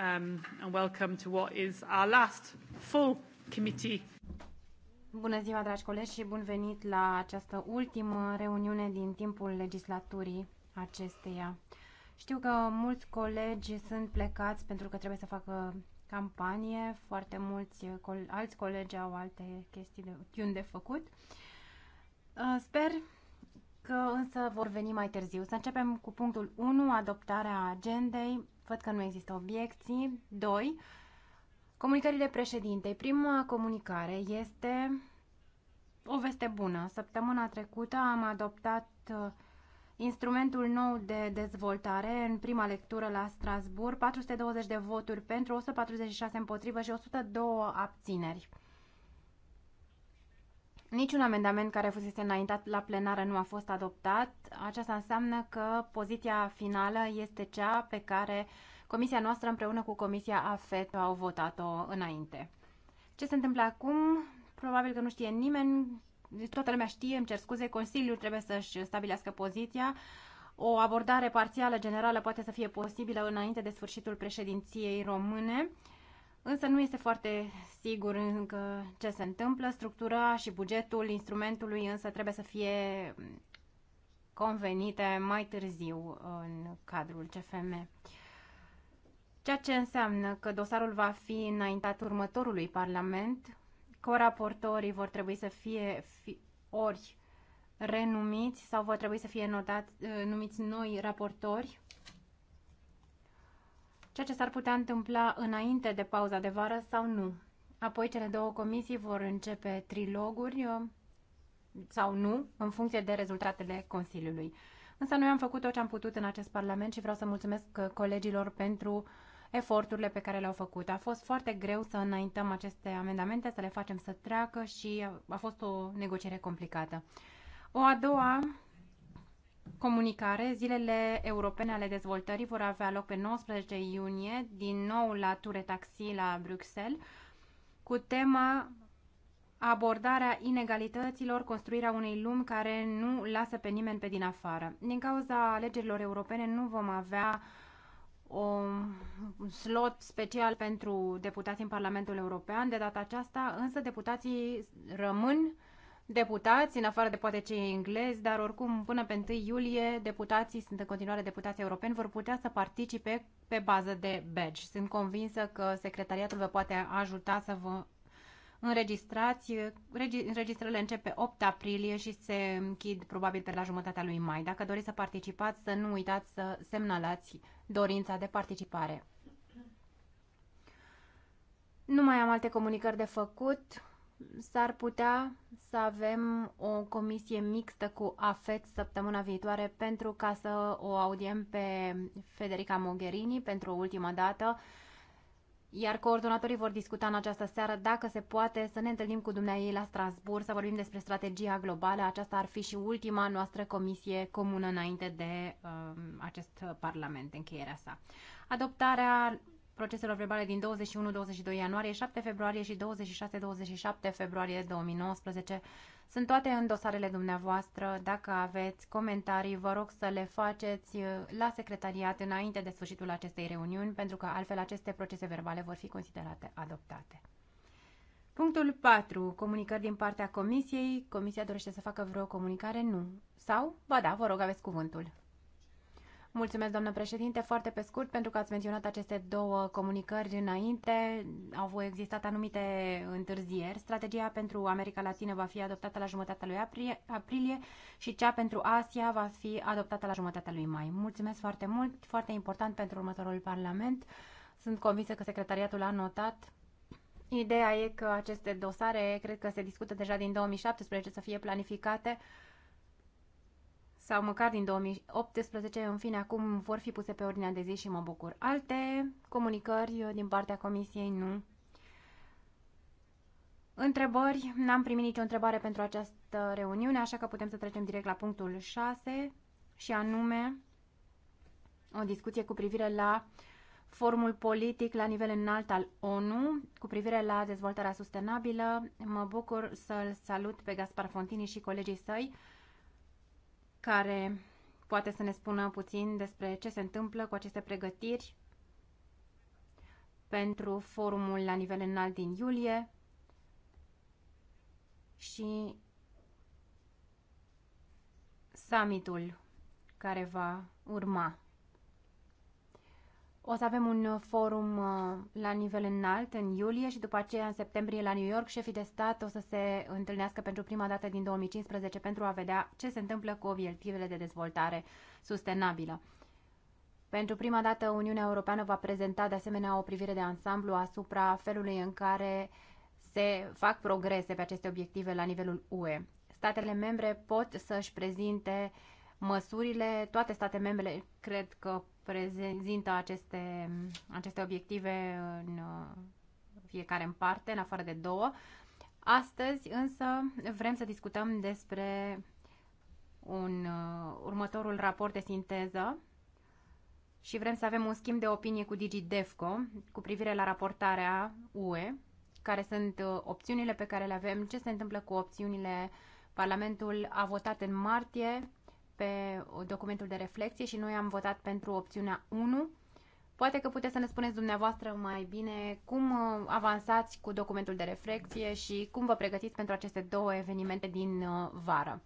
um, and welcome to what is our last full committee. Bună ziua, dragi colegi, și bun venit la această ultimă reuniune din timpul legislaturii acesteia. Știu că mulți colegi sunt plecați pentru că trebuie să facă campanie, foarte mulți alți colegi au alte chestii de de făcut. Uh, sper că însă vor veni mai târziu. Să începem cu punctul 1, adoptarea agendei. Văd că nu există obiecții. 2. Comunicările președintei. Prima comunicare este o veste bună. Săptămâna trecută am adoptat uh, instrumentul nou de dezvoltare în prima lectură la Strasbourg, 420 de voturi pentru, 146 împotrivă și 102 abțineri. Niciun amendament care fusese înaintat la plenară nu a fost adoptat. Aceasta înseamnă că poziția finală este cea pe care comisia noastră împreună cu comisia AFET au votat-o înainte. Ce se întâmplă acum? Probabil că nu știe nimeni, toată lumea știe, îmi cer scuze, Consiliul trebuie să-și stabilească poziția. O abordare parțială generală poate să fie posibilă înainte de sfârșitul președinției române Însă nu este foarte sigur încă ce se întâmplă. Structura și bugetul instrumentului însă trebuie să fie convenite mai târziu în cadrul CFM. Ceea ce înseamnă că dosarul va fi înaintat următorului Parlament, coraportorii vor trebui să fie fi, ori renumiți sau vor trebui să fie notat, numiți noi raportori ceea ce s-ar putea întâmpla înainte de pauza de vară sau nu. Apoi cele două comisii vor începe triloguri uh, sau nu, în funcție de rezultatele Consiliului. Însă noi am făcut tot ce am putut în acest Parlament și vreau să mulțumesc uh, colegilor pentru eforturile pe care le-au făcut. A fost foarte greu să înaintăm aceste amendamente, să le facem să treacă și uh, a fost o negociere complicată. O a doua comunicare, zilele europene ale dezvoltării vor avea loc pe 19 iunie, din nou la Ture Taxi la Bruxelles, cu tema abordarea inegalităților, construirea unei lumi care nu lasă pe nimeni pe din afară. Din cauza alegerilor europene nu vom avea un slot special pentru deputații în Parlamentul European. De data aceasta, însă, deputații rămân deputați, în afară de poate cei englezi, dar oricum până pe 1 iulie deputații sunt în continuare deputații europeni, vor putea să participe pe bază de badge. Sunt convinsă că secretariatul vă poate ajuta să vă înregistrați. Înregistrările încep pe 8 aprilie și se închid probabil pe la jumătatea lui mai. Dacă doriți să participați, să nu uitați să semnalați dorința de participare. Nu mai am alte comunicări de făcut. S-ar putea să avem o comisie mixtă cu AFET săptămâna viitoare pentru ca să o audiem pe Federica Mogherini pentru o ultimă dată, iar coordonatorii vor discuta în această seară dacă se poate să ne întâlnim cu dumneai la Strasbourg să vorbim despre strategia globală. Aceasta ar fi și ultima noastră comisie comună înainte de uh, acest parlament, încheierea sa. Adoptarea proceselor verbale din 21-22 ianuarie, 7 februarie și 26-27 februarie 2019 sunt toate în dosarele dumneavoastră. Dacă aveți comentarii, vă rog să le faceți uh, la secretariat înainte de sfârșitul acestei reuniuni, pentru că altfel aceste procese verbale vor fi considerate adoptate. Punctul 4. Comunicări din partea Comisiei. Comisia dorește să facă vreo comunicare? Nu. Sau? Ba da, vă rog, aveți cuvântul. Mulțumesc, doamnă președinte. Foarte pe scurt, pentru că ați menționat aceste două comunicări înainte, au existat anumite întârzieri. Strategia pentru America Latină va fi adoptată la jumătatea lui aprilie și cea pentru Asia va fi adoptată la jumătatea lui mai. Mulțumesc foarte mult, foarte important pentru următorul Parlament. Sunt convinsă că secretariatul a notat Ideea e că aceste dosare, cred că se discută deja din 2017, să fie planificate sau măcar din 2018, în fine, acum vor fi puse pe ordinea de zi și mă bucur. Alte comunicări din partea Comisiei nu. Întrebări, n-am primit nicio întrebare pentru această reuniune, așa că putem să trecem direct la punctul 6 și anume o discuție cu privire la formul politic la nivel înalt al ONU cu privire la dezvoltarea sustenabilă. Mă bucur să-l salut pe Gaspar Fontini și colegii săi care poate să ne spună puțin despre ce se întâmplă cu aceste pregătiri pentru forumul la nivel înalt din iulie și summitul care va urma. O să avem un uh, forum uh, la nivel înalt în iulie și după aceea în septembrie la New York șefii de stat o să se întâlnească pentru prima dată din 2015 pentru a vedea ce se întâmplă cu obiectivele de dezvoltare sustenabilă. Pentru prima dată Uniunea Europeană va prezenta de asemenea o privire de ansamblu asupra felului în care se fac progrese pe aceste obiective la nivelul UE. Statele membre pot să-și prezinte măsurile, toate state membre cred că prezintă aceste, aceste obiective în uh, fiecare în parte, în afară de două. Astăzi însă vrem să discutăm despre un, uh, următorul raport de sinteză și vrem să avem un schimb de opinie cu DigiDefco cu privire la raportarea UE, care sunt uh, opțiunile pe care le avem, ce se întâmplă cu opțiunile. Parlamentul a votat în martie pe documentul de reflexie și noi am votat pentru opțiunea 1. Poate că puteți să ne spuneți dumneavoastră mai bine cum uh, avansați cu documentul de reflexie și cum vă pregătiți pentru aceste două evenimente din uh, vară.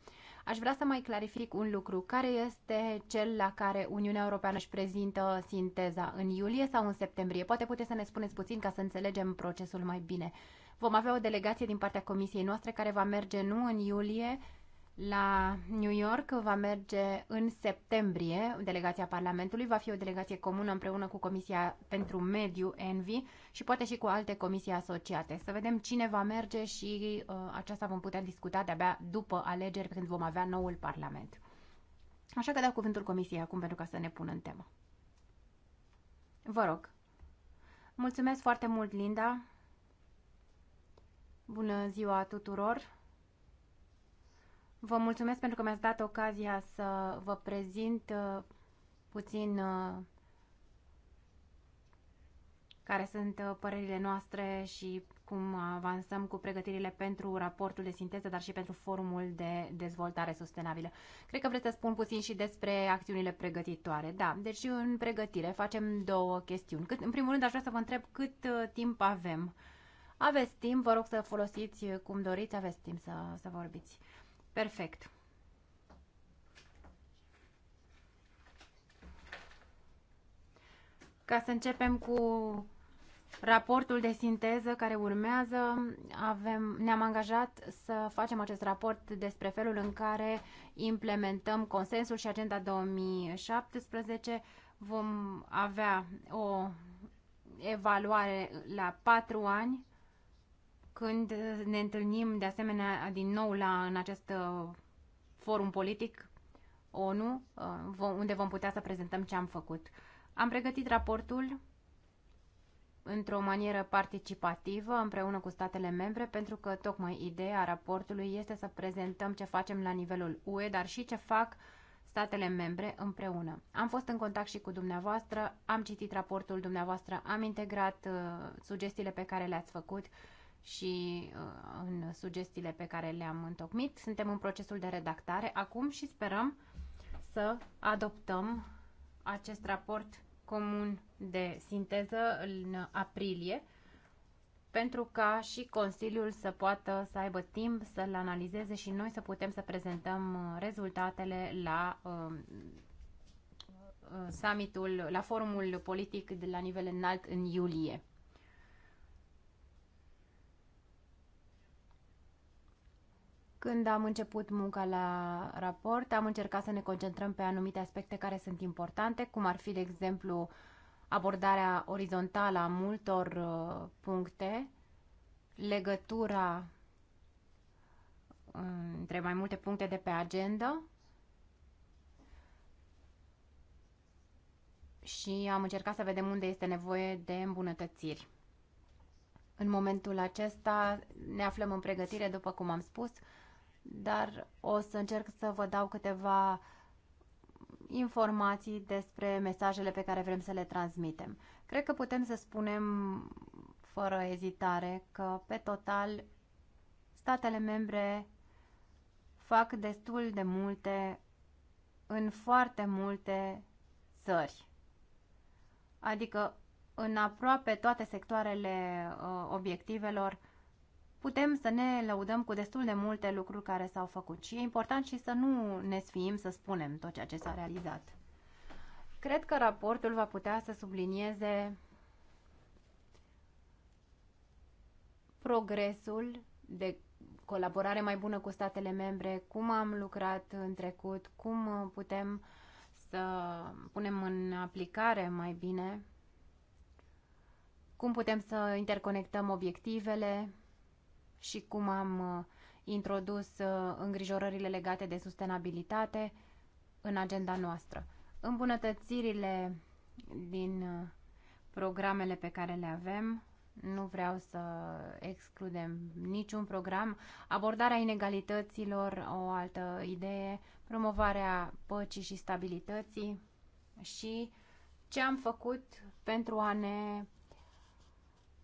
Aș vrea să mai clarific un lucru. Care este cel la care Uniunea Europeană își prezintă sinteza? În iulie sau în septembrie? Poate puteți să ne spuneți puțin ca să înțelegem procesul mai bine. Vom avea o delegație din partea comisiei noastre care va merge nu în iulie, la New York va merge în septembrie delegația Parlamentului, va fi o delegație comună împreună cu Comisia pentru Mediu, Envi, și poate și cu alte comisii asociate. Să vedem cine va merge și uh, aceasta vom putea discuta de-abia după alegeri, când vom avea noul Parlament. Așa că dau cuvântul Comisiei acum pentru ca să ne pună în temă. Vă rog. Mulțumesc foarte mult, Linda. Bună ziua tuturor. Vă mulțumesc pentru că mi-ați dat ocazia să vă prezint uh, puțin uh, care sunt uh, părerile noastre și cum avansăm cu pregătirile pentru raportul de sinteză, dar și pentru forumul de dezvoltare sustenabilă. Cred că vreți să spun puțin și despre acțiunile pregătitoare. Da, deci în pregătire facem două chestiuni. Cât, în primul rând aș vrea să vă întreb cât timp avem. Aveți timp, vă rog să folosiți cum doriți, aveți timp să, să vorbiți. Uh, Perfect. Ca să începem cu raportul de sinteză care urmează, ne-am angajat să facem acest raport despre felul în care implementăm consensul și agenda 2017. Vom avea o evaluare la patru ani când ne întâlnim de asemenea din nou la, în acest uh, forum politic ONU, uh, unde vom putea să prezentăm ce am făcut. Am pregătit raportul într-o manieră participativă împreună cu statele membre, pentru că tocmai ideea raportului este să prezentăm ce facem la nivelul UE, dar și ce fac statele membre împreună. Am fost în contact și cu dumneavoastră, am citit raportul dumneavoastră, am integrat uh, sugestiile pe care le-ați făcut și uh, în sugestiile pe care le-am întocmit. Suntem în procesul de redactare acum și sperăm să adoptăm acest raport comun de sinteză în aprilie pentru ca și Consiliul să poată să aibă timp să-l analizeze și noi să putem să prezentăm uh, rezultatele la uh, summitul, la forumul politic de la nivel înalt în iulie. Când am început munca la raport, am încercat să ne concentrăm pe anumite aspecte care sunt importante, cum ar fi, de exemplu, abordarea orizontală a multor uh, puncte, legătura uh, între mai multe puncte de pe agenda și am încercat să vedem unde este nevoie de îmbunătățiri. În momentul acesta ne aflăm în pregătire, după cum am spus, dar o să încerc să vă dau câteva informații despre mesajele pe care vrem să le transmitem. Cred că putem să spunem fără ezitare că, pe total, statele membre fac destul de multe în foarte multe țări. Adică, în aproape toate sectoarele uh, obiectivelor, putem să ne lăudăm cu destul de multe lucruri care s-au făcut și e important și să nu ne sfiim să spunem tot ceea ce s-a realizat. Cred că raportul va putea să sublinieze progresul de colaborare mai bună cu statele membre, cum am lucrat în trecut, cum putem să punem în aplicare mai bine, cum putem să interconectăm obiectivele, și cum am uh, introdus uh, îngrijorările legate de sustenabilitate în agenda noastră. Îmbunătățirile din uh, programele pe care le avem, nu vreau să excludem niciun program, abordarea inegalităților, o altă idee, promovarea păcii și stabilității și ce am făcut pentru a ne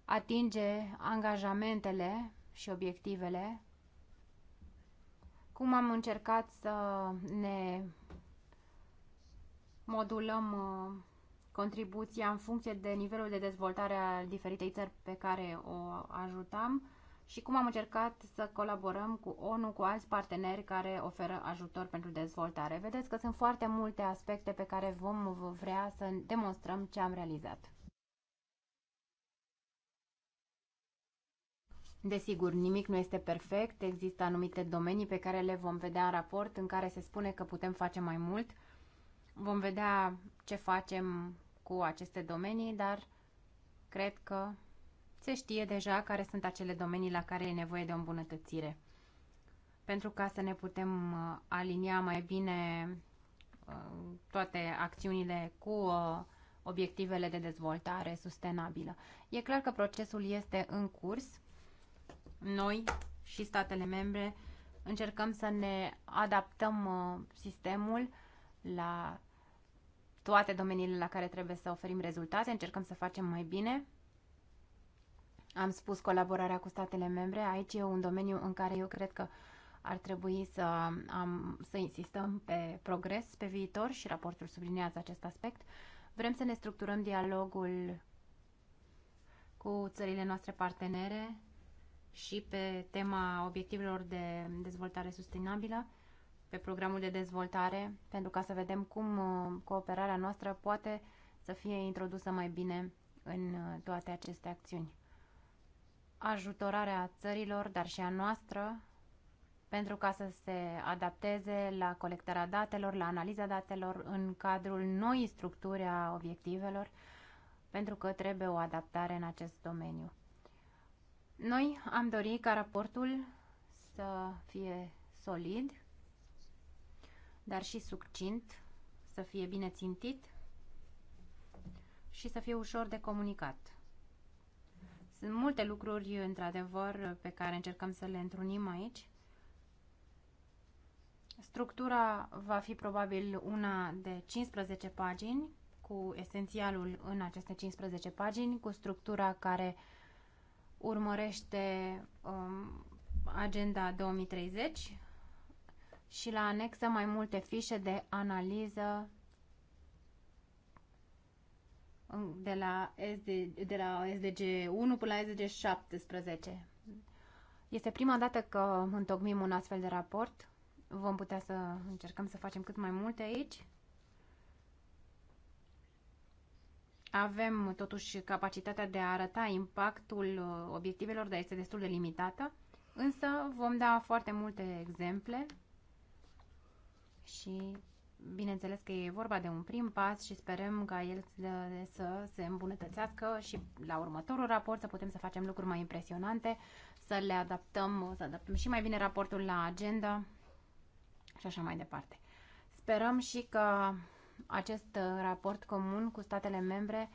atinge angajamentele și obiectivele, cum am încercat să ne modulăm uh, contribuția în funcție de nivelul de dezvoltare al diferitei țări pe care o ajutam și cum am încercat să colaborăm cu ONU, cu alți parteneri care oferă ajutor pentru dezvoltare. Vedeți că sunt foarte multe aspecte pe care vom vrea să demonstrăm ce am realizat. Desigur, nimic nu este perfect, există anumite domenii pe care le vom vedea în raport în care se spune că putem face mai mult. Vom vedea ce facem cu aceste domenii, dar cred că se știe deja care sunt acele domenii la care e nevoie de o îmbunătățire. Pentru ca să ne putem uh, alinia mai bine uh, toate acțiunile cu uh, obiectivele de dezvoltare sustenabilă. E clar că procesul este în curs noi și statele membre încercăm să ne adaptăm uh, sistemul la toate domeniile la care trebuie să oferim rezultate, încercăm să facem mai bine. Am spus colaborarea cu statele membre, aici e un domeniu în care eu cred că ar trebui să, am, să insistăm pe progres pe viitor și raportul sublinează acest aspect. Vrem să ne structurăm dialogul cu țările noastre partenere și pe tema obiectivelor de dezvoltare sustenabilă, pe programul de dezvoltare, pentru ca să vedem cum uh, cooperarea noastră poate să fie introdusă mai bine în uh, toate aceste acțiuni. Ajutorarea țărilor, dar și a noastră, pentru ca să se adapteze la colectarea datelor, la analiza datelor în cadrul noii structuri a obiectivelor, pentru că trebuie o adaptare în acest domeniu. Noi am dorit ca raportul să fie solid, dar și succint, să fie bine țintit și să fie ușor de comunicat. Sunt multe lucruri, într-adevăr, pe care încercăm să le întrunim aici. Structura va fi probabil una de 15 pagini, cu esențialul în aceste 15 pagini, cu structura care urmărește um, Agenda 2030 și la anexă mai multe fișe de analiză de la, SD, de la SDG 1 până la SDG 17. Este prima dată că întocmim un astfel de raport. Vom putea să încercăm să facem cât mai multe aici. Avem totuși capacitatea de a arăta impactul uh, obiectivelor, dar este destul de limitată. Însă vom da foarte multe exemple și bineînțeles că e vorba de un prim pas și sperăm ca el să se îmbunătățească și la următorul raport să putem să facem lucruri mai impresionante, să le adaptăm, să adaptăm și mai bine raportul la agenda și așa mai departe. Sperăm și că acest uh, raport comun cu statele membre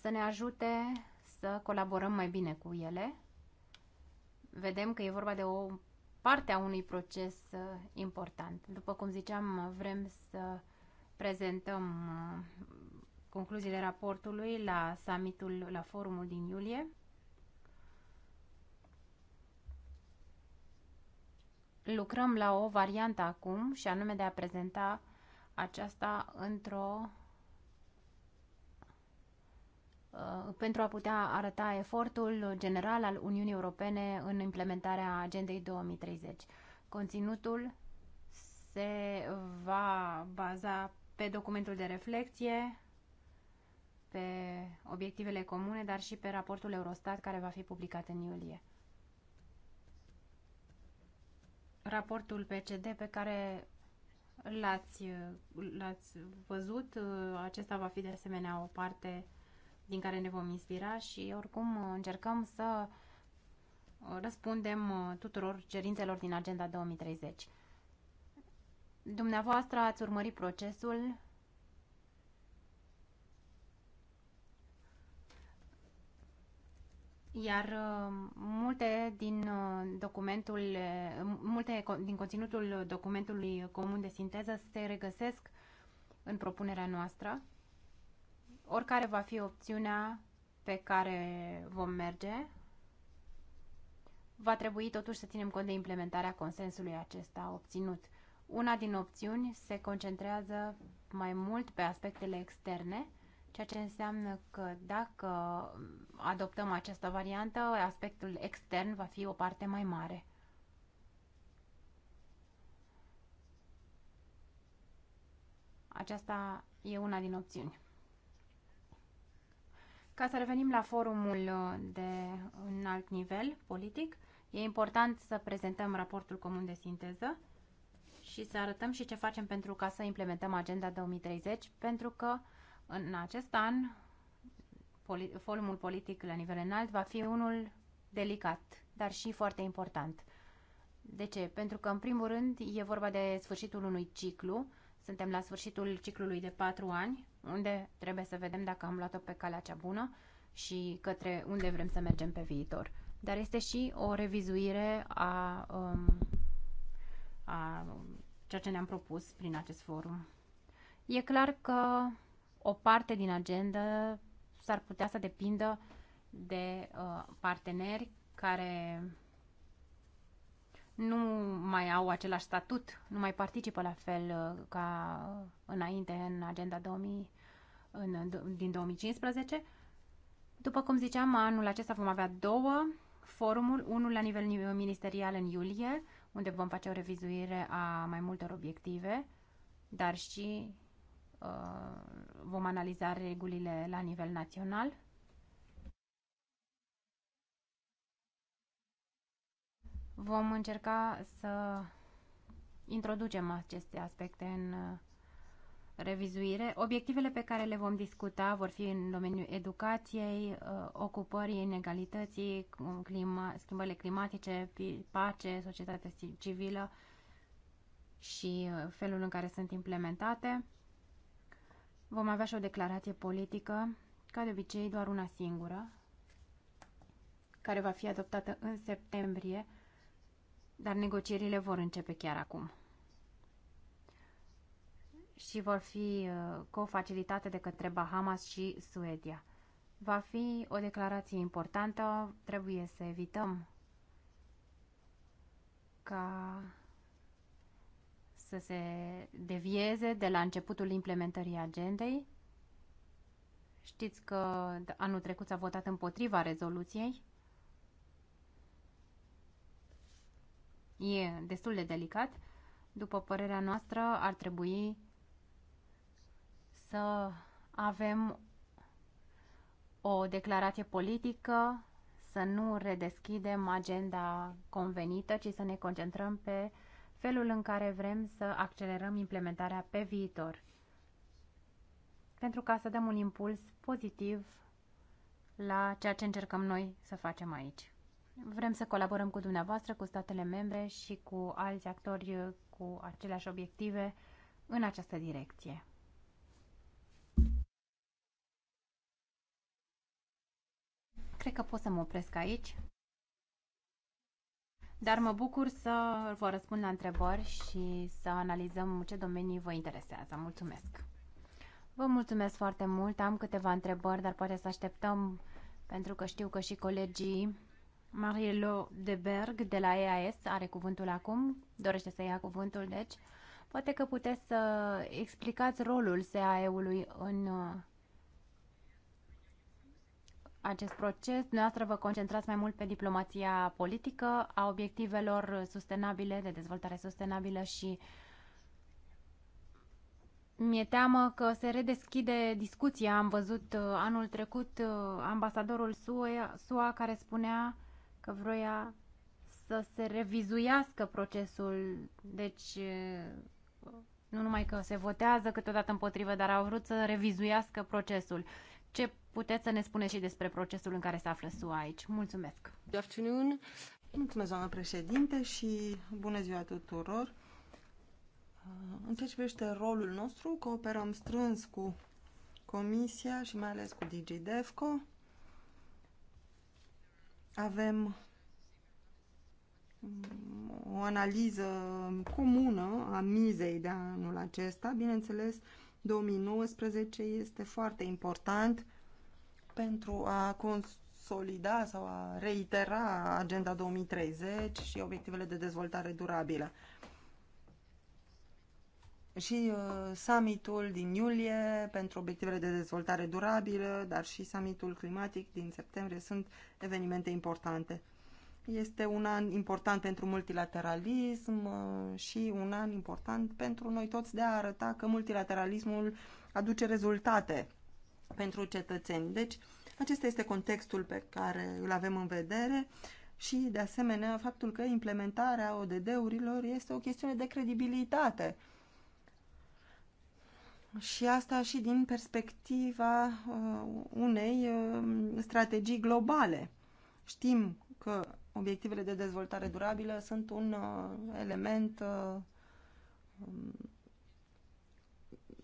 să ne ajute să colaborăm mai bine cu ele. Vedem că e vorba de o parte a unui proces uh, important. După cum ziceam, vrem să prezentăm uh, concluziile raportului la summitul, la forumul din iulie. Lucrăm la o variantă acum și anume de a prezenta aceasta într-o uh, pentru a putea arăta efortul general al Uniunii Europene în implementarea Agendei 2030. Conținutul se va baza pe documentul de reflexie, pe obiectivele comune, dar și pe raportul Eurostat care va fi publicat în iulie. Raportul PCD pe care l-ați, l-ați văzut. Acesta va fi de asemenea o parte din care ne vom inspira și oricum încercăm să răspundem tuturor cerințelor din Agenda 2030. Dumneavoastră ați urmărit procesul iar uh, multe din uh, documentul, uh, multe din conținutul documentului comun de sinteză se regăsesc în propunerea noastră. Oricare va fi opțiunea pe care vom merge, va trebui totuși să ținem cont de implementarea consensului acesta obținut. Una din opțiuni se concentrează mai mult pe aspectele externe, ceea ce înseamnă că dacă adoptăm această variantă, aspectul extern va fi o parte mai mare. Aceasta e una din opțiuni. Ca să revenim la forumul de un alt nivel politic, e important să prezentăm raportul comun de sinteză și să arătăm și ce facem pentru ca să implementăm agenda 2030, pentru că în acest an, poli forumul politic la nivel înalt va fi unul delicat, dar și foarte important. De ce? Pentru că, în primul rând, e vorba de sfârșitul unui ciclu. Suntem la sfârșitul ciclului de patru ani, unde trebuie să vedem dacă am luat-o pe calea cea bună și către unde vrem să mergem pe viitor. Dar este și o revizuire a, um, a um, ceea ce ne-am propus prin acest forum. E clar că o parte din agenda s-ar putea să depindă de uh, parteneri care nu mai au același statut, nu mai participă la fel uh, ca înainte în agenda 2000, în, din 2015. După cum ziceam, anul acesta vom avea două forumuri, unul la nivel ministerial în iulie, unde vom face o revizuire a mai multor obiective, dar și Uh, vom analiza regulile la nivel național. Vom încerca să introducem aceste aspecte în uh, revizuire. Obiectivele pe care le vom discuta vor fi în domeniul educației, uh, ocupării, inegalității, clima, schimbările climatice, pace, societatea civilă și felul în care sunt implementate. Vom avea și o declarație politică, ca de obicei doar una singură, care va fi adoptată în septembrie, dar negocierile vor începe chiar acum și vor fi uh, cofacilitate de către Bahamas și Suedia. Va fi o declarație importantă, trebuie să evităm ca să se devieze de la începutul implementării agendei. Știți că anul trecut s-a votat împotriva rezoluției. E destul de delicat. După părerea noastră, ar trebui să avem o declarație politică, să nu redeschidem agenda convenită, ci să ne concentrăm pe uh, felul în care vrem să accelerăm implementarea pe viitor, pentru ca să dăm un impuls pozitiv la ceea ce încercăm noi să facem aici. Vrem să colaborăm cu dumneavoastră, cu statele membre și cu alți actori cu aceleași obiective în această direcție. Cred că pot să mă opresc aici dar mă bucur să vă răspund la întrebări și să analizăm ce domenii vă interesează. Mulțumesc! Vă mulțumesc foarte mult, am câteva întrebări, dar poate să așteptăm pentru că știu că și colegii Marielo de Berg de la EAS are cuvântul acum, dorește să ia cuvântul, deci poate că puteți să explicați rolul SAE-ului în acest proces. Dumneavoastră vă concentrați mai mult pe diplomația politică a obiectivelor sustenabile, de dezvoltare sustenabilă și mi-e teamă că se redeschide discuția. Am văzut uh, anul trecut uh, ambasadorul SUA, care spunea că vroia să se revizuiască procesul. Deci uh, nu numai că se votează câteodată împotrivă, dar au vrut să revizuiască procesul ce puteți să ne spuneți și despre procesul în care se află SUA aici. Mulțumesc! Good afternoon. Mulțumesc, doamnă președinte, și bună ziua tuturor! În ceea ce privește rolul nostru, cooperăm strâns cu Comisia și mai ales cu DigiDefco. Avem o analiză comună a mizei de anul acesta. Bineînțeles, 2019 este foarte important pentru a consolida sau a reitera Agenda 2030 și obiectivele de dezvoltare durabilă. Și uh, summitul din iulie pentru obiectivele de dezvoltare durabilă, dar și summitul climatic din septembrie sunt evenimente importante. Este un an important pentru multilateralism uh, și un an important pentru noi toți de a arăta că multilateralismul aduce rezultate pentru cetățeni. Deci, acesta este contextul pe care îl avem în vedere și, de asemenea, faptul că implementarea ODD-urilor este o chestiune de credibilitate. Și asta și din perspectiva uh, unei uh, strategii globale. Știm că obiectivele de dezvoltare durabilă sunt un uh, element uh, um,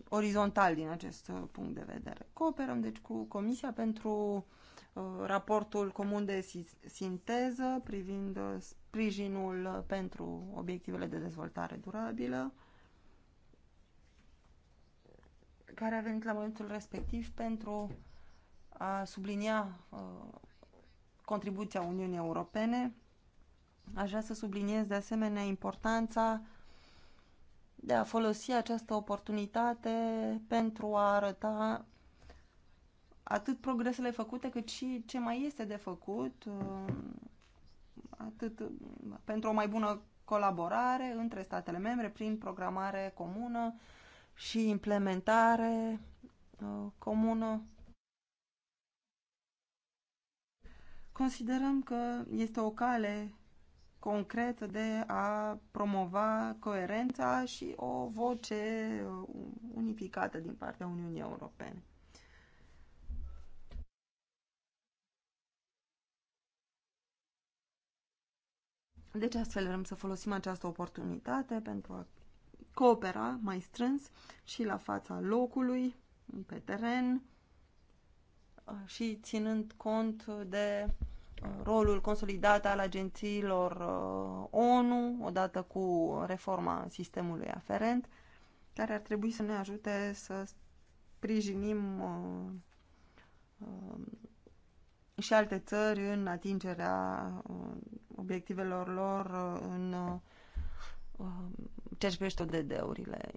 orizontal din acest uh, punct de vedere. Cooperăm deci cu Comisia pentru raportul comun de sinteză privind sprijinul pentru obiectivele de dezvoltare durabilă care a venit la momentul respectiv pentru a sublinia contribuția Uniunii Europene. Aș vrea să subliniez de asemenea importanța de a folosi această oportunitate pentru a arăta atât progresele făcute cât și ce mai este de făcut um, atât pentru o mai bună colaborare între statele membre prin programare comună și implementare uh, comună Considerăm că este o cale concretă de a promova coerența și o voce unificată din partea Uniunii Europene. Deci astfel vrem să folosim această oportunitate pentru a coopera mai strâns și la fața locului, pe teren, și ținând cont de uh, rolul consolidat al agențiilor uh, ONU, odată cu reforma sistemului aferent, care ar trebui să ne ajute să sprijinim uh, și alte țări în atingerea obiectivelor lor în ceea ce privește ODD-urile.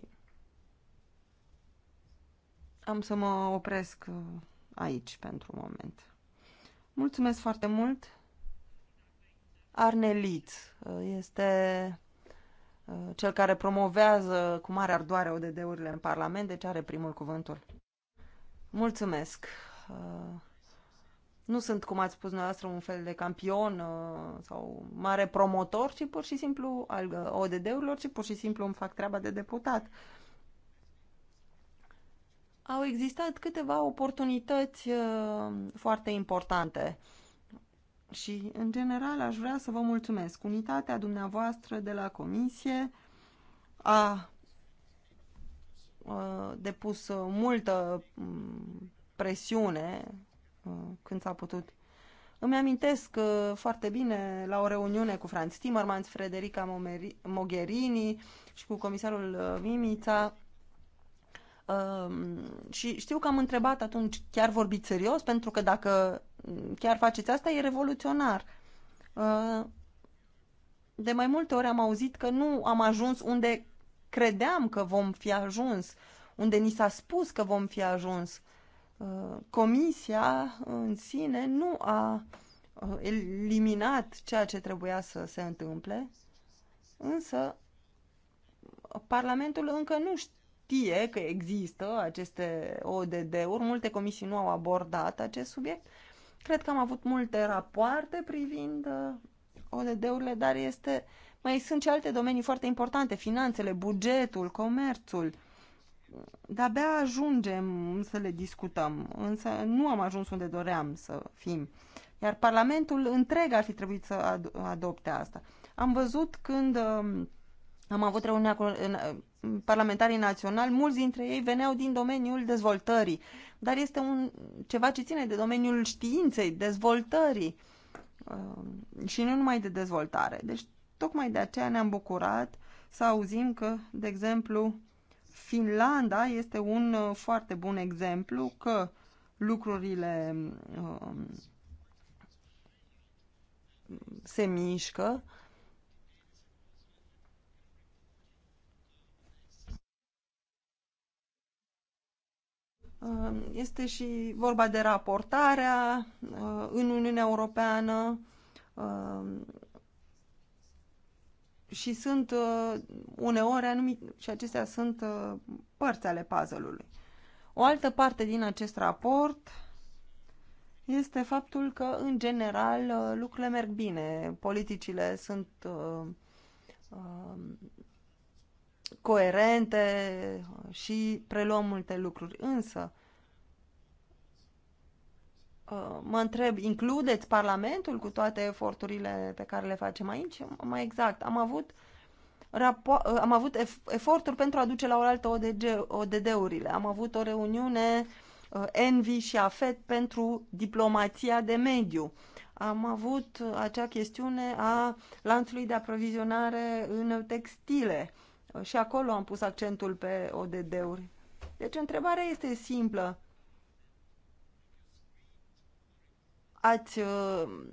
Am să mă opresc aici pentru moment. Mulțumesc foarte mult! Arnelit uh, este uh, cel care promovează cu mare ardoare ODD-urile în Parlament, deci are primul cuvântul. Mulțumesc! Uh, nu sunt, cum ați spus noastră, un fel de campion sau mare promotor, ci pur și simplu al ODD-urilor, ci pur și simplu îmi fac treaba de deputat au existat câteva oportunități uh, foarte importante. Și, în general, aș vrea să vă mulțumesc. Unitatea dumneavoastră de la Comisie a uh, depus uh, multă mm, presiune când s-a putut. Îmi amintesc foarte bine la o reuniune cu Franz Timmermans, Frederica Mogherini și cu comisarul Mimița și știu că am întrebat atunci, chiar vorbiți serios? Pentru că dacă chiar faceți asta, e revoluționar. Uh, de mai multe ori am auzit că nu am ajuns unde credeam că vom fi ajuns, unde ni s-a spus că vom fi ajuns. comisia în sine nu a uh, eliminat ceea ce trebuia să se întâmple, însă Parlamentul încă nu știe știe că există aceste ODD-uri, multe comisii nu au abordat acest subiect. Cred că am avut multe rapoarte privind uh, ODD-urile, dar este, mai sunt și alte domenii foarte importante, finanțele, bugetul, comerțul. De-abia ajungem să le discutăm, însă nu am ajuns unde doream să fim. Iar Parlamentul întreg ar fi trebuit să ad- adopte asta. Am văzut când um, am avut reuniunea cu parlamentarii naționali, mulți dintre ei veneau din domeniul dezvoltării, dar este un, ceva ce ține de domeniul științei, dezvoltării uh, și nu numai de dezvoltare. Deci, tocmai de aceea ne-am bucurat să auzim că, de exemplu, Finlanda este un uh, foarte bun exemplu că lucrurile uh, se mișcă Uh, este și vorba de raportarea uh, în Uniunea Europeană uh, și sunt uneori anumite, și acestea sunt părți ale puzzle-ului. O altă parte din acest raport este faptul că, în general, lucrurile merg bine. Politicile sunt coerente și preluăm multe lucruri. Însă, uh, mă întreb, includeți Parlamentul cu toate eforturile pe care le facem aici? Mai exact, am avut, uh, am avut eforturi pentru a duce la oaltă ODD-urile. Am avut o reuniune uh, Envi și AFET pentru diplomația de mediu. Am avut acea chestiune a lanțului de aprovizionare în textile și acolo am pus accentul pe ODD-uri. Deci întrebarea este simplă. Ați uh,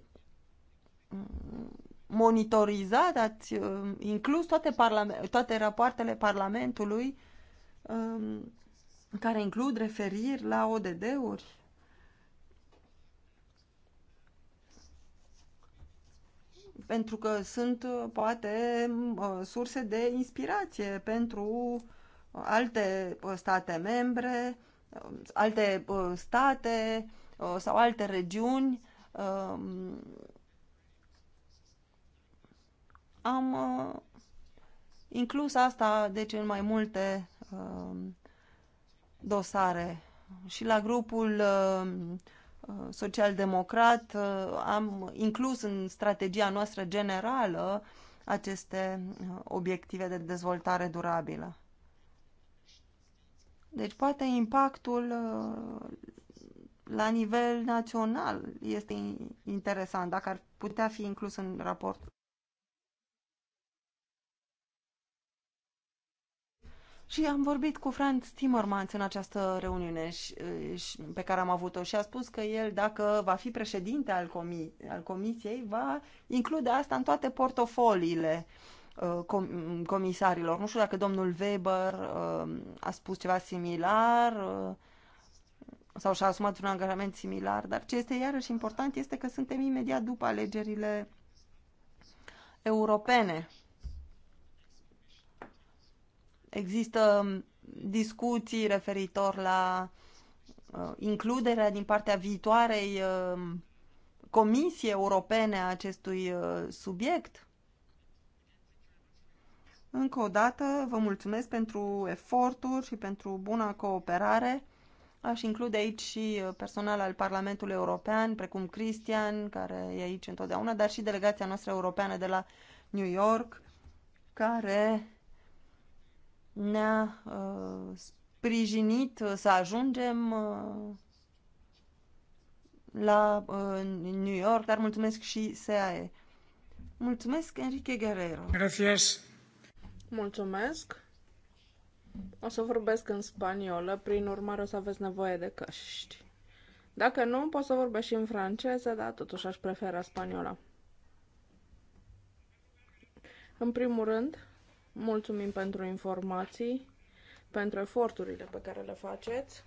monitorizat, ați uh, inclus toate, parlament, toate rapoartele Parlamentului um, care includ referiri la ODD-uri? pentru că sunt uh, poate uh, surse de inspirație pentru uh, alte state membre, alte state sau alte regiuni. Um, am inclus asta, deci, în mai multe um, dosare și la grupul uh, Uh, social-democrat uh, am inclus în strategia noastră generală aceste uh, obiective de dezvoltare durabilă. Deci poate impactul la nivel național este interesant, dacă ar putea fi inclus în raport. Și am vorbit cu Franz Timmermans în această reuniune și, și, pe care am avut-o și a spus că el, dacă va fi președinte al, comi- al comisiei, va include asta în toate portofoliile uh, com comisarilor. Nu știu dacă domnul Weber uh, a spus ceva similar uh, sau și-a asumat un angajament similar, dar ce este iarăși important este că suntem imediat după alegerile europene Există um, discuții referitor la uh, includerea din partea viitoarei um, Comisii Europene a acestui uh, subiect. Încă o dată vă mulțumesc pentru eforturi și pentru buna cooperare. Aș include aici și uh, personal al Parlamentului European, precum Cristian, care e aici întotdeauna, dar și delegația noastră europeană de la New York, care ne-a uh, sprijinit uh, să ajungem uh, la uh, New York, dar mulțumesc și SAE. Mulțumesc, Enrique Guerrero. Gracias. Mulțumesc. O să vorbesc în spaniolă, prin urmare o să aveți nevoie de căști. Dacă nu, pot să vorbesc și în franceză, dar totuși aș prefera spaniola. În primul rând, Mulțumim pentru informații, pentru eforturile pe care le faceți.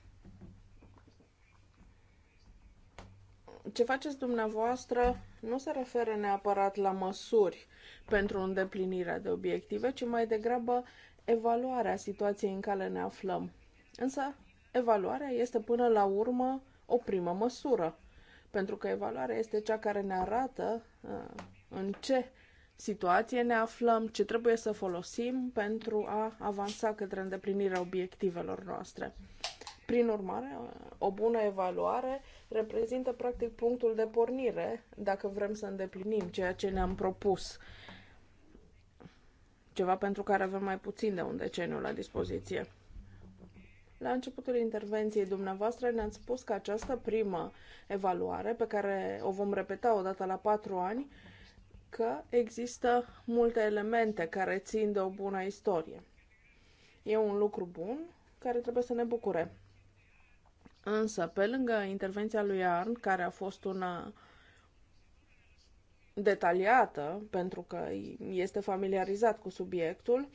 Ce faceți dumneavoastră nu se referă neapărat la măsuri pentru îndeplinirea de obiective, ci mai degrabă evaluarea situației în care ne aflăm. Însă, evaluarea este până la urmă o primă măsură, pentru că evaluarea este cea care ne arată uh, în ce situație ne aflăm, ce trebuie să folosim pentru a avansa către îndeplinirea obiectivelor noastre. Prin urmare, o bună evaluare reprezintă practic punctul de pornire dacă vrem să îndeplinim ceea ce ne-am propus. Ceva pentru care avem mai puțin de un deceniu la dispoziție. La începutul intervenției dumneavoastră ne-ați spus că această primă evaluare, pe care o vom repeta odată la patru ani, că există multe elemente care țin de o bună istorie. E un lucru bun care trebuie să ne bucure. Însă, pe lângă intervenția lui Arn, care a fost una detaliată, pentru că este familiarizat cu subiectul,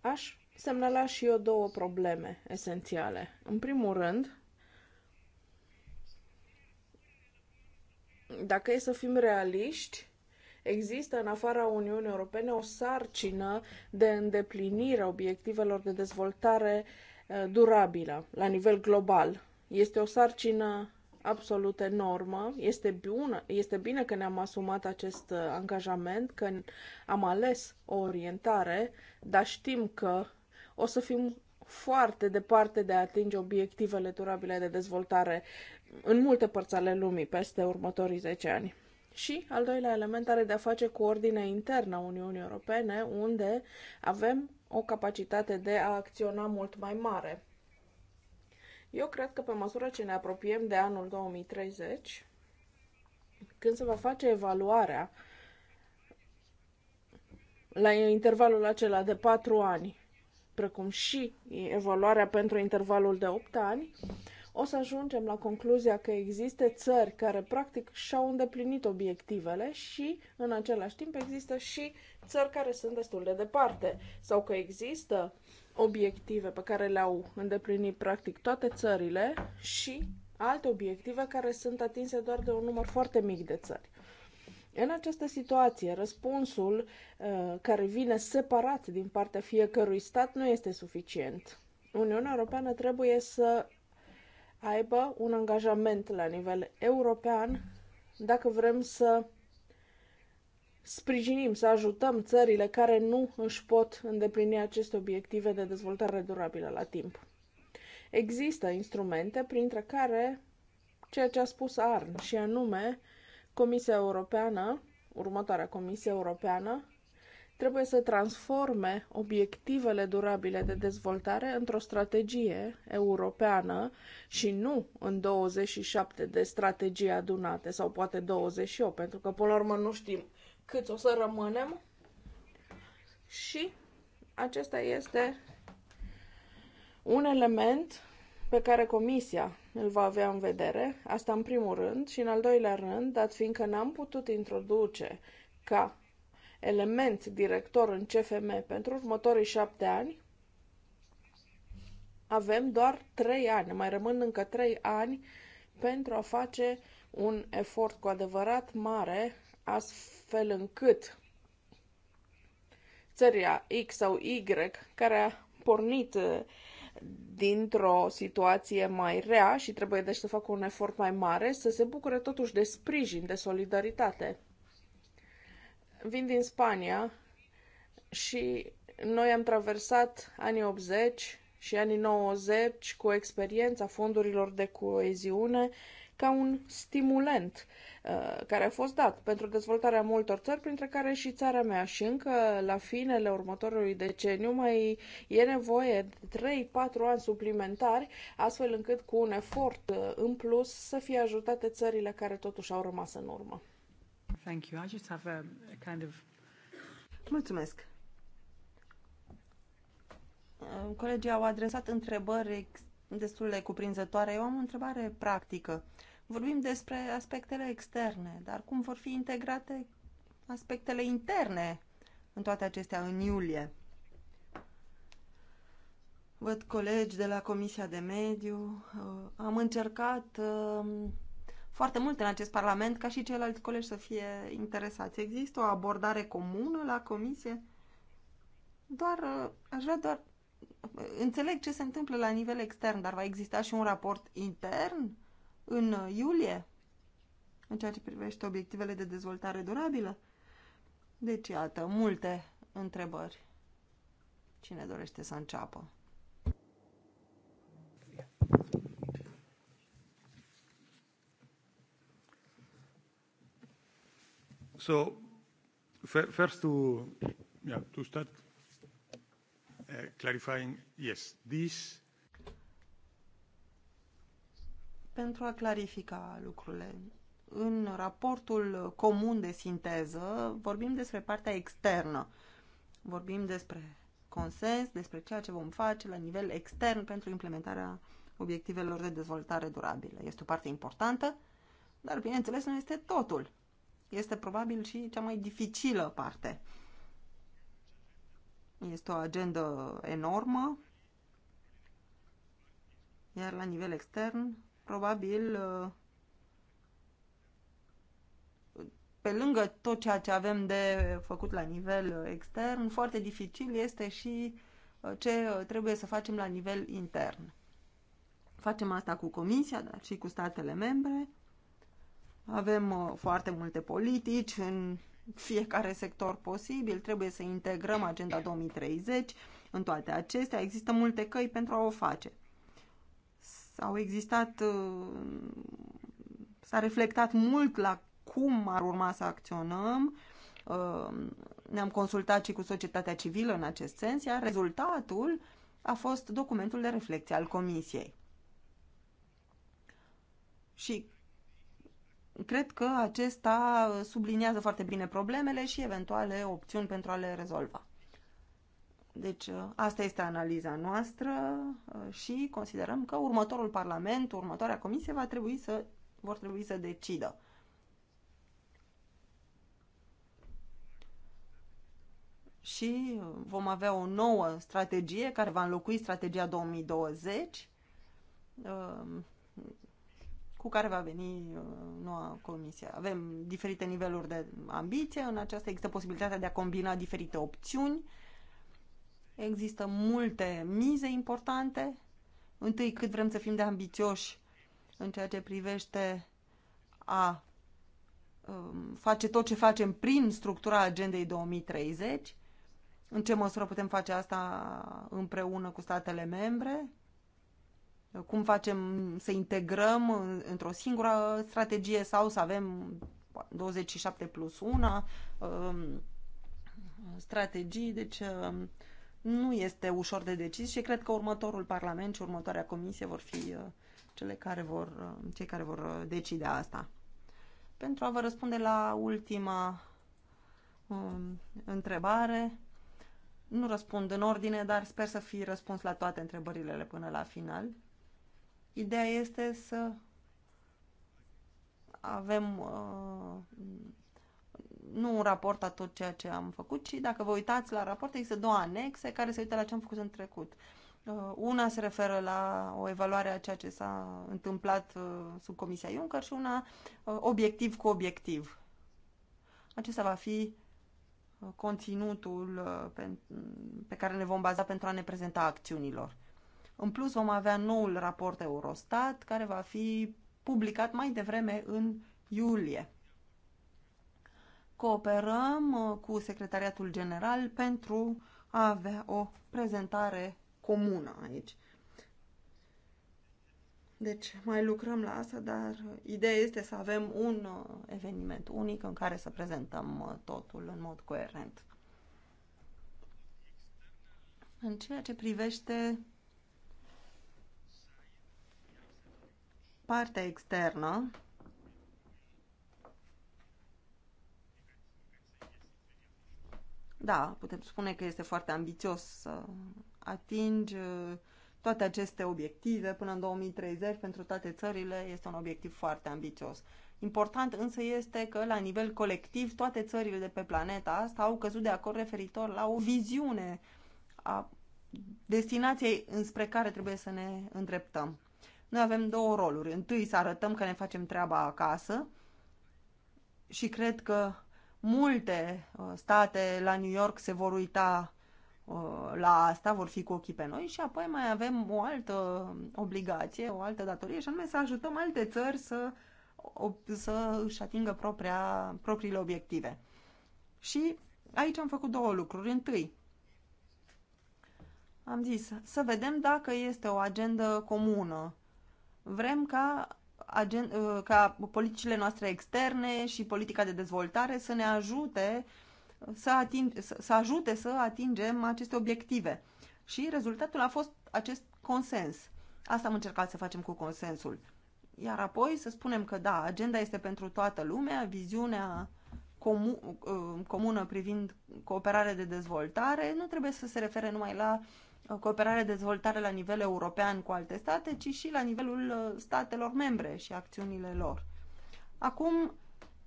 aș semnala și eu două probleme esențiale. În primul rând, dacă e să fim realiști, Există în afara Uniunii Europene o sarcină de îndeplinire a obiectivelor de dezvoltare eh, durabilă la nivel global. Este o sarcină absolut enormă. Este bine, este bine că ne-am asumat acest eh, angajament, că am ales o orientare, dar știm că o să fim foarte departe de a atinge obiectivele durabile de dezvoltare în multe părți ale lumii peste următorii 10 ani. Și al doilea element are de-a face cu ordinea internă a Uniunii Europene, unde avem o capacitate de a acționa mult mai mare. Eu cred că pe măsură ce ne apropiem de anul 2030, când se va face evaluarea la intervalul acela de 4 ani, precum și evaluarea pentru intervalul de 8 ani, o să ajungem la concluzia că există țări care practic și-au îndeplinit obiectivele și în același timp există și țări care sunt destul de departe sau că există obiective pe care le-au îndeplinit practic toate țările și alte obiective care sunt atinse doar de un număr foarte mic de țări. În această situație, răspunsul uh, care vine separat din partea fiecărui stat nu este suficient. Uniunea Europeană trebuie să aibă un angajament la nivel european dacă vrem să sprijinim, să ajutăm țările care nu își pot îndeplini aceste obiective de dezvoltare durabilă la timp. Există instrumente printre care ceea ce a spus Arn și anume Comisia Europeană, următoarea Comisie Europeană, trebuie să transforme obiectivele durabile de dezvoltare într-o strategie europeană și nu în 27 de strategii adunate sau poate 28, pentru că până la urmă nu știm cât o să rămânem. Și acesta este un element pe care Comisia îl va avea în vedere, asta în primul rând, și în al doilea rând, dat fiindcă n-am putut introduce ca element director în CFM pentru următorii șapte ani, avem doar trei ani, mai rămân încă trei ani pentru a face un efort cu adevărat mare, astfel încât țăria X sau Y, care a pornit uh, dintr-o situație mai rea și trebuie deci să facă un efort mai mare, să se bucure totuși de sprijin, de solidaritate. Vin din Spania și noi am traversat anii 80 și anii 90 cu experiența fondurilor de coeziune ca un stimulent uh, care a fost dat pentru dezvoltarea multor țări, printre care și țara mea. Și încă la finele următorului deceniu mai e nevoie de 3-4 ani suplimentari, astfel încât cu un efort uh, în plus să fie ajutate țările care totuși au rămas în urmă. Thank you. I just have a, a kind of... Mulțumesc. Colegii au adresat întrebări destul de cuprinzătoare. Eu am o întrebare practică. Vorbim despre aspectele externe, dar cum vor fi integrate aspectele interne în toate acestea în iulie? Văd colegi de la Comisia de Mediu. Uh, am încercat uh, foarte mult în acest Parlament ca și ceilalți colegi să fie interesați. Există o abordare comună la Comisie? Doar, uh, aș vrea doar, uh, înțeleg ce se întâmplă la nivel extern, dar va exista și un raport intern în uh, iulie în ceea ce privește obiectivele de dezvoltare durabilă? Deci, iată, multe întrebări. Cine dorește să înceapă? So first to, yeah, to start uh, clarifying, yes, this pentru a clarifica lucrurile. În raportul comun de sinteză vorbim despre partea externă. Vorbim despre consens, despre ceea ce vom face la nivel extern pentru implementarea obiectivelor de dezvoltare durabilă. Este o parte importantă, dar bineînțeles nu este totul este probabil și cea mai dificilă parte. Este o agendă enormă, iar la nivel extern, probabil, uh, pe lângă tot ceea ce avem de făcut la nivel extern, foarte dificil este și uh, ce uh, trebuie să facem la nivel intern. Facem asta cu Comisia, dar și cu statele membre avem uh, foarte multe politici în fiecare sector posibil, trebuie să integrăm Agenda 2030 în toate acestea. Există multe căi pentru a o face. S-au existat, uh, s-a reflectat mult la cum ar urma să acționăm, uh, ne-am consultat și cu societatea civilă în acest sens, iar rezultatul a fost documentul de reflecție al Comisiei. Și cred că acesta subliniază foarte bine problemele și eventuale opțiuni pentru a le rezolva. Deci, ă, asta este analiza noastră ă, și considerăm că următorul Parlament, următoarea Comisie va trebui să, vor trebui să decidă. Și ă, vom avea o nouă strategie care va înlocui strategia 2020 cu care va veni uh, noua comisie. Avem diferite niveluri de ambiție, în aceasta există posibilitatea de a combina diferite opțiuni, există multe mize importante. Întâi, cât vrem să fim de ambițioși în ceea ce privește a um, face tot ce facem prin structura agendei 2030, în ce măsură putem face asta împreună cu statele membre, cum facem să integrăm într-o singură strategie sau să avem 27 plus 1 um, strategii, deci um, nu este ușor de decis și cred că următorul Parlament și următoarea Comisie vor fi uh, cele care vor, uh, cei care vor uh, decide asta. Pentru a vă răspunde la ultima um, întrebare, nu răspund în ordine, dar sper să fi răspuns la toate întrebările până la final. Ideea este să avem uh, nu un raport a tot ceea ce am făcut, ci dacă vă uitați la raport, există două anexe care se uită la ce am făcut în trecut. Uh, una se referă la o evaluare a ceea ce s-a întâmplat uh, sub Comisia Juncker și una uh, obiectiv cu obiectiv. Acesta va fi uh, conținutul uh, pe, pe care ne vom baza pentru a ne prezenta acțiunilor. În plus, vom avea noul raport Eurostat, care va fi publicat mai devreme în iulie. Cooperăm uh, cu Secretariatul General pentru a avea o prezentare comună aici. Deci mai lucrăm la asta, dar uh, ideea este să avem un uh, eveniment unic în care să prezentăm totul în mod coerent. În ceea ce privește partea externă da, putem spune că este foarte ambițios să atingi uh, toate aceste obiective până în 2030 pentru toate țările este un obiectiv foarte ambițios. Important însă este că la nivel colectiv toate țările de pe planeta asta au căzut de acord referitor la o viziune a destinației înspre care trebuie să ne îndreptăm. Noi avem două roluri. Întâi să arătăm că ne facem treaba acasă și cred că multe uh, state la New York se vor uita uh, la asta, vor fi cu ochii pe noi și apoi mai avem o altă obligație, o altă datorie și anume să ajutăm alte țări să, să își atingă propria, propriile obiective. Și aici am făcut două lucruri. Întâi, am zis să vedem dacă este o agendă comună Vrem ca, agen, uh, ca politicile noastre externe și politica de dezvoltare să ne ajute să, ating, să, ajute să atingem aceste obiective. Și rezultatul a fost acest consens. Asta am încercat să facem cu consensul. Iar apoi să spunem că da, agenda este pentru toată lumea, viziunea comu- uh, comună privind cooperare de dezvoltare nu trebuie să se refere numai la cooperare dezvoltare la nivel european cu alte state, ci și la nivelul uh, statelor membre și acțiunile lor. Acum,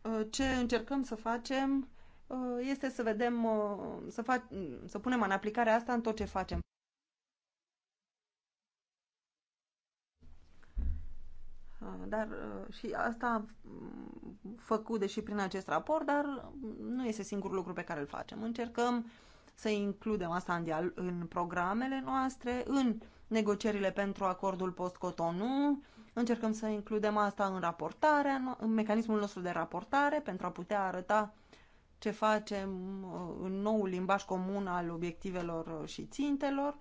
uh, ce încercăm să facem uh, este să vedem, să, fac, să punem în aplicare asta în tot ce facem. Dar și asta am făcut deși prin acest raport, dar nu este singurul lucru pe care îl facem. Încercăm să includem asta în, dial- în programele noastre, în negocierile pentru acordul post-Cotonou, încercăm să includem asta în raportarea, în mecanismul nostru de raportare pentru a putea arăta ce facem uh, în noul limbaj comun al obiectivelor și țintelor.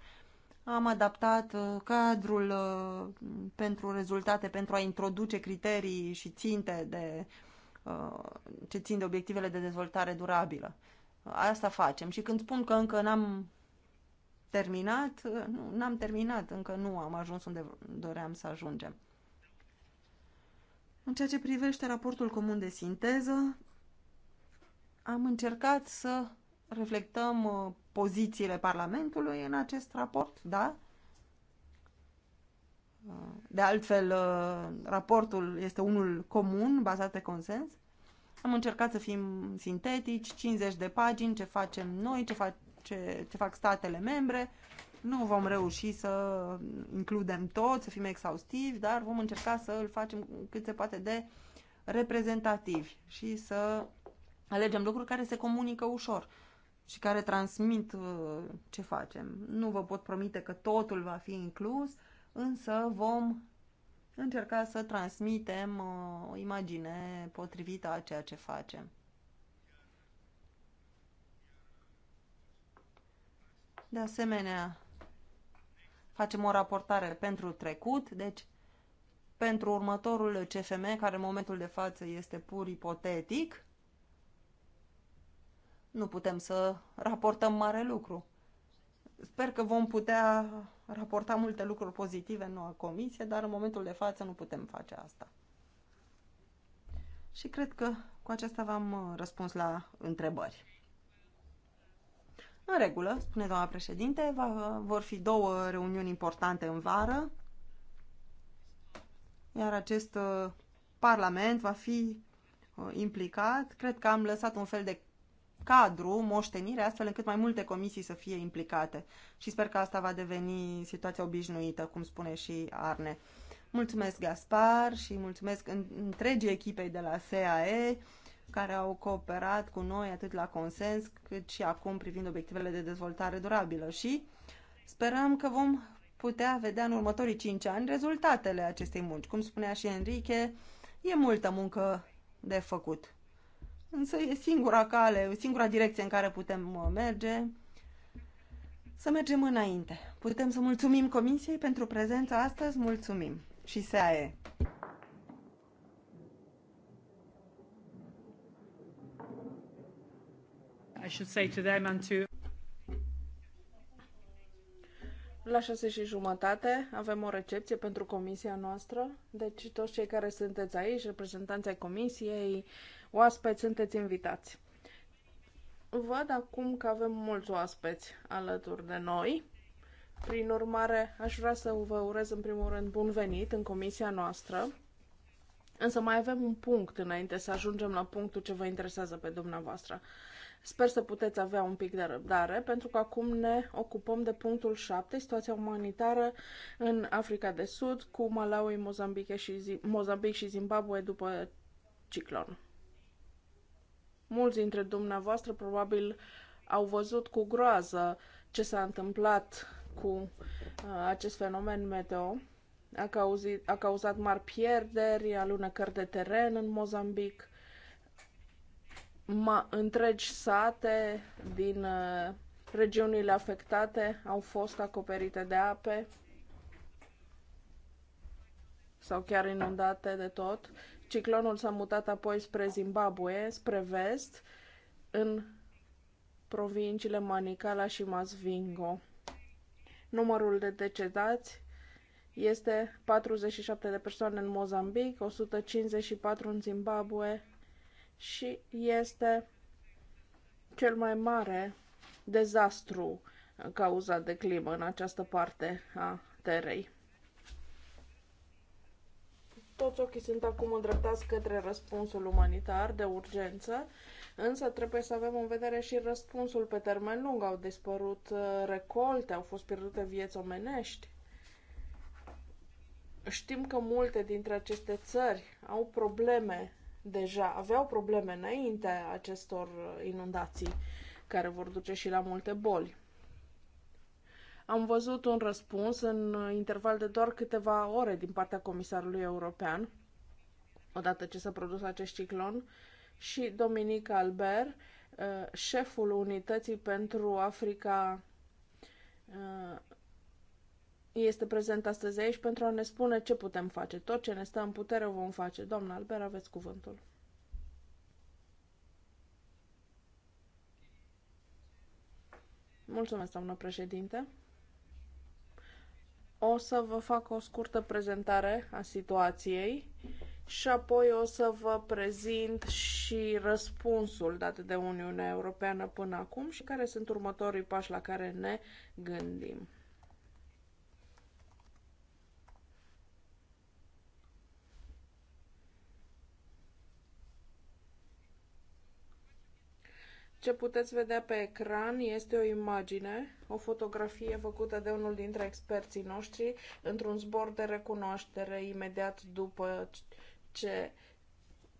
Am adaptat uh, cadrul uh, pentru rezultate pentru a introduce criterii și ținte de, ce țin de obiectivele de dezvoltare durabilă. Asta facem. Și când spun că încă n-am terminat, uh, nu, n-am terminat, încă nu am ajuns unde doream să ajungem. În ceea ce privește raportul comun de sinteză, am încercat să reflectăm uh, pozițiile Parlamentului în acest raport, da? Uh, de altfel, raportul este unul comun, bazat pe consens am încercat să fim sintetici, 50 de pagini, ce facem noi, ce, fac ce, ce fac statele membre. Nu vom reuși să includem tot, să fim exhaustivi, dar vom încerca să îl facem cât se poate de reprezentativi și să alegem lucruri care se comunică ușor și care transmit uh, ce facem. Nu vă pot promite că totul va fi inclus, însă vom încerca să transmitem uh, o imagine potrivită a ceea ce facem. De asemenea, facem o raportare pentru trecut, deci pentru următorul CFM, care în momentul de față este pur ipotetic, nu putem să raportăm mare lucru. Sper că vom putea raporta multe lucruri pozitive în noua comisie, dar în momentul de față nu putem face asta. Și cred că cu aceasta v-am uh, răspuns la întrebări. În regulă, spune doamna președinte, va, vor fi două reuniuni importante în vară, iar acest uh, parlament va fi uh, implicat. Cred că am lăsat un fel de cadru, moștenire, astfel încât mai multe comisii să fie implicate. Și sper că asta va deveni situația obișnuită, cum spune și Arne. Mulțumesc, Gaspar, și mulțumesc întregii echipei de la SAE care au cooperat cu noi atât la consens cât și acum privind obiectivele de dezvoltare durabilă și sperăm că vom putea vedea în următorii 5 ani rezultatele acestei munci. Cum spunea și Enrique, e multă muncă de făcut. Însă e singura cale, singura direcție în care putem uh, merge. Să mergem înainte. Putem să mulțumim Comisiei pentru prezența astăzi, mulțumim. Și SAE. I should say to them and to la șase și jumătate avem o recepție pentru comisia noastră, deci toți cei care sunteți aici, reprezentanții comisiei, oaspeți, sunteți invitați. Văd acum că avem mulți oaspeți alături de noi. Prin urmare, aș vrea să vă urez în primul rând bun venit în comisia noastră. Însă mai avem un punct înainte să ajungem la punctul ce vă interesează pe dumneavoastră. Sper să puteți avea un pic de răbdare, pentru că acum ne ocupăm de punctul 7, situația umanitară în Africa de Sud, cu Malawi, Mozambique și Mozambic și Zimbabwe după ciclon. Mulți dintre dumneavoastră probabil au văzut cu groază ce s-a întâmplat cu uh, acest fenomen meteo. A, cauzit, a cauzat mari pierderi, alunecări de teren în Mozambic, ma, întregi sate din uh, regiunile afectate au fost acoperite de ape sau chiar inundate de tot Ciclonul s-a mutat apoi spre Zimbabwe, spre vest, în provinciile Manicala și Masvingo. Numărul de decedați este 47 de persoane în Mozambic, 154 în Zimbabwe și este cel mai mare dezastru cauzat de climă în această parte a terei. Toți ochii sunt acum îndreptați către răspunsul umanitar de urgență, însă trebuie să avem în vedere și răspunsul pe termen lung. Au dispărut uh, recolte, au fost pierdute vieți omenești. Știm că multe dintre aceste țări au probleme deja, aveau probleme înainte acestor uh, inundații care vor duce și la multe boli. Am văzut un răspuns în interval de doar câteva ore din partea Comisarului European, odată ce s-a produs acest ciclon, și Dominic Albert, uh, șeful unității pentru Africa uh, este prezent astăzi aici pentru a ne spune ce putem face. Tot ce ne stă în putere o vom face. Doamna Albert, aveți cuvântul. Mulțumesc, doamnă președinte. O să vă fac o scurtă prezentare a situației și apoi o să vă prezint și răspunsul dat de Uniunea Europeană până acum și care sunt următorii pași la care ne gândim. Ce puteți vedea pe ecran este o imagine, o fotografie făcută de unul dintre experții noștri într-un zbor de recunoaștere imediat după ce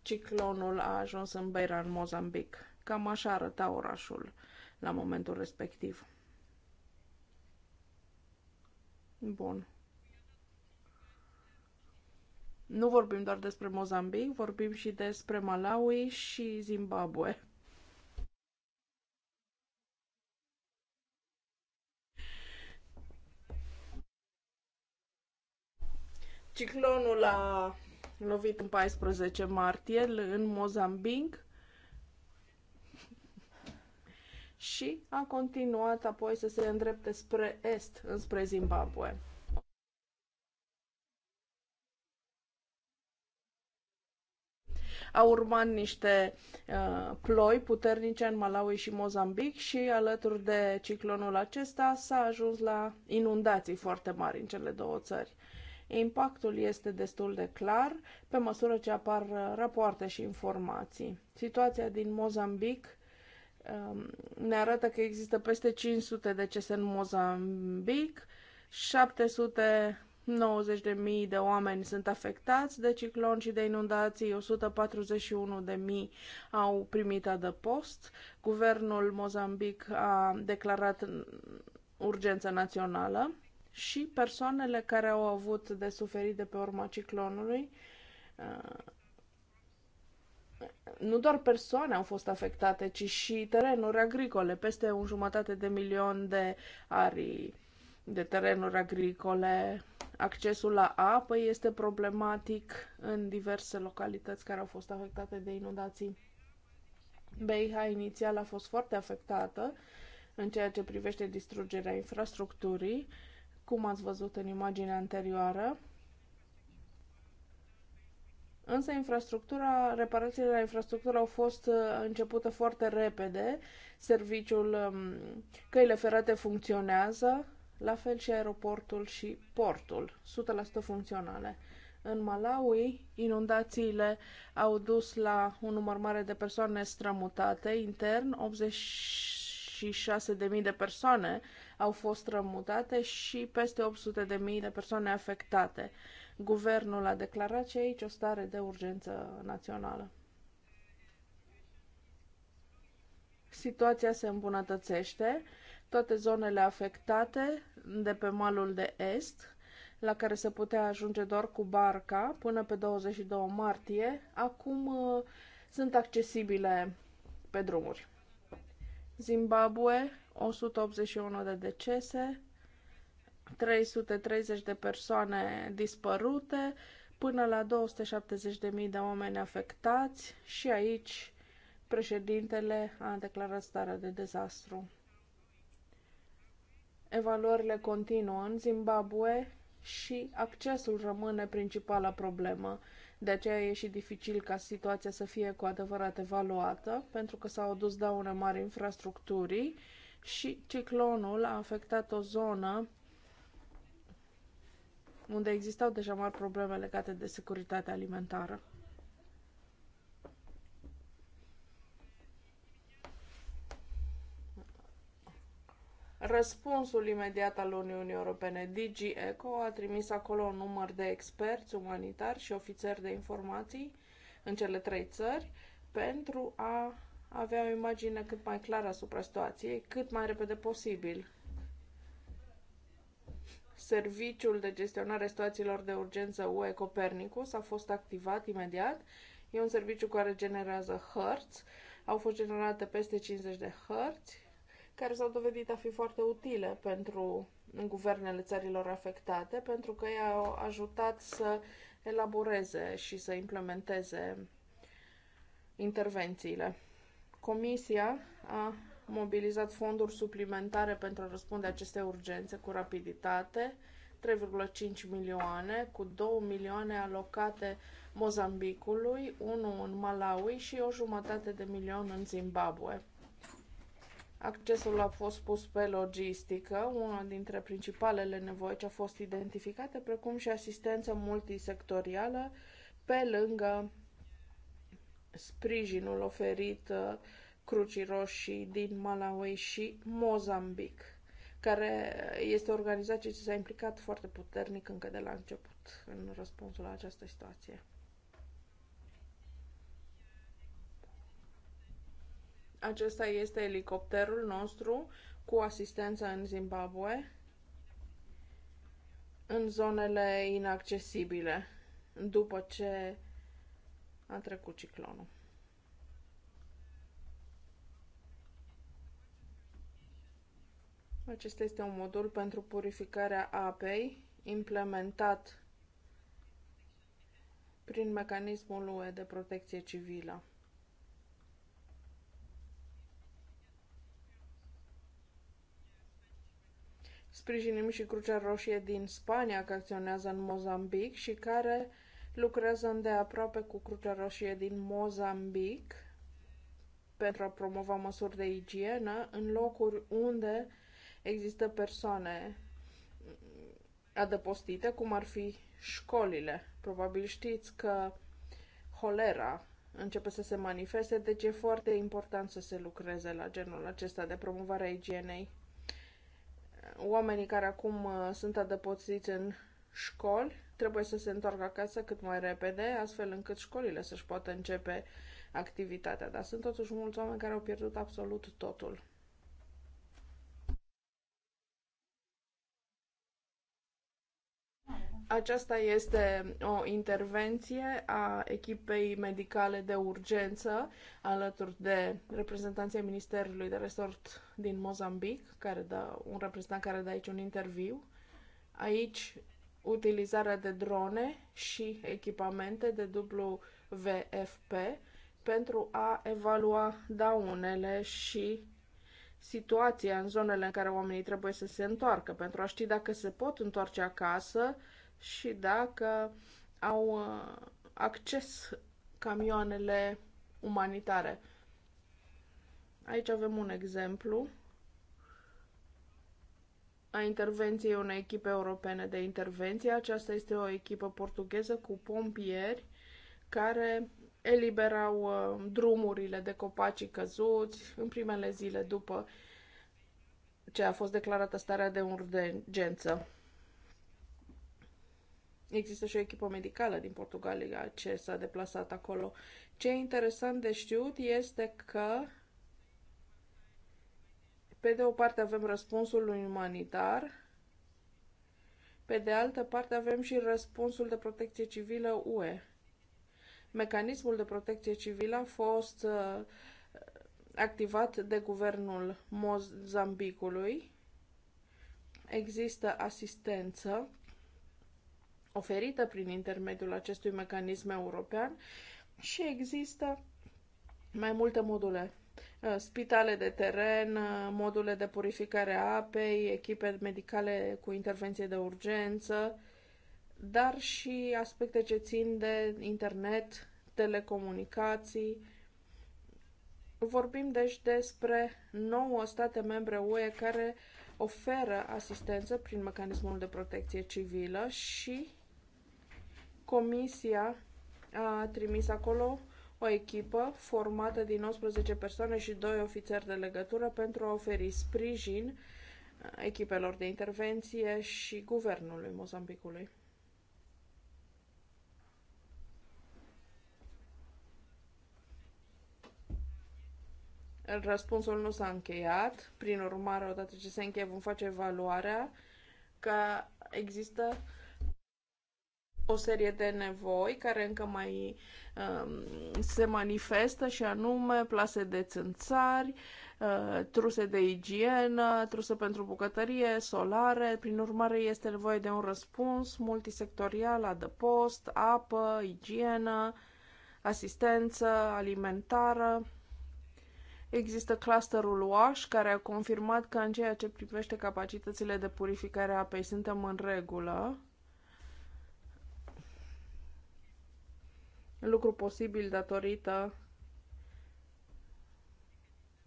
ciclonul a ajuns în Beira, în Mozambic. Cam așa arăta orașul la momentul respectiv. Bun. Nu vorbim doar despre Mozambic, vorbim și despre Malawi și Zimbabwe. Ciclonul a lovit în 14 martie în Mozambic și a continuat apoi să se îndrepte spre est, înspre Zimbabwe. Au urmat niște uh, ploi puternice în Malawi și Mozambic și alături de ciclonul acesta s-a ajuns la inundații foarte mari în cele două țări. Impactul este destul de clar pe măsură ce apar uh, rapoarte și informații. Situația din Mozambic um, ne arată că există peste 500 decese în Mozambic, 700 90.000 de oameni sunt afectați de ciclon și de inundații, 141.000 au primit adăpost. Guvernul Mozambic a declarat urgență națională și persoanele care au avut de suferit de pe urma ciclonului. Uh, nu doar persoane au fost afectate, ci și terenuri agricole, peste un jumătate de milion de arii de terenuri agricole. Accesul la apă este problematic în diverse localități care au fost afectate de inundații. Beiha inițial a fost foarte afectată în ceea ce privește distrugerea infrastructurii, uh, cum ați văzut în imaginea anterioară. Însă infrastructura, reparațiile la infrastructură au fost uh, începută foarte repede, serviciul um, căile ferate funcționează, la fel și aeroportul și portul, 100% funcționale. În Malawi, inundațiile au dus la un număr mare de persoane strămutate intern, 86.000 de persoane au fost strămutate și peste 800 de mii de persoane afectate. Guvernul a declarat și aici o stare de urgență națională. Situația se îmbunătățește. Toate zonele afectate de pe malul de est, la care se putea ajunge doar cu barca până pe 22 martie, acum uh, sunt accesibile pe drumuri. Zimbabwe 181 de decese, 330 de persoane dispărute, până la 270.000 de oameni afectați și aici președintele a declarat starea de dezastru. Evaluările continuă în Zimbabwe și accesul rămâne principala problemă. De aceea e și dificil ca situația să fie cu adevărat evaluată, pentru că s-au adus daune mari infrastructurii, și ciclonul a afectat o zonă unde existau deja mari probleme legate de securitatea alimentară. Răspunsul imediat al Uniunii Europene, DG ECO, a trimis acolo un număr de experți umanitari și ofițeri de informații în cele trei țări pentru a avea o imagine cât mai clară asupra situației, cât mai repede posibil. Serviciul de gestionare a situațiilor de urgență UE Copernicus a fost activat imediat. E un serviciu care generează hărți. Au fost generate peste 50 de hărți care s-au dovedit a fi foarte utile pentru guvernele țărilor afectate, pentru că ei au ajutat să elaboreze și să implementeze intervențiile. Comisia a mobilizat fonduri suplimentare pentru a răspunde aceste urgențe cu rapiditate, 3,5 milioane, cu 2 milioane alocate Mozambicului, 1 în Malawi și o jumătate de milion în Zimbabwe. Accesul a fost pus pe logistică, una dintre principalele nevoi ce a fost identificate, precum și asistență multisectorială pe lângă sprijinul oferit uh, Crucii Roșii din Malawi și Mozambic, care este o organizație ce s-a implicat foarte puternic încă de la început în răspunsul la această situație. Acesta este elicopterul nostru cu asistență în Zimbabwe, în zonele inaccesibile, după ce a trecut ciclonul. Acesta este un modul pentru purificarea apei implementat prin mecanismul UE de protecție civilă. Sprijinim și Crucea Roșie din Spania, care acționează în Mozambic și care lucrează îndeaproape cu Crucea Roșie din Mozambic pentru a promova măsuri de igienă în locuri unde există persoane adăpostite, cum ar fi școlile. Probabil știți că holera începe să se manifeste, deci e foarte important să se lucreze la genul acesta de promovare a igienei. Oamenii care acum uh, sunt adăpostiți în școli trebuie să se întoarcă acasă cât mai repede, astfel încât școlile să-și poată începe activitatea. Dar sunt totuși mulți oameni care au pierdut absolut totul. Aceasta este o intervenție a echipei medicale de urgență alături de reprezentanții Ministerului de Resort din Mozambic, care dă, un reprezentant care dă aici un interviu. Aici utilizarea de drone și echipamente de WFP pentru a evalua daunele și situația în zonele în care oamenii trebuie să se întoarcă, pentru a ști dacă se pot întoarce acasă și dacă au uh, acces camioanele umanitare. Aici avem un exemplu a intervenției unei echipe europene de intervenție. Aceasta este o echipă portugheză cu pompieri care eliberau uh, drumurile de copaci căzuți în primele zile după ce a fost declarată starea de urgență. Există și o echipă medicală din Portugalia ce s-a deplasat acolo. Ce e interesant de știut este că pe de o parte avem răspunsul umanitar, pe de altă parte avem și răspunsul de protecție civilă UE. Mecanismul de protecție civilă a fost uh, activat de guvernul Mozambicului. Există asistență oferită prin intermediul acestui mecanism european și există mai multe module Uh, spitale de teren, uh, module de purificare a apei, echipe medicale cu intervenție de urgență, dar și aspecte ce țin de internet, telecomunicații. Vorbim deci despre 9 state membre UE care oferă asistență prin mecanismul de protecție civilă și Comisia a trimis acolo o echipă formată din 11 persoane și doi ofițeri de legătură pentru a oferi sprijin uh, echipelor de intervenție și guvernului Mozambicului. Răspunsul nu s-a încheiat, prin urmare, odată ce se încheie, vom face evaluarea că există o serie de nevoi care încă mai um, se manifestă și anume plase de țânțari, uh, truse de igienă, truse pentru bucătărie, solare. Prin urmare, este nevoie de un răspuns multisectorial, adăpost, apă, igienă, asistență alimentară. Există clusterul WASH, care a confirmat că în ceea ce privește capacitățile de purificare a apei suntem în regulă lucru posibil datorită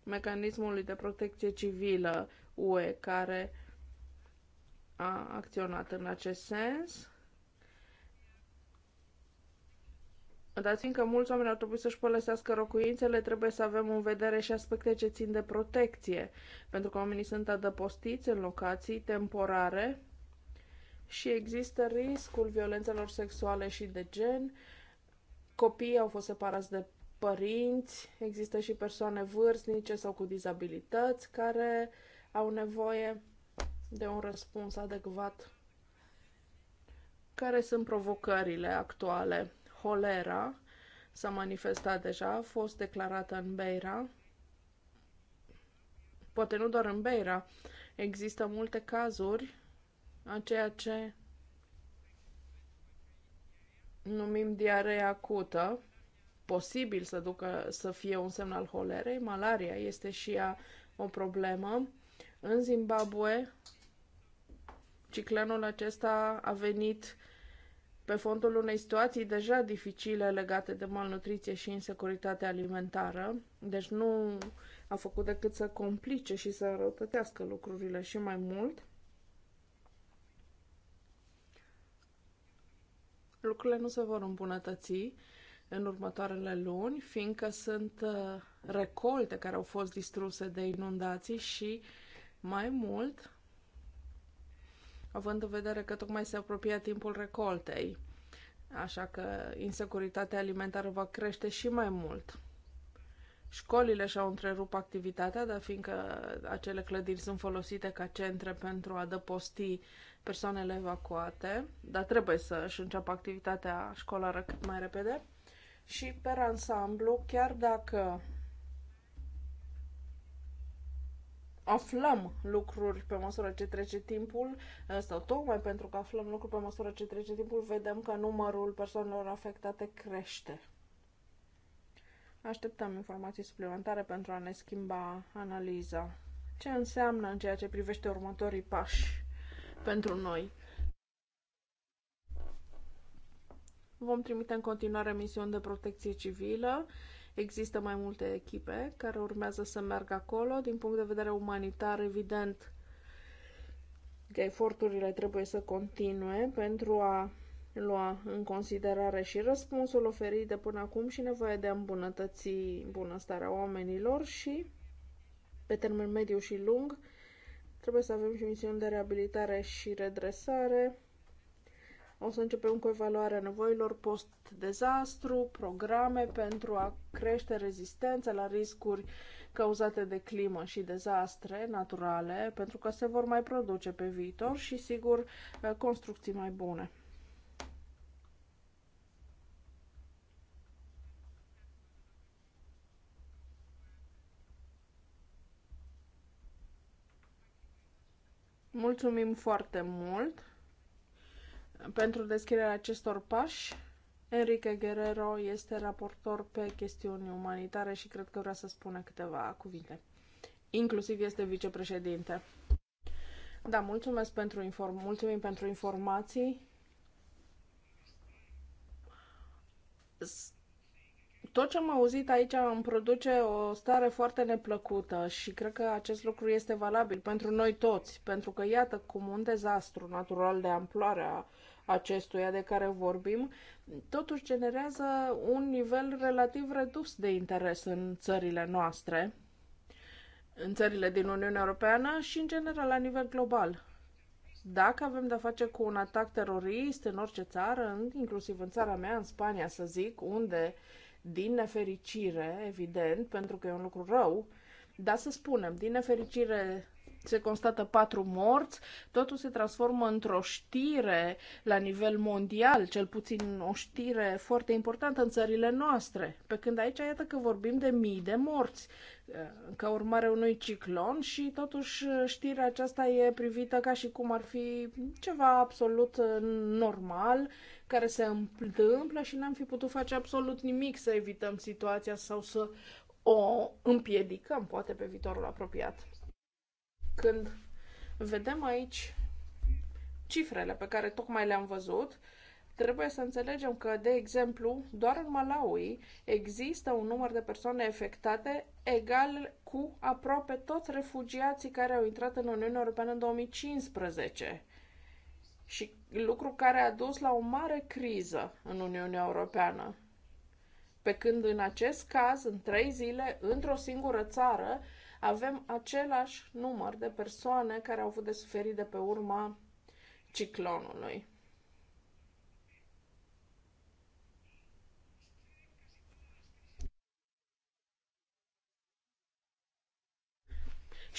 mecanismului de protecție civilă UE care a acționat în acest sens. Dar fiindcă mulți oameni ar trebui să-și părăsească locuințele, trebuie să avem în vedere și aspecte ce țin de protecție, pentru că oamenii sunt adăpostiți în locații temporare și există riscul violențelor sexuale și de gen, Copiii au fost separați de părinți, există și persoane vârstnice sau cu dizabilități care au nevoie de un răspuns adecvat. Care sunt provocările actuale? Holera s-a manifestat deja, a fost declarată în Beira. Poate nu doar în Beira, există multe cazuri, a ceea ce numim diaree acută, posibil să, ducă, să fie un semn al holerei. Malaria este și ea o problemă. În Zimbabwe, ciclonul acesta a venit pe fondul unei situații deja dificile legate de malnutriție și insecuritate alimentară, deci nu a făcut decât să complice și să înrăutătească lucrurile și mai mult. lucrurile nu se vor îmbunătăți în următoarele luni, fiindcă sunt uh, recolte care au fost distruse de inundații și mai mult, având în vedere că tocmai se apropia timpul recoltei, așa că insecuritatea alimentară va crește și mai mult. Școlile și-au întrerupt activitatea, dar fiindcă acele clădiri sunt folosite ca centre pentru a adăposti persoanele evacuate, dar trebuie să își înceapă activitatea școlară cât mai repede. Și pe ansamblu, chiar dacă aflăm lucruri pe măsură ce trece timpul, sau tocmai pentru că aflăm lucruri pe măsură ce trece timpul, vedem că numărul persoanelor afectate crește. Așteptăm informații suplimentare pentru a ne schimba analiza. Ce înseamnă în ceea ce privește următorii pași? pentru noi. Vom trimite în continuare misiuni de protecție civilă. Există mai multe echipe care urmează să meargă acolo. Din punct de vedere umanitar, evident că eforturile trebuie să continue pentru a lua în considerare și răspunsul oferit de până acum și nevoia de a îmbunătăți bunăstarea oamenilor și, pe termen mediu și lung, Trebuie să avem și misiuni de reabilitare și redresare. O să începem cu evaluarea nevoilor post-dezastru, programe pentru a crește rezistența la riscuri cauzate de climă și dezastre naturale, pentru că se vor mai produce pe viitor și, sigur, construcții mai bune. Mulțumim foarte mult pentru deschiderea acestor pași. Enrique Guerrero este raportor pe chestiuni umanitare și cred că vrea să spună câteva cuvinte. Inclusiv este vicepreședinte. Da, mulțumesc pentru inform- mulțumim pentru informații tot ce am auzit aici îmi produce o stare foarte neplăcută și cred că acest lucru este valabil pentru noi toți, pentru că iată cum un dezastru natural de amploare a acestuia de care vorbim, totuși generează un nivel relativ redus de interes în țările noastre, în țările din Uniunea Europeană și în general la nivel global. Dacă avem de-a face cu un atac terorist în orice țară, inclusiv în țara mea, în Spania, să zic, unde uh, din nefericire, evident, pentru că e un lucru rău, dar să spunem, din nefericire se constată patru morți, totul se transformă într-o știre la nivel mondial, cel puțin o știre foarte importantă în țările noastre. Pe când aici, iată că vorbim de mii de morți, uh, ca urmare unui ciclon și totuși uh, știrea aceasta e privită ca și cum ar fi ceva absolut uh, normal care se întâmplă și n-am fi putut face absolut nimic să evităm situația sau să o împiedicăm, poate, pe viitorul apropiat. Când vedem aici cifrele pe care tocmai le-am văzut, trebuie să înțelegem că, de exemplu, doar în Malawi există un număr de persoane afectate egal cu aproape toți refugiații care au intrat în Uniunea Europeană în 2015 și lucru care a dus la o mare criză în Uniunea Europeană. Pe când în acest caz, în trei zile, într-o singură țară, avem același număr de persoane care au avut de suferit de pe urma ciclonului.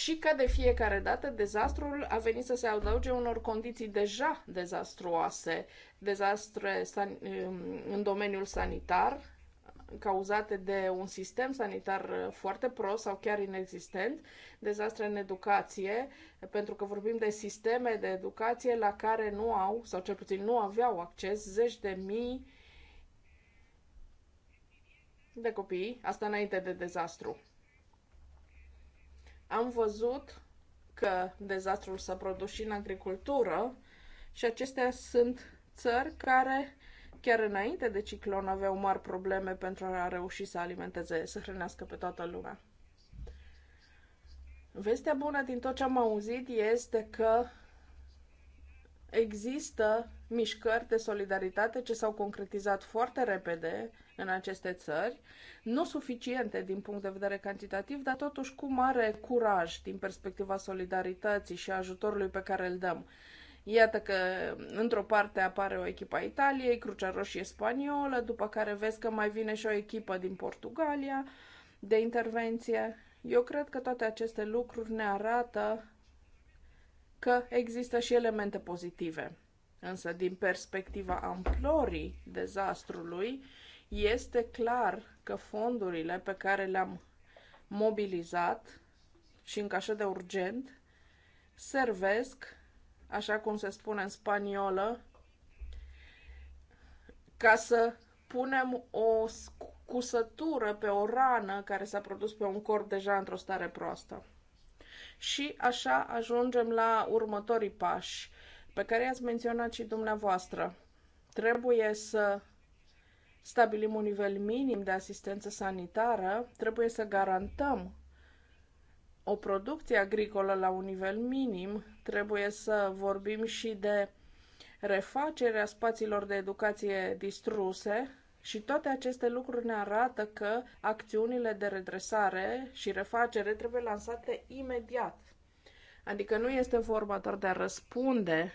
Și ca de fiecare dată, dezastrul a venit să se adauge unor condiții deja dezastruoase, dezastre în domeniul sanitar, cauzate de un sistem sanitar uh, foarte prost sau chiar inexistent, dezastre în educație, pentru că vorbim de sisteme de educație la care nu au, sau cel puțin nu aveau acces, zeci de mii de copii, asta înainte de dezastru. Am văzut că dezastrul s-a produs și în agricultură și acestea sunt țări care chiar înainte de ciclon aveau mari probleme pentru a reuși să alimenteze, să hrănească pe toată lumea. Vestea bună din tot ce am auzit este că există mișcări de solidaritate ce s-au concretizat foarte repede în aceste țări, nu suficiente din punct de vedere cantitativ, dar totuși cu mare curaj din perspectiva solidarității și ajutorului pe care îl dăm. Iată că într-o parte apare o echipă a Italiei, Crucea Roșie Spaniolă, după care vezi că mai vine și o echipă din Portugalia de intervenție. Eu cred că toate aceste lucruri ne arată că există și elemente pozitive. Însă, din perspectiva amplorii dezastrului, este clar că fondurile pe care le-am mobilizat și încă așa de urgent servesc, așa cum se spune în spaniolă, ca să punem o cusătură pe o rană care s-a produs pe un corp deja într-o stare proastă. Și așa ajungem la următorii pași, pe care i-ați menționat și dumneavoastră. Trebuie să stabilim un nivel minim de asistență sanitară, trebuie să garantăm o producție agricolă la un nivel minim, trebuie să vorbim și de refacerea spațiilor de educație distruse și toate aceste lucruri ne arată că acțiunile de redresare și refacere trebuie lansate imediat. Adică nu este vorba doar de a răspunde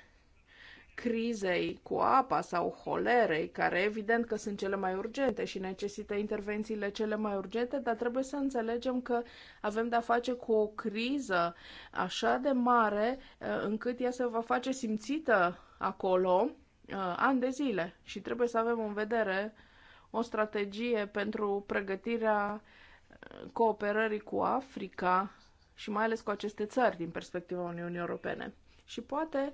crizei cu apa sau holerei, care evident că sunt cele mai urgente și necesită intervențiile cele mai urgente, dar trebuie să înțelegem că avem de-a face cu o criză așa de mare uh, încât ea se va face simțită acolo uh, ani de zile și trebuie să avem în vedere o strategie pentru pregătirea uh, cooperării cu Africa și mai ales cu aceste țări din perspectiva Uniunii Europene. Și poate uh,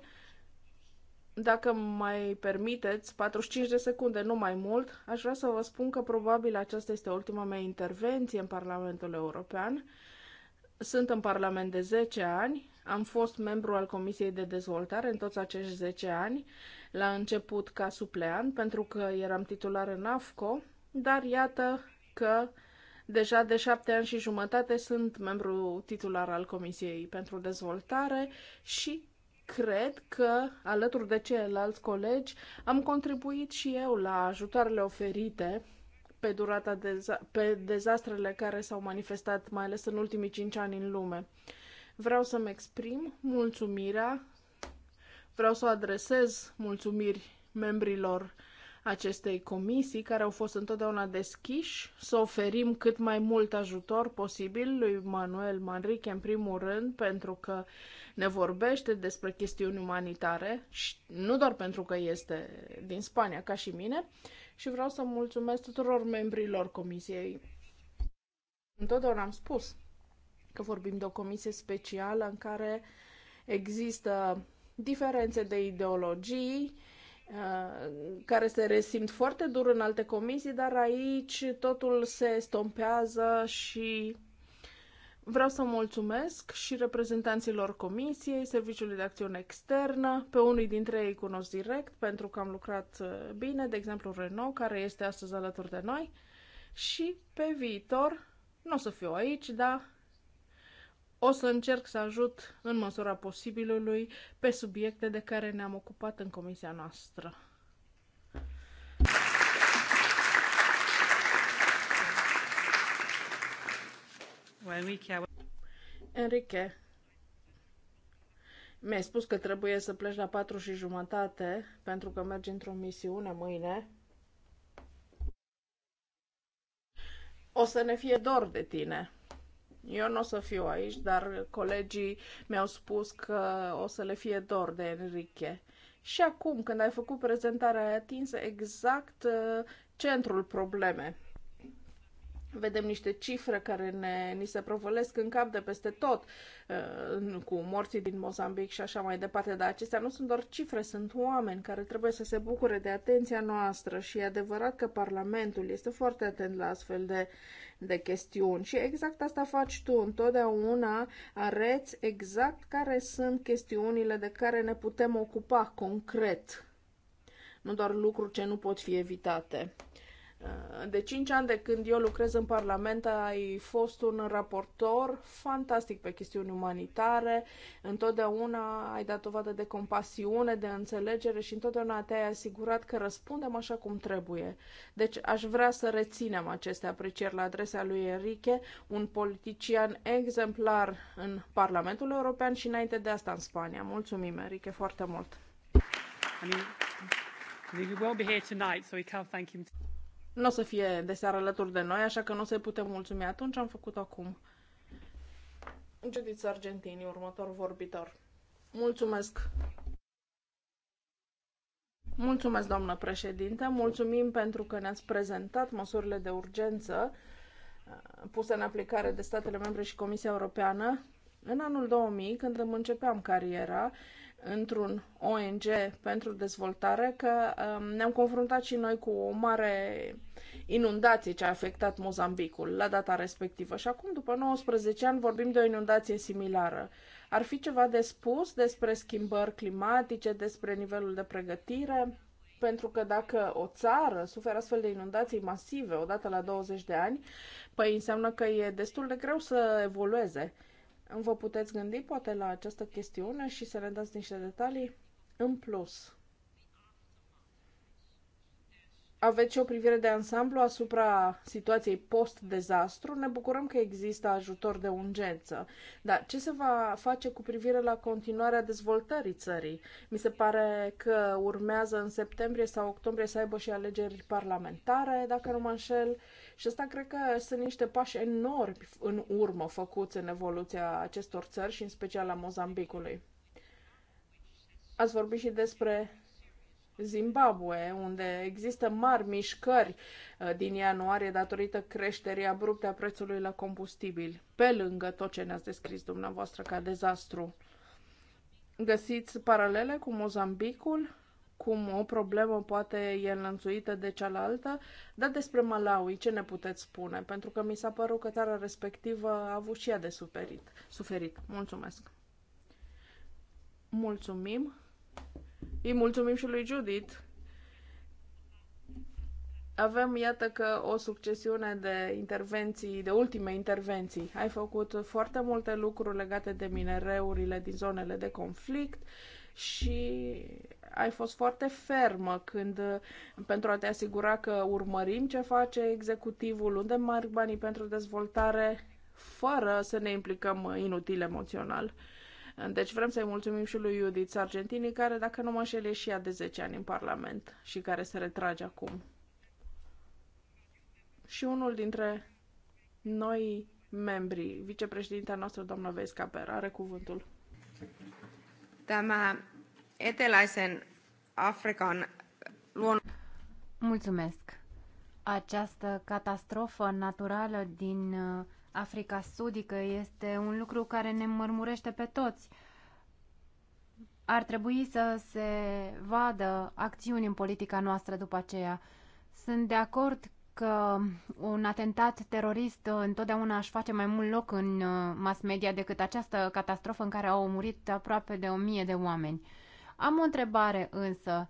dacă mai permiteți, 45 de secunde, nu mai mult, aș vrea să vă spun că probabil aceasta este ultima mea intervenție în Parlamentul European. Sunt în Parlament de 10 ani, am fost membru al Comisiei de Dezvoltare în toți acești 10 ani, la început ca suplean, pentru că eram titular în AFCO, dar iată că deja de șapte ani și jumătate sunt membru titular al Comisiei pentru Dezvoltare și cred că, alături de ceilalți colegi, am contribuit și eu la ajutoarele oferite pe durata deza- pe dezastrele care s-au manifestat, mai ales în ultimii cinci ani în lume. Vreau să-mi exprim mulțumirea, vreau să o adresez mulțumiri membrilor acestei comisii, care au fost întotdeauna deschiși, să oferim cât mai mult ajutor posibil lui Manuel Manrique, în primul rând, pentru că ne vorbește despre chestiuni umanitare, și nu doar pentru că este din Spania, ca și mine, și vreau să mulțumesc tuturor membrilor comisiei. Întotdeauna am spus că vorbim de o comisie specială în care există diferențe de ideologii, Uh, care se resimt foarte dur în alte comisii, dar aici totul se estompează și vreau să mulțumesc și reprezentanților comisiei, Serviciului de Acțiune Externă, pe unii dintre ei cunosc direct pentru că am lucrat uh, bine, de exemplu Renault, care este astăzi alături de noi și pe viitor, nu o să fiu aici, dar o să încerc să ajut în măsura posibilului pe subiecte de care ne-am ocupat în comisia noastră. Enrique, mi-ai spus că trebuie să pleci la patru și jumătate pentru că mergi într-o misiune mâine. O să ne fie dor de tine. Eu nu o să fiu aici, dar colegii mi-au spus că o să le fie dor de Enrique. Și acum, când ai făcut prezentarea, ai atins exact uh, centrul problemei. Vedem niște cifre care ne, ni se provolesc în cap de peste tot, uh, cu morții din Mozambic și așa mai departe, dar acestea nu sunt doar cifre, sunt oameni care trebuie să se bucure de atenția noastră și e adevărat că Parlamentul este foarte atent la astfel de, de chestiuni și exact asta faci tu, întotdeauna areți exact care sunt chestiunile de care ne putem ocupa concret, nu doar lucruri ce nu pot fi evitate. Eh, de 5 ani de când eu lucrez în Parlament, ai fost un raportor fantastic pe chestiuni umanitare, întotdeauna ai dat o vadă de compasiune, de înțelegere și întotdeauna te-ai asigurat că răspundem așa cum trebuie. Deci aș vrea să reținem aceste aprecieri la adresa lui Enrique, un politician exemplar în Parlamentul European și înainte de asta în Spania. Mulțumim, Enrique, foarte mult! I mean, we will be here tonight, so we can't thank him nu o să fie de seară alături de noi, așa că nu o să-i putem mulțumi atunci, am făcut acum. Judith Argentini, următor vorbitor. Mulțumesc! Mulțumesc, doamnă președinte, mulțumim pentru că ne-ați prezentat măsurile de urgență uh, puse în aplicare de statele membre și Comisia Europeană. În anul 2000, când îmi începeam cariera, într-un ONG pentru dezvoltare că um, ne-am confruntat și noi cu o mare inundație ce a afectat Mozambicul la data respectivă și acum, după 19 ani, vorbim de o inundație similară. Ar fi ceva de spus despre schimbări climatice, despre nivelul de pregătire? Pentru că dacă o țară suferă astfel de inundații masive odată la 20 de ani, păi înseamnă că e destul de greu să evolueze. Vă puteți gândi poate la această chestiune și să ne dați niște detalii în plus. Aveți și o privire de ansamblu asupra situației post-dezastru. Ne bucurăm că există ajutor de urgență. Dar ce se va face cu privire la continuarea dezvoltării țării? Mi se pare că urmează în septembrie sau octombrie să aibă și alegeri parlamentare, dacă nu mă înșel. Uh, și asta cred că sunt niște pași enormi în urmă făcuți în evoluția acestor țări și în special a Mozambicului. Ați vorbit și despre Zimbabwe, unde există mari mișcări uh, din ianuarie datorită creșterii abrupte a prețului la combustibil, pe lângă tot ce ne-ați descris dumneavoastră ca dezastru. Găsiți paralele cu Mozambicul? cum o problemă poate e înlănțuită de cealaltă, dar despre Malawi ce ne puteți spune? Pentru că mi s-a părut că țara respectivă a avut și ea de suferit. suferit. Mulțumesc! Mulțumim! Îi mulțumim și lui Judith! Avem, iată că, o succesiune de intervenții, de ultime intervenții. Ai făcut foarte multe lucruri legate de minereurile din zonele de conflict, și ai fost foarte fermă când, pentru a te asigura că urmărim ce face executivul, unde merg banii pentru dezvoltare, fără să ne implicăm inutil emoțional. Deci vrem să-i mulțumim și lui Judith Sargentini, care, dacă nu mă înșel, e și ea de 10 ani în Parlament și care se retrage acum. Și unul dintre noi membri, vicepreședintea noastră, doamna Vescaper, are cuvântul. Thank you. Tämä eteläisen Afrikan luon... Mulțumesc! Această catastrofă naturală din uh, Africa Sudică este un lucru care ne mărmurește pe toți. Ar trebui să se vadă acțiuni în politica noastră după aceea. Sunt de acord că un atentat terorist întotdeauna aș face mai mult loc în uh, mass media decât această catastrofă în care au murit aproape de o mie de oameni. Am o întrebare însă.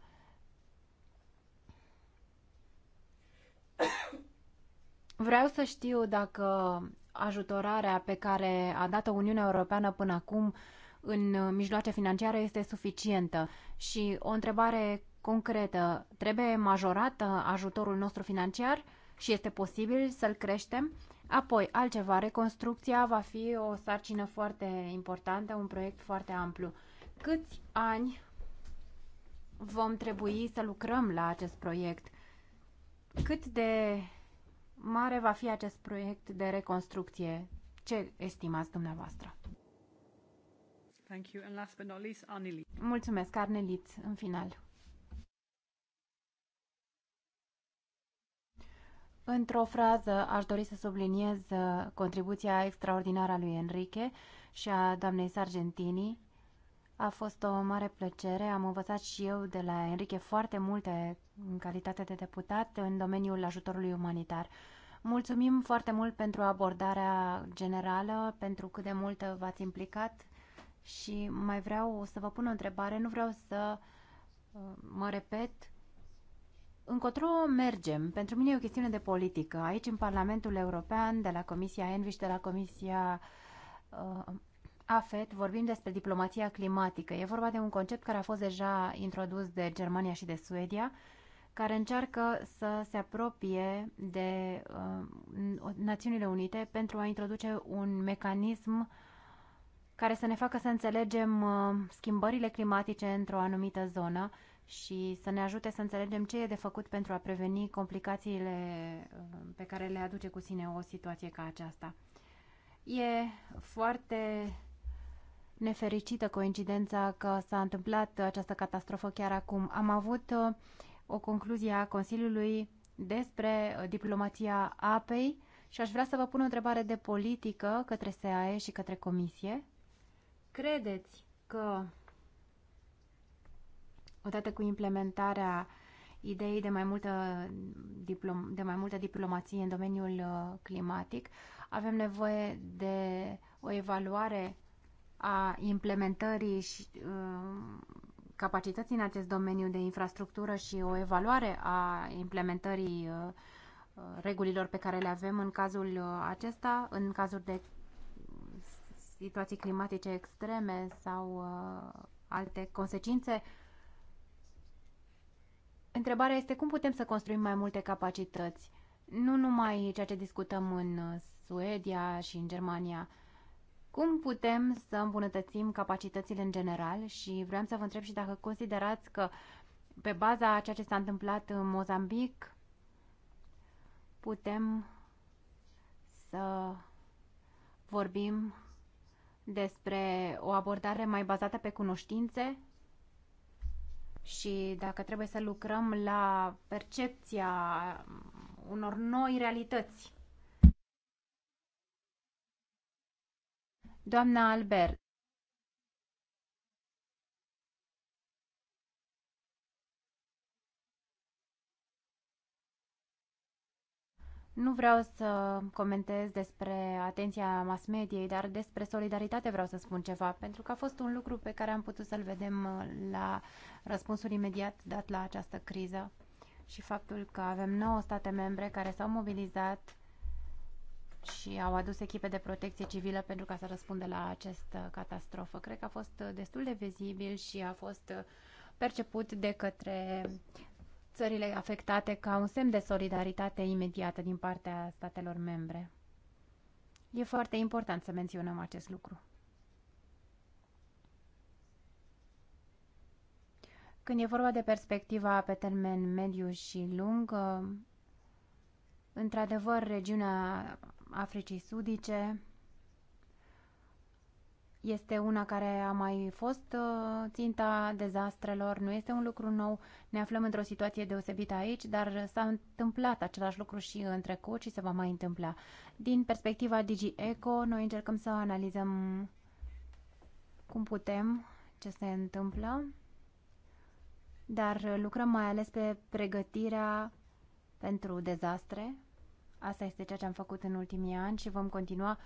Vreau să știu dacă ajutorarea pe care a dat-o Uniunea Europeană până acum în uh, mijloace financiare este suficientă. Și o întrebare concretă. Trebuie majorat uh, ajutorul nostru financiar și este posibil să-l creștem. Apoi, altceva, reconstrucția va fi o sarcină foarte importantă, un proiect foarte amplu. Câți ani vom trebui să lucrăm la acest proiect? Cât de mare va fi acest proiect de reconstrucție? Ce estimați dumneavoastră? Thank you. And last but not least, Mulțumesc, Arneliț, în final. Într-o frază aș dori să subliniez uh, contribuția extraordinară a lui Enrique și a doamnei Sargentini. A fost o mare plăcere, am învățat și eu de la Enrique foarte multe în calitate de deputat în domeniul ajutorului umanitar. Mulțumim foarte mult pentru abordarea generală, pentru cât de mult v-ați implicat și mai vreau să vă pun o întrebare, nu vreau să uh, mă repet, încotro mergem. Pentru mine e o chestiune de politică. Aici, în Parlamentul European, de la Comisia Envi și de la Comisia uh, AFET, vorbim despre diplomația climatică. E vorba de un concept care a fost deja introdus de Germania și de Suedia, care încearcă să se apropie de uh, Națiunile Unite pentru a introduce un mecanism care să ne facă să înțelegem uh, schimbările climatice într-o anumită zonă și să ne ajute să înțelegem ce e de făcut pentru a preveni complicațiile um, pe care le aduce cu sine o situație ca aceasta. E foarte nefericită coincidența că s-a întâmplat această catastrofă chiar acum. Am avut uh, o concluzie a Consiliului despre uh, diplomația apei și aș vrea să vă pun o întrebare de politică către SAE și către Comisie. Credeți că Odată cu implementarea ideii de mai multă, diplom, de mai multă diplomație în domeniul uh, climatic, avem nevoie de o evaluare a implementării și uh, capacității în acest domeniu de infrastructură și o evaluare a implementării uh, uh regulilor pe care le avem în cazul uh, acesta, în cazuri de situații climatice extreme sau uh, alte consecințe Întrebarea este cum putem să construim mai multe capacități, nu numai ceea ce discutăm în uh, Suedia și în Germania. Cum putem să îmbunătățim capacitățile în general și vreau să vă întreb și dacă considerați că pe baza a ceea ce s-a întâmplat în Mozambic putem să vorbim despre o abordare mai bazată pe cunoștințe și dacă trebuie să lucrăm la percepția unor noi realități. Doamna Albert, Nu vreau să comentez despre atenția mass mediei, dar despre solidaritate vreau să spun ceva, pentru că a fost un lucru pe care am putut să-l vedem la răspunsul imediat dat la această criză și faptul că avem 9 state membre care s-au mobilizat și au adus echipe de protecție civilă pentru ca să răspundă la această catastrofă. Cred că a fost destul de vizibil și a fost perceput de către țările afectate ca un semn de solidaritate imediată din partea statelor membre. E foarte important să menționăm acest lucru. Când e vorba de perspectiva pe termen mediu și lung, ă, într-adevăr, regiunea Africii Sudice este una care a mai fost ă, ținta dezastrelor, nu este un lucru nou, ne aflăm într-o situație deosebită aici, dar s-a întâmplat același lucru și în trecut și se va mai întâmpla. Din perspectiva DigiEco, noi încercăm să analizăm cum putem, ce se întâmplă dar lucrăm mai ales pe pregătirea pentru dezastre. Asta este ceea ce am făcut în ultimii ani și vom continua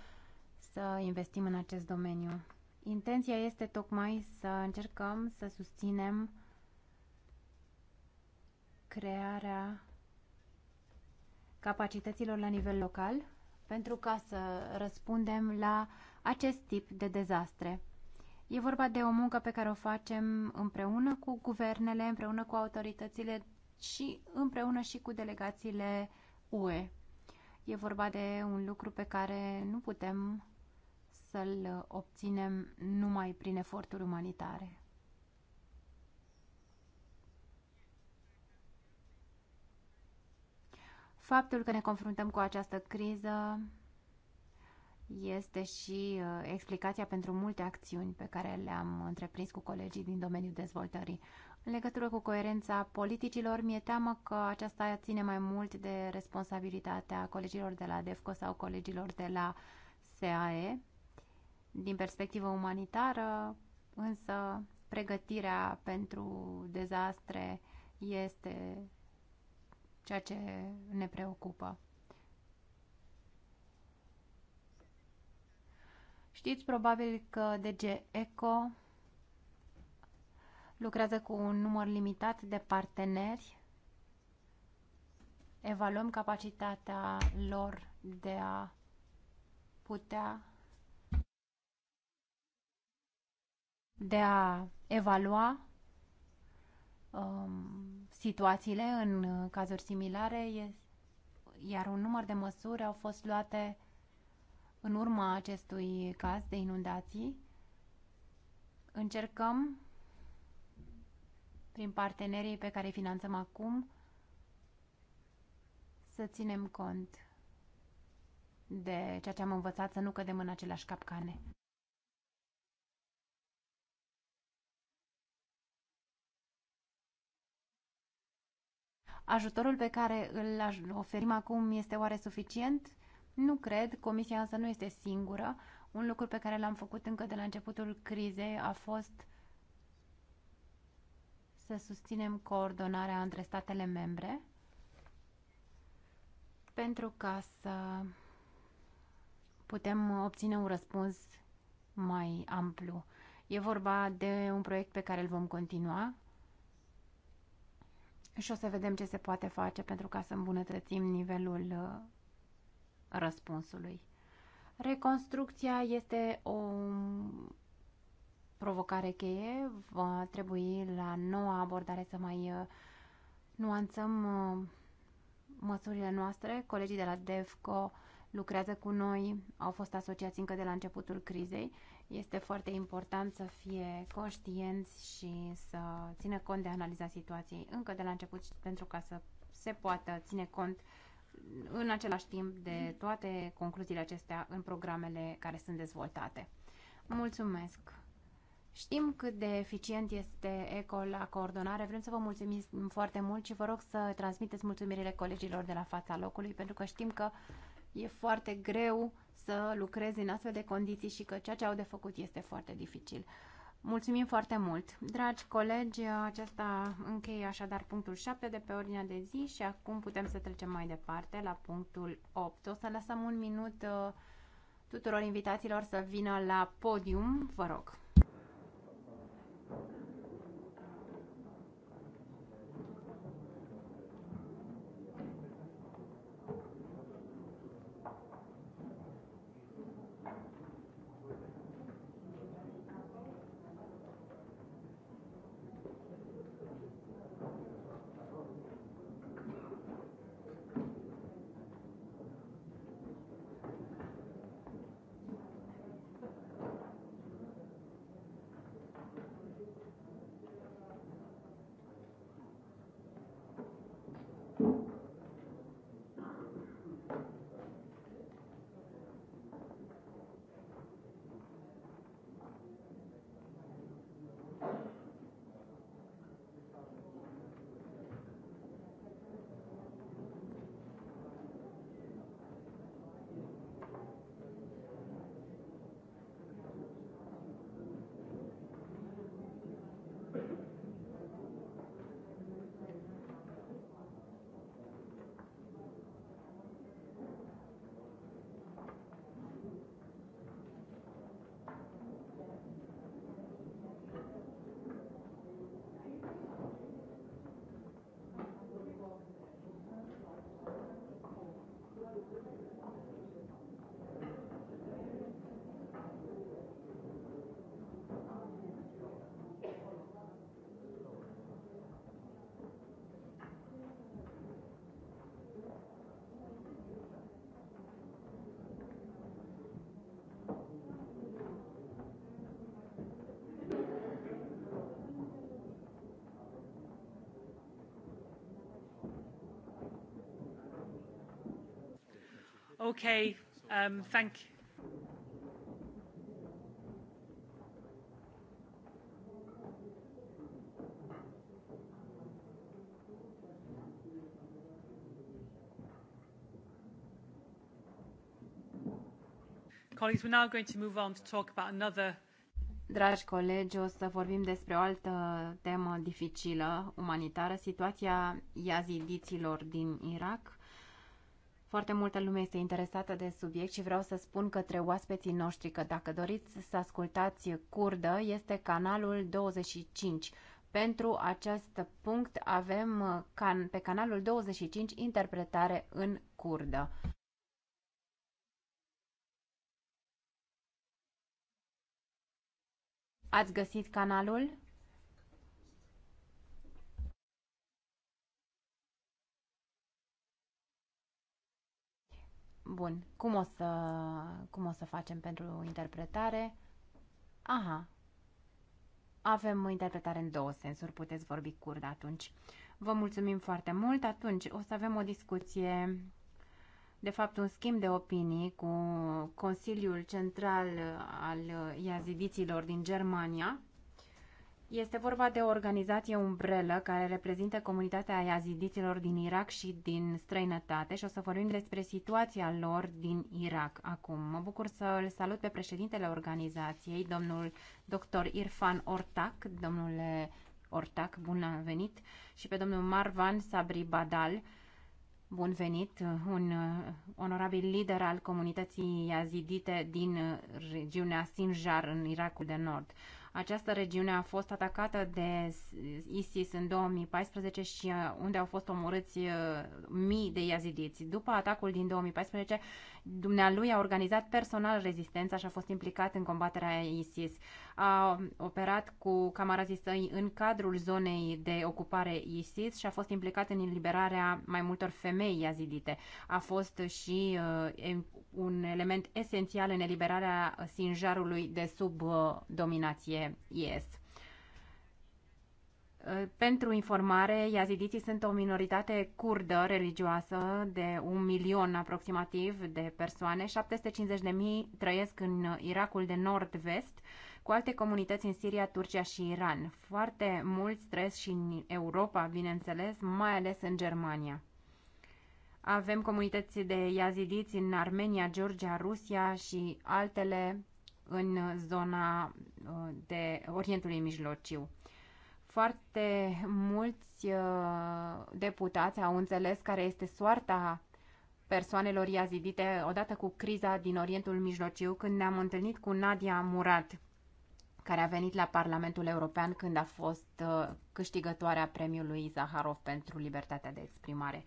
să investim în acest domeniu. Intenția este tocmai să încercăm să susținem crearea capacităților la nivel local pentru ca să răspundem la acest tip de dezastre. E vorba de o muncă pe care o facem împreună cu guvernele, împreună cu autoritățile și împreună și cu delegațiile UE. E vorba de un lucru pe care nu putem să-l obținem numai prin eforturi umanitare. Faptul că ne confruntăm cu această criză este și uh, explicația pentru multe acțiuni pe care le-am întreprins cu colegii din domeniul dezvoltării. În legătură cu coerența politicilor, mi-e teamă că aceasta ține mai mult de responsabilitatea colegilor de la DEFCO sau colegilor de la SAE. Din perspectivă umanitară, însă, pregătirea pentru dezastre este ceea ce ne preocupă. Știți probabil că DG ECO lucrează cu un număr limitat de parteneri. Evaluăm capacitatea lor de a putea de a evalua um, situațiile în cazuri similare, iar un număr de măsuri au fost luate în urma acestui caz de inundații, încercăm, prin partenerii pe care îi finanțăm acum, să ținem cont de ceea ce am învățat să nu cădem în aceleași capcane. Ajutorul pe care îl oferim acum este oare suficient? Nu cred, comisia însă nu este singură. Un lucru pe care l-am făcut încă de la începutul crizei a fost să susținem coordonarea între statele membre pentru ca să putem obține un răspuns mai amplu. E vorba de un proiect pe care îl vom continua și o să vedem ce se poate face pentru ca să îmbunătățim nivelul răspunsului. Reconstrucția este o provocare cheie. Va trebui la noua abordare să mai uh, nuanțăm uh, măsurile noastre. Colegii de la DEFCO lucrează cu noi, au fost asociați încă de la începutul crizei. Este foarte important să fie conștienți și să țină cont de analiza situației încă de la început pentru ca să se poată ține cont uh, în același timp de toate concluziile acestea în programele care sunt dezvoltate. Mulțumesc! Știm cât de eficient este ECO la coordonare. Vrem să vă mulțumim foarte mult și vă rog să transmiteți mulțumirile colegilor de la fața locului, pentru că știm că e foarte greu să lucrezi în astfel de condiții și că ceea ce au de făcut este foarte dificil. Mulțumim foarte mult! Dragi colegi, acesta încheie așadar punctul 7 de pe ordinea de zi și acum putem să trecem mai departe la punctul 8. O să lăsăm un minut uh, tuturor invitaților să vină la podium, vă rog. Okay, um, thank you. Colleagues, we're now going to move on to talk about another Dragi colegi, o să vorbim despre o altă temă dificilă, umanitară, situația iazidiților din Irak. Foarte multă lume este interesată de subiect și vreau să spun către oaspeții noștri că dacă doriți să ascultați curdă, este canalul 25. Pentru acest punct avem uh, can, pe canalul 25 interpretare în curdă. Ați găsit canalul? Bun, cum o să, cum o să facem pentru interpretare? Aha, avem interpretare în două sensuri, puteți vorbi curd atunci. Vă mulțumim foarte mult, atunci o să avem o discuție, de fapt un schimb de opinii cu Consiliul Central al Iazidiților din Germania, este vorba de o organizație umbrelă care reprezintă comunitatea iazidiților din Irak și din străinătate și o să vorbim despre situația lor din Irak acum. Mă bucur să îl salut pe președintele organizației, domnul dr. Irfan Ortak. Domnule Ortak, bun venit! Și pe domnul Marvan Sabri Badal, bun venit, un uh, onorabil lider al comunității yazidite din regiunea Sinjar în Irakul de Nord. Această regiune a fost atacată de ISIS în 2014 și uh, unde au fost omorâți uh, mii de iazidiți. După atacul din 2014, dumnealui a organizat personal rezistența și a fost implicat în combaterea ISIS. A operat cu camarazii săi în cadrul zonei de ocupare ISIS și a fost implicat în eliberarea mai multor femei yazidite. A fost și uh, un element esențial în eliberarea Sinjarului de sub uh, dominație IS. Uh, pentru informare, iazidiții sunt o minoritate curdă religioasă de un milion aproximativ de persoane. 750.000 trăiesc în Irakul de nord-vest, cu alte comunități în Siria, Turcia și Iran. Foarte mulți trăiesc și în Europa, bineînțeles, mai ales în Germania. Avem comunități de iazidiți în Armenia, Georgia, Rusia și altele în zona uh, de Orientului Mijlociu. Foarte mulți uh, deputați au înțeles care este soarta persoanelor iazidite odată cu criza din Orientul Mijlociu când ne-am întâlnit cu Nadia Murat, care a venit la Parlamentul European când a fost uh, câștigătoarea premiului Zaharov pentru libertatea de exprimare.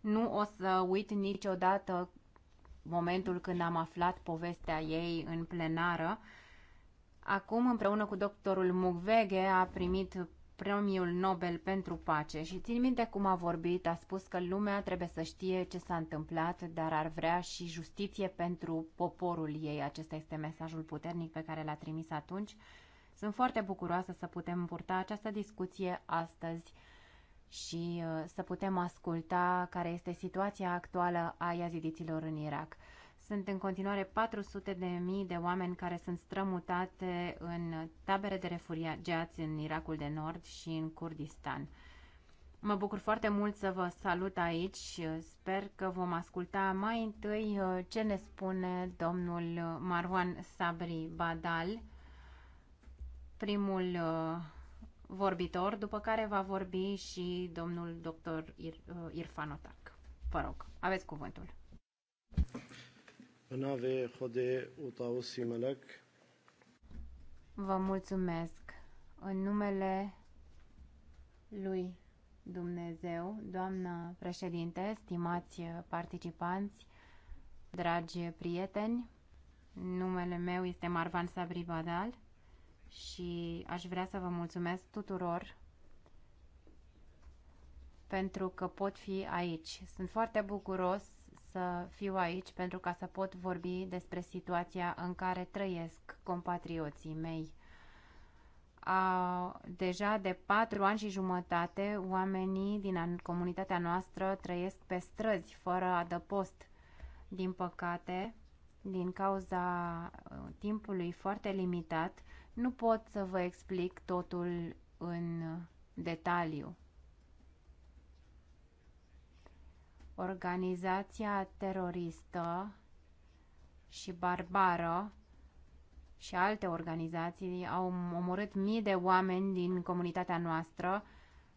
Nu o să uit niciodată momentul când am aflat povestea ei în plenară. Acum, împreună cu doctorul Mugvege a primit premiul Nobel pentru pace și țin minte cum a vorbit, a spus că lumea trebuie să știe ce s-a întâmplat, dar ar vrea și justiție pentru poporul ei. Acesta este mesajul puternic pe care l-a trimis atunci. Sunt foarte bucuroasă să putem purta această discuție astăzi și uh, să putem asculta care este situația actuală a iazidiților în Irak. Sunt în continuare 400 de mii de oameni care sunt strămutate în tabere de refugiați în Irakul de Nord și în Kurdistan. Mă bucur foarte mult să vă salut aici. Sper că vom asculta mai întâi uh, ce ne spune domnul Marwan Sabri Badal, primul uh, vorbitor, după care va vorbi și domnul doctor Ir, uh, Irfan Otac. Vă rog, aveți cuvântul. Vă mulțumesc. În numele lui Dumnezeu, doamnă președinte, stimați participanți, dragi prieteni, numele meu este Marvan Sabri Badal și aș vrea să vă mulțumesc tuturor pentru că pot fi aici. Sunt foarte bucuros să fiu aici pentru ca să pot vorbi despre situația în care trăiesc compatrioții mei. A, deja de patru ani și jumătate, oamenii din comunitatea noastră trăiesc pe străzi, fără adăpost. Din păcate, din cauza uh, timpului foarte limitat, nu pot să vă explic totul în detaliu. Organizația teroristă și barbară și alte organizații au omorât mii de oameni din comunitatea noastră,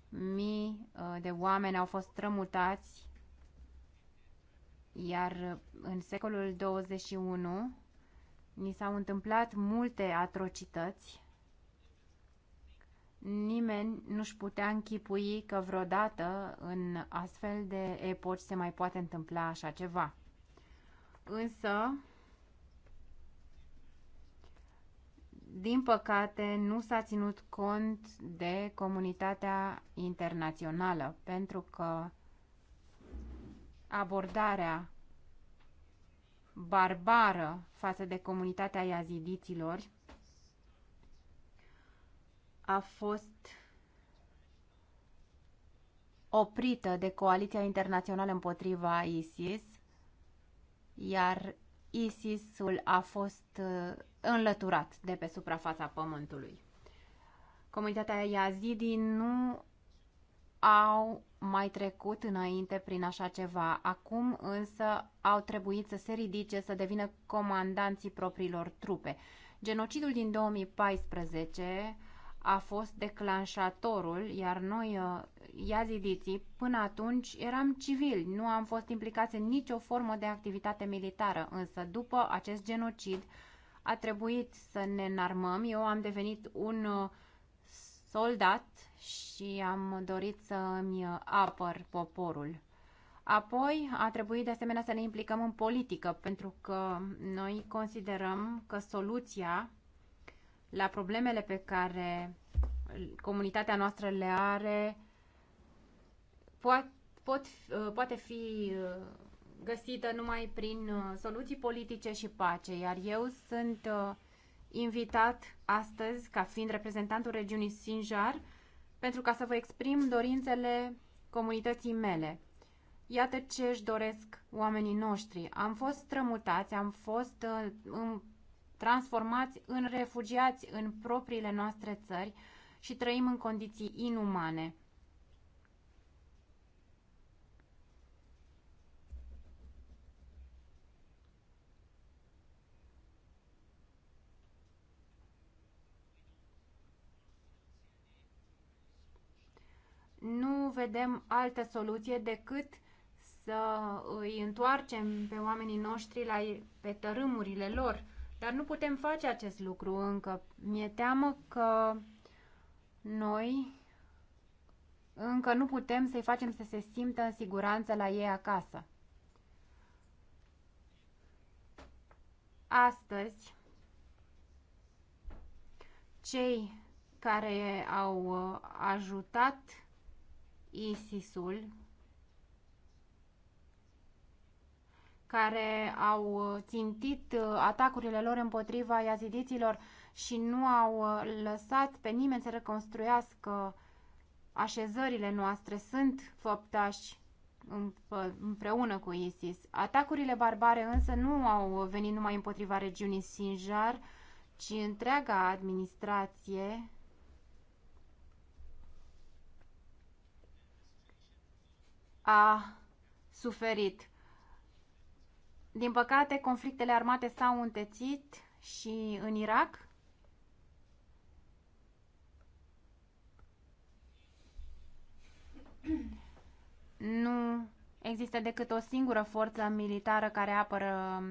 mii uh, de oameni au fost strămutați, iar uh, în secolul 21 Ni s-au întâmplat multe atrocități. Nimeni nu-și putea închipui că vreodată în astfel de epoci se mai poate întâmpla așa ceva. Însă, din păcate, nu s-a ținut cont de comunitatea internațională, pentru că abordarea barbară față de comunitatea iazidiților a fost oprită de Coaliția Internațională împotriva ISIS, iar ISIS-ul a fost uh, înlăturat de pe suprafața pământului. Comunitatea Yazidi nu au mai trecut înainte prin așa ceva. Acum însă au trebuit să se ridice, să devină comandanții propriilor trupe. Genocidul din 2014 a fost declanșatorul, iar noi, uh, iazidiții, până atunci eram civili, nu am fost implicați în nicio formă de activitate militară, însă după acest genocid a trebuit să ne înarmăm. Eu am devenit un uh, soldat și am dorit să îmi apăr poporul. Apoi a trebuit de asemenea să ne implicăm în politică, pentru că noi considerăm că soluția la problemele pe care comunitatea noastră le are poate, pot, poate fi găsită numai prin uh, soluții politice și pace, iar eu sunt uh, invitat astăzi ca fiind reprezentantul regiunii Sinjar pentru ca să vă exprim dorințele comunității mele. Iată ce își doresc oamenii noștri. Am fost strămutați, am fost uh, transformați în refugiați în propriile noastre țări și trăim în condiții inumane. nu vedem altă soluție decât să îi întoarcem pe oamenii noștri la, pe tărâmurile lor. Dar nu putem face acest lucru încă. Mi-e teamă că noi încă nu putem să-i facem să se simtă în siguranță la ei acasă. Astăzi, cei care au uh, ajutat ISIS-ul care au țintit atacurile lor împotriva iazidiților și nu au lăsat pe nimeni să reconstruiască așezările noastre sunt făptași împreună cu ISIS. Atacurile barbare însă nu au venit numai împotriva regiunii Sinjar, ci întreaga administrație a suferit. Din păcate, conflictele armate s-au întețit și în Irak. Nu există decât o singură forță militară care apără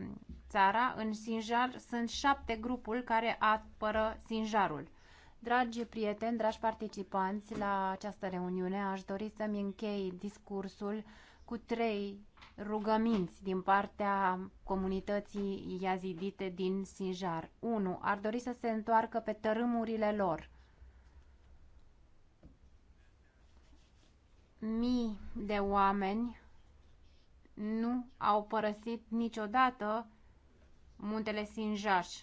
țara. În Sinjar sunt șapte grupuri care apără Sinjarul. Dragi prieteni, dragi participanți, la această reuniune aș dori să-mi închei discursul cu trei rugăminți din partea comunității yazidite din Sinjar. 1. Ar dori să se întoarcă pe tărâmurile lor. Mii de oameni nu au părăsit niciodată muntele Sinjaș,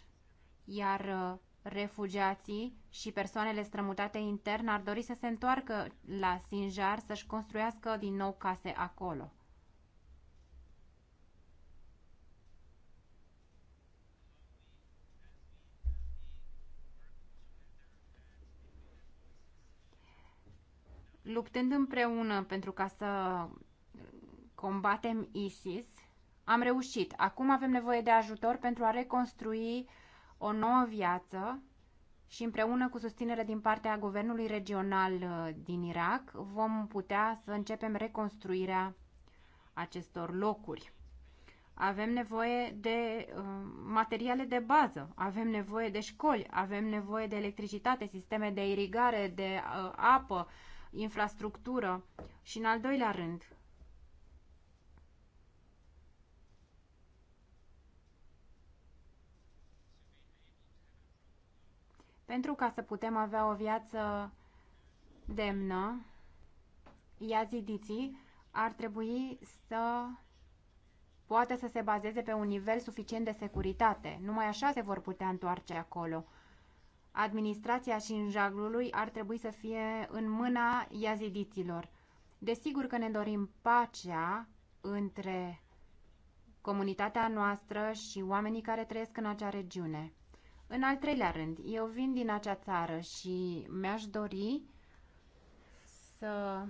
iar uh, refugiații și persoanele strămutate intern ar dori să se întoarcă la Sinjar să-și construiască din nou case acolo. Luptând împreună pentru ca să combatem ISIS, am reușit. Acum avem nevoie de ajutor pentru a reconstrui uh, o nouă viață și împreună cu susținere din partea guvernului regional uh, din Irak vom putea să începem reconstruirea acestor locuri. Avem nevoie de uh, materiale de bază, avem nevoie de școli, avem nevoie de electricitate, sisteme de irigare, de uh, apă, infrastructură și în al doilea rând Pentru ca să putem avea o viață demnă, iazidiții ar trebui să poată să se bazeze pe un nivel suficient de securitate. Numai așa se vor putea întoarce acolo. Administrația Sinjaglului ar trebui să fie în mâna iazidiților. Desigur că ne dorim pacea între comunitatea noastră și oamenii care trăiesc în acea regiune. În al treilea rând, eu vin din acea țară și mi-aș dori să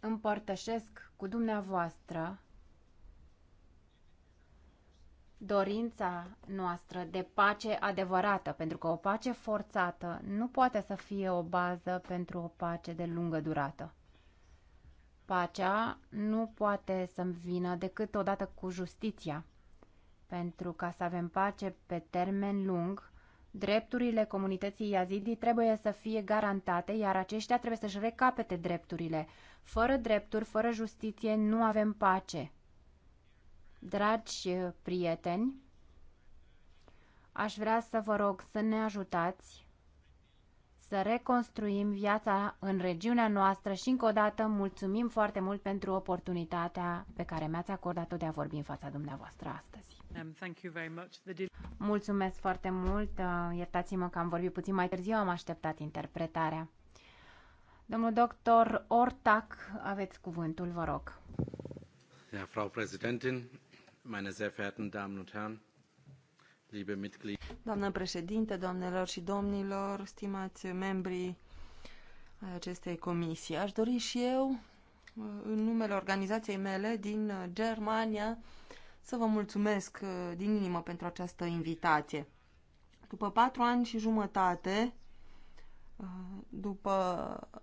împărtășesc cu dumneavoastră dorința noastră de pace adevărată, pentru că o pace forțată nu poate să fie o bază pentru o pace de lungă durată. Pacea nu poate să-mi vină decât odată cu justiția pentru ca să avem pace pe termen lung, drepturile comunității Yazidi trebuie să fie garantate, iar aceștia trebuie să-și recapete drepturile. Fără drepturi, fără justiție, nu avem pace. Dragi eh, prieteni, aș vrea să vă rog să ne ajutați să reconstruim viața în regiunea noastră și încă o dată mulțumim foarte mult pentru oportunitatea pe care mi-ați acordat-o de a vorbi în fața dumneavoastră astăzi. Um, Mulțumesc foarte mult, uh, iertați-mă că am vorbit puțin mai târziu, am așteptat interpretarea. Domnul doctor Ortac, aveți cuvântul, vă rog. Ja, Frau Präsidentin, meine sehr verehrten Damen und Herren, Doamnă președinte, doamnelor și domnilor, stimați membrii acestei comisii, aș dori și eu, în numele organizației mele din Germania, să vă mulțumesc din inimă pentru această invitație. După patru ani și jumătate, după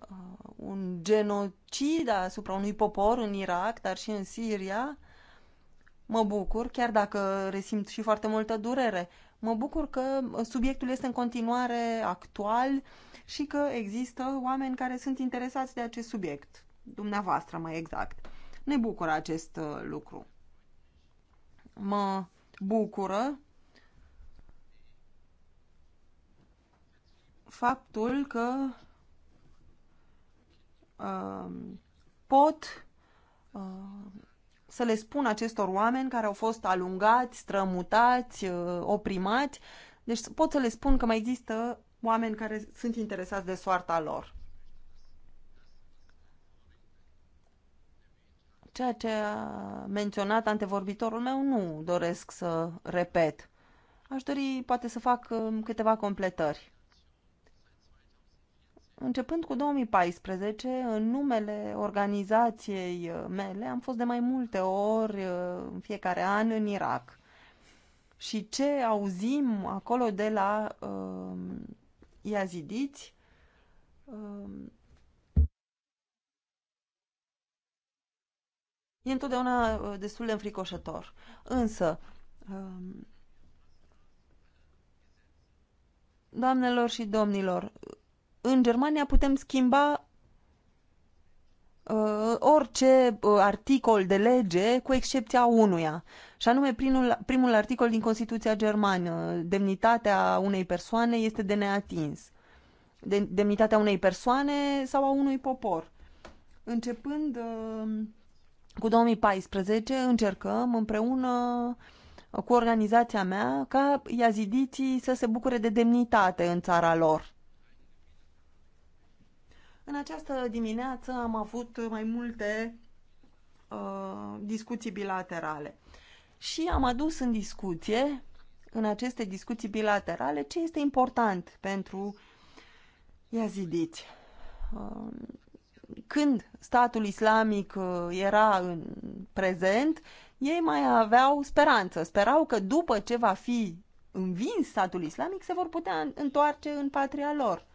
uh, un genocid asupra unui popor în Irak, dar și în Siria, Mă bucur, chiar dacă resimt și foarte multă durere, mă bucur că subiectul este în continuare actual și că există oameni care sunt interesați de acest subiect, dumneavoastră mai exact. Ne bucură acest uh, lucru. Mă bucură faptul că uh, pot uh, să le spun acestor oameni care au fost alungați, strămutați, uh, oprimați. Deci pot să le spun că mai există oameni care sunt interesați de soarta lor. Ceea ce a menționat antevorbitorul meu nu doresc să repet. Aș dori poate să fac um, câteva completări. Începând cu 2014, în numele organizației uh, mele, am fost de mai multe ori uh, în fiecare an în Irak. Și ce auzim acolo de la uh, iazidiți uh, e întotdeauna uh, destul de înfricoșător. Însă, uh, doamnelor și domnilor, în Germania putem schimba uh, orice uh, articol de lege, cu excepția unuia, și anume primul, primul articol din Constituția Germană, demnitatea unei persoane este de neatins. De, demnitatea unei persoane sau a unui popor. Începând uh, cu 2014, încercăm împreună cu organizația mea ca iazidiții să se bucure de demnitate în țara lor în această dimineață am avut mai multe uh, discuții bilaterale și am adus în discuție, în aceste discuții bilaterale, ce este important pentru iazidiți. Uh, când statul islamic uh, era în prezent, ei mai aveau speranță. Sperau că după ce va fi învins statul islamic, se vor putea întoarce în patria lor.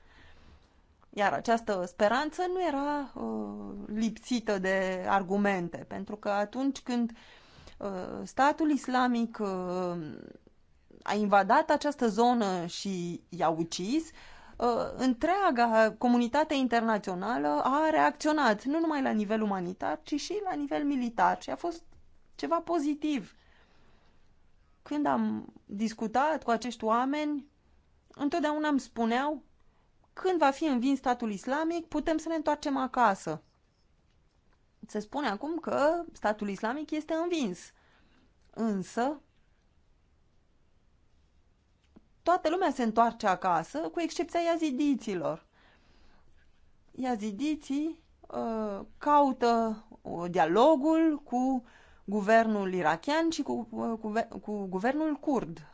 Iar această speranță nu era uh, lipsită de argumente, pentru că atunci când uh, statul islamic uh, a invadat această zonă și i-a ucis, uh, întreaga comunitate internațională a reacționat, nu numai la nivel umanitar, ci și la nivel militar și a fost ceva pozitiv. Când am discutat cu acești oameni, întotdeauna îmi spuneau când va fi învins statul islamic, putem să ne întoarcem acasă. Se spune acum că statul islamic este învins. Însă, toată lumea se întoarce acasă, cu excepția iazidiților. Iazidiții uh, caută uh, dialogul cu guvernul irachian și cu, uh, cu, cu guvernul curd.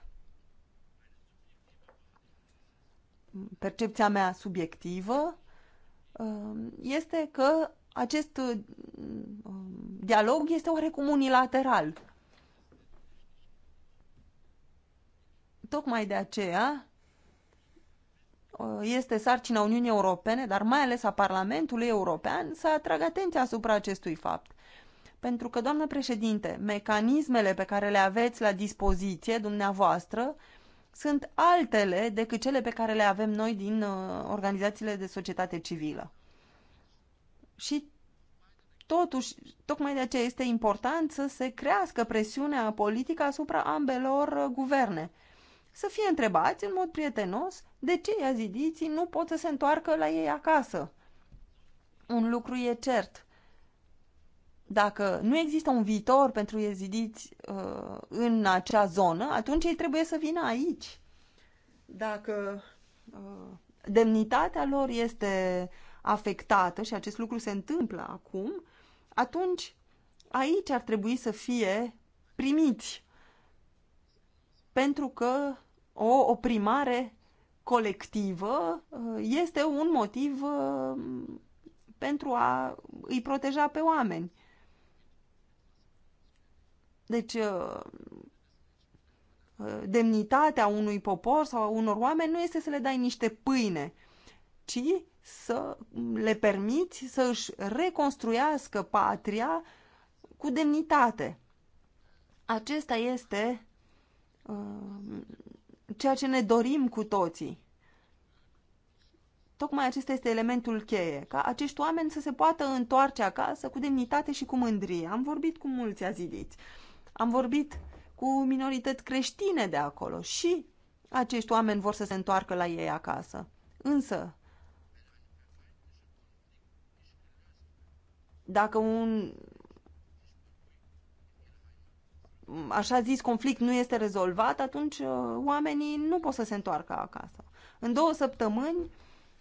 percepția mea subiectivă um, este că acest uh, dialog este oarecum unilateral. Tocmai de aceea uh, este sarcina Uniunii Europene, dar mai ales a Parlamentului European, să atragă atenția asupra acestui fapt. Pentru că, doamnă președinte, mecanismele pe care le aveți la dispoziție dumneavoastră uh, sunt altele decât cele pe care le avem noi din uh, organizațiile de societate civilă. Și totuși, tocmai de aceea este important să se crească presiunea politică asupra ambelor uh, guverne. Să fie întrebați în mod prietenos de ce iazidiții nu pot să se întoarcă la ei acasă. Un lucru e cert. Dacă nu există un viitor pentru ezidiți uh, în acea zonă, atunci ei trebuie să vină aici. Dacă uh, demnitatea lor este afectată și acest lucru se întâmplă acum, atunci aici ar trebui să fie primiți. Pentru că o oprimare colectivă uh, este un motiv uh, pentru a îi proteja pe oameni. Deci, uh, uh, demnitatea unui popor sau a unor oameni nu este să le dai niște pâine, ci să le permiți să își reconstruiască patria cu demnitate. Acesta este uh, ceea ce ne dorim cu toții. Tocmai acesta este elementul cheie, ca acești oameni să se poată întoarce acasă cu demnitate și cu mândrie. Am vorbit cu mulți azidiți. Uh, am vorbit cu minorități creștine de acolo și acești oameni vor să se întoarcă la ei acasă. Însă, dacă un așa zis conflict nu este rezolvat, atunci uh, oamenii nu pot să se întoarcă acasă. În două săptămâni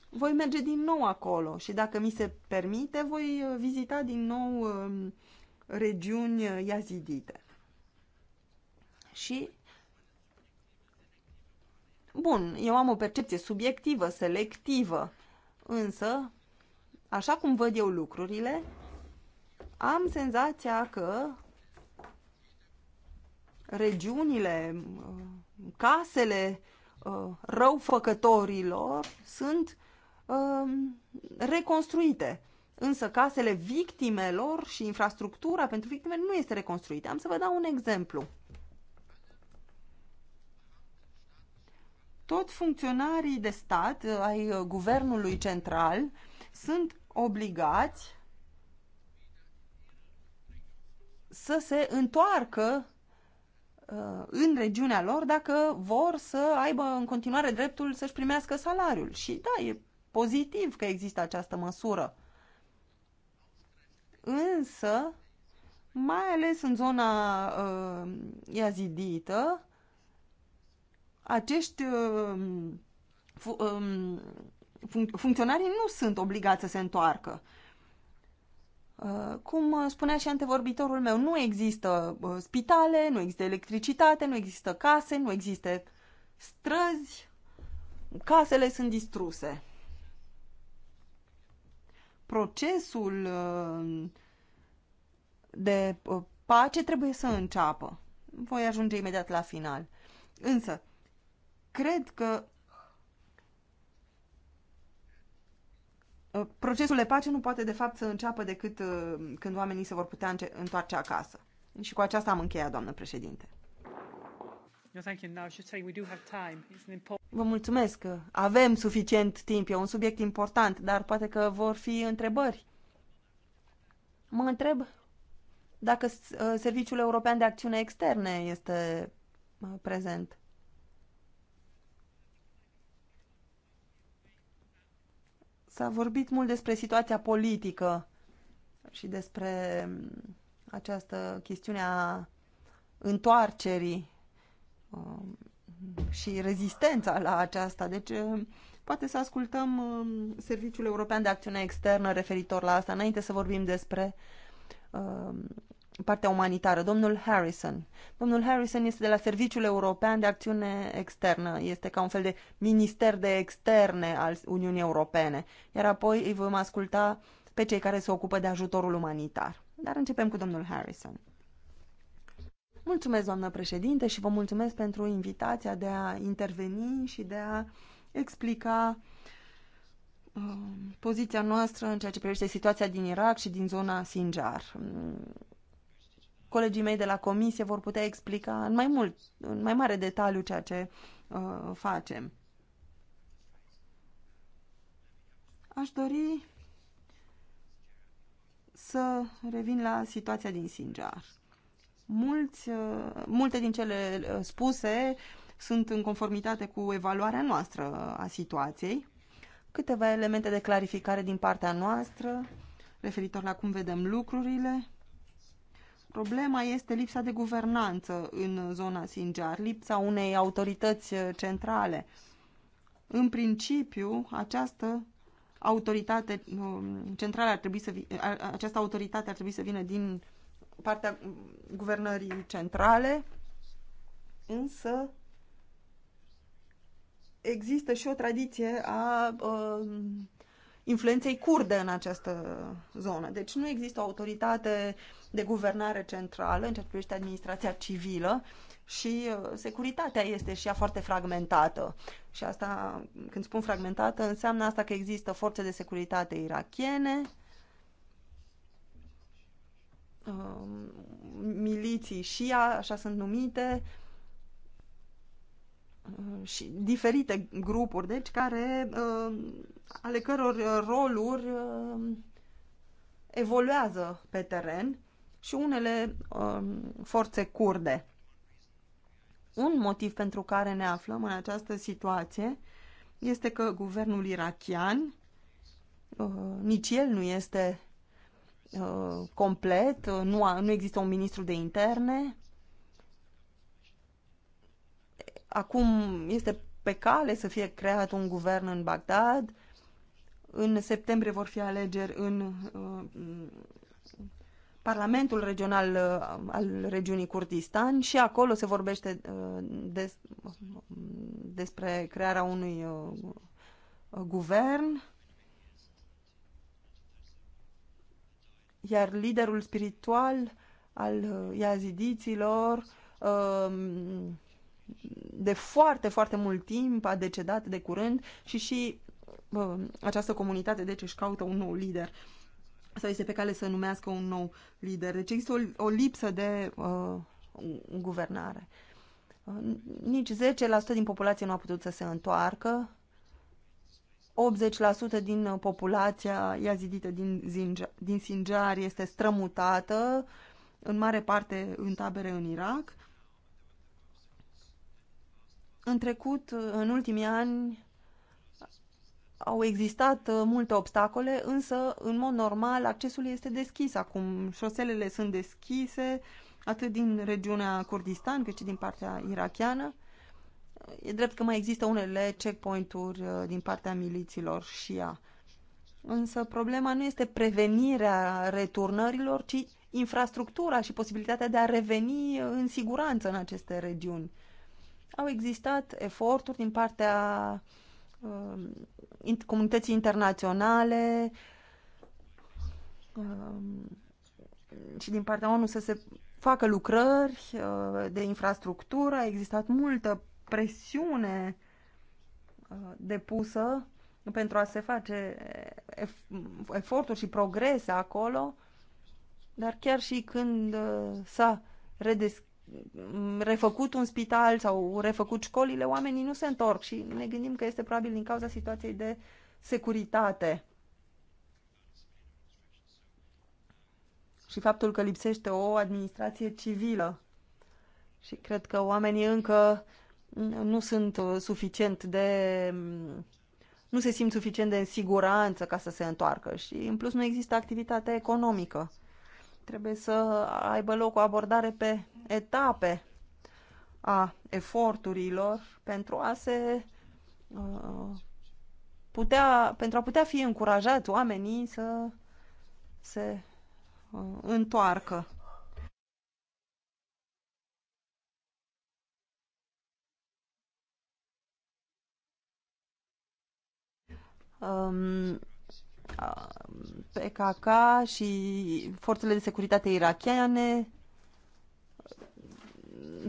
voi merge din nou acolo și dacă mi se permite, voi uh, vizita din nou um, regiuni uh, iazidite. Și Bun, eu am o percepție subiectivă, selectivă, însă, așa cum văd eu lucrurile, am senzația că regiunile, casele uh, răufăcătorilor sunt uh, reconstruite. Însă casele victimelor și infrastructura pentru victime nu este reconstruită. Am să vă dau un exemplu. toți funcționarii de stat uh, ai uh, guvernului central sunt obligați să se întoarcă uh, în regiunea lor dacă vor să aibă în continuare dreptul să-și primească salariul. Și da, e pozitiv că există această măsură. Însă, mai ales în zona uh, iazidită, acești uh, um, funcționarii nu sunt obligați să se întoarcă. Uh, cum spunea și antevorbitorul meu, nu există uh, spitale, nu există electricitate, nu există case, nu există străzi, casele sunt distruse. Procesul de pace trebuie să înceapă. Voi ajunge imediat la final. Însă, cred că uh, procesul de pace nu poate de fapt să înceapă decât uh, când oamenii se vor putea întoarce acasă. Și cu aceasta am încheiat, doamnă președinte. Vă mulțumesc. Avem suficient timp. E un subiect important, dar poate că vor fi întrebări. Mă întreb dacă uh, Serviciul European de Acțiune Externe este prezent. S-a vorbit mult despre situația politică și despre mm, această chestiune a întoarcerii um, și rezistența la aceasta. Deci, um, poate să ascultăm um, Serviciul European de Acțiune Externă referitor la asta, înainte să vorbim despre partea umanitară, domnul Harrison. Domnul Harrison este de la Serviciul European de Acțiune Externă. Este ca un fel de minister de externe al Uniunii Europene. Iar apoi îi vom asculta pe cei care se ocupă de ajutorul umanitar. Dar începem cu domnul Harrison. Mulțumesc, doamnă președinte, și vă mulțumesc pentru invitația de a interveni și de a explica um, poziția noastră în ceea ce privește situația din Irak și din zona Sinjar colegii mei de la comisie vor putea explica în mai, mult, în mai mare detaliu ceea ce uh, facem. Aș dori să revin la situația din Sinjar. Mulți, uh, multe din cele uh, spuse sunt în conformitate cu evaluarea noastră a situației. Câteva elemente de clarificare din partea noastră referitor la cum vedem lucrurile. Problema este lipsa de guvernanță în zona Sinjar, lipsa unei autorități centrale. În principiu, această autoritate um, centrală ar trebui să vi, această autoritate ar trebui să vină din partea guvernării centrale, însă există și o tradiție a uh, influenței curde în această zonă. Deci nu există o autoritate de guvernare centrală în ce privește administrația civilă și uh, securitatea este și ea foarte fragmentată. Și asta, când spun fragmentată, înseamnă asta că există forțe de securitate irachiene, um, miliții șia, așa sunt numite, uh, și diferite grupuri, deci, care uh, ale căror uh, roluri uh, evoluează pe teren și unele um, forțe curde. Un motiv pentru care ne aflăm în această situație este că guvernul irachian uh, nici el nu este complet, nu, a, nu există un ministru de interne. Acum este pe cale să fie creat un guvern în Bagdad în septembrie vor fi alegeri în uh, Parlamentul Regional uh, al regiunii Kurdistan și acolo se vorbește uh, des, despre crearea unui guvern. Iar liderul spiritual al iazidiților um, de foarte, foarte mult timp a decedat de curând și și această comunitate, deci își caută un nou lider sau este pe cale să numească un nou lider. Deci există o, o lipsă de uh, guvernare. Nici 10% din populație nu a putut să se întoarcă. 80% din populația iazidită din, Zinja, din Sinjar este strămutată, în mare parte în tabere în Irak. În trecut, în ultimii ani, au existat uh, multe obstacole, însă, în mod normal, accesul este deschis acum. Șoselele sunt deschise, atât din regiunea Kurdistan, cât și din partea irachiană. E drept că mai există unele checkpoint-uri uh, din partea miliților și Însă problema nu este prevenirea returnărilor, ci infrastructura și posibilitatea de a reveni uh, în siguranță în aceste regiuni. Au existat eforturi din partea uh, Um, comunității internaționale um, și din partea ONU să se facă lucrări uh, de infrastructură. A existat multă presiune uh, depusă pentru a se face eforturi și progrese acolo, dar chiar și când uh, s-a redeschis refăcut un spital sau refăcut școlile, oamenii nu se întorc și ne gândim că este probabil din cauza situației de securitate. Și faptul că lipsește o administrație civilă. Și cred că oamenii încă nu sunt uh, suficient de nu se simt suficient de în siguranță ca să se întoarcă și în plus nu există activitate economică. Trebuie să aibă loc o abordare pe etape a eforturilor pentru a se uh, putea, pentru a putea fi încurajați oamenii să se uh, întoarcă. Um, Uh, PKK și forțele de securitate irachiane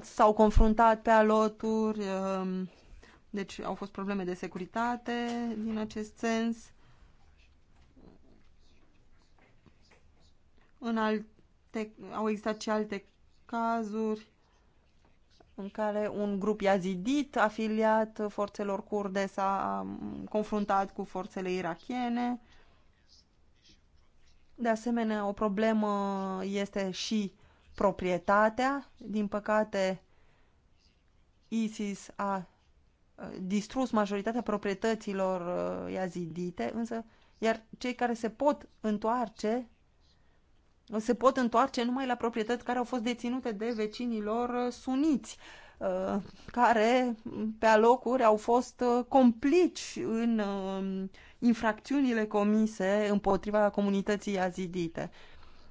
s-au confruntat pe aloturi, um, deci au fost probleme de securitate din acest sens. În alte, au existat și alte cazuri în care un grup yazidit afiliat forțelor kurde s-a um, confruntat cu forțele irachiene. De asemenea, o problemă este și proprietatea. Din păcate, ISIS a distrus majoritatea proprietăților uh, iazidite, însă, iar cei care se pot întoarce se pot întoarce numai la proprietăți care au fost deținute de vecinilor uh, suniți. Uh, care mm, pe alocuri au fost uh, complici în um, infracțiunile comise împotriva comunității azidite.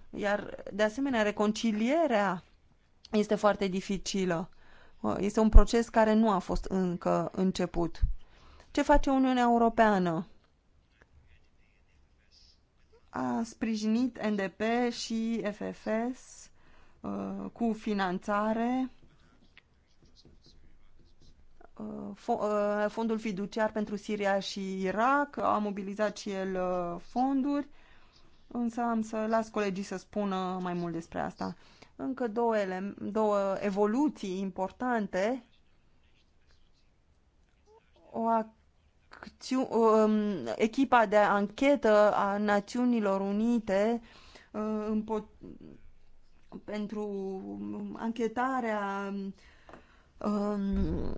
Iar, de asemenea, reconcilierea este foarte dificilă. Uh, este un proces care nu a fost încă început. Ce face Uniunea Europeană? A sprijinit NDP și FFS cu finanțare Uh, uh, fondul fiduciar pentru Siria și Irak, a mobilizat și el uh, fonduri, însă am să las colegii să spună mai mult despre asta. Încă două, ele, două evoluții importante. O acțiu, um, echipa de anchetă a Națiunilor Unite pentru um, anchetarea um, Um,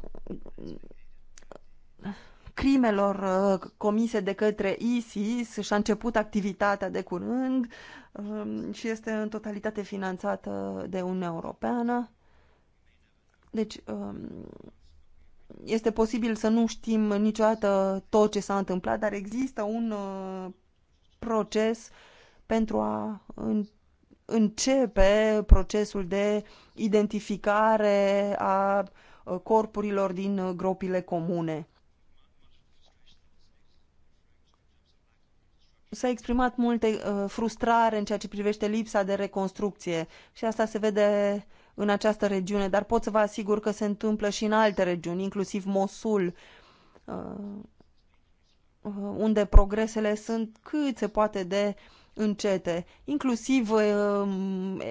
crimelor uh, comise de către ISIS și-a început activitatea de curând um, și este în totalitate finanțată de Uniunea Europeană. Deci um, este posibil să nu știm niciodată tot ce s-a întâmplat, dar există un uh, proces pentru a începe procesul de identificare a uh, corpurilor din uh, gropile comune. S-a exprimat multe uh, frustrare în ceea ce privește lipsa de reconstrucție și asta se vede în această regiune, dar pot să vă asigur că se întâmplă și în alte regiuni, inclusiv Mosul, uh, uh unde progresele sunt cât se poate de încete, inclusiv um,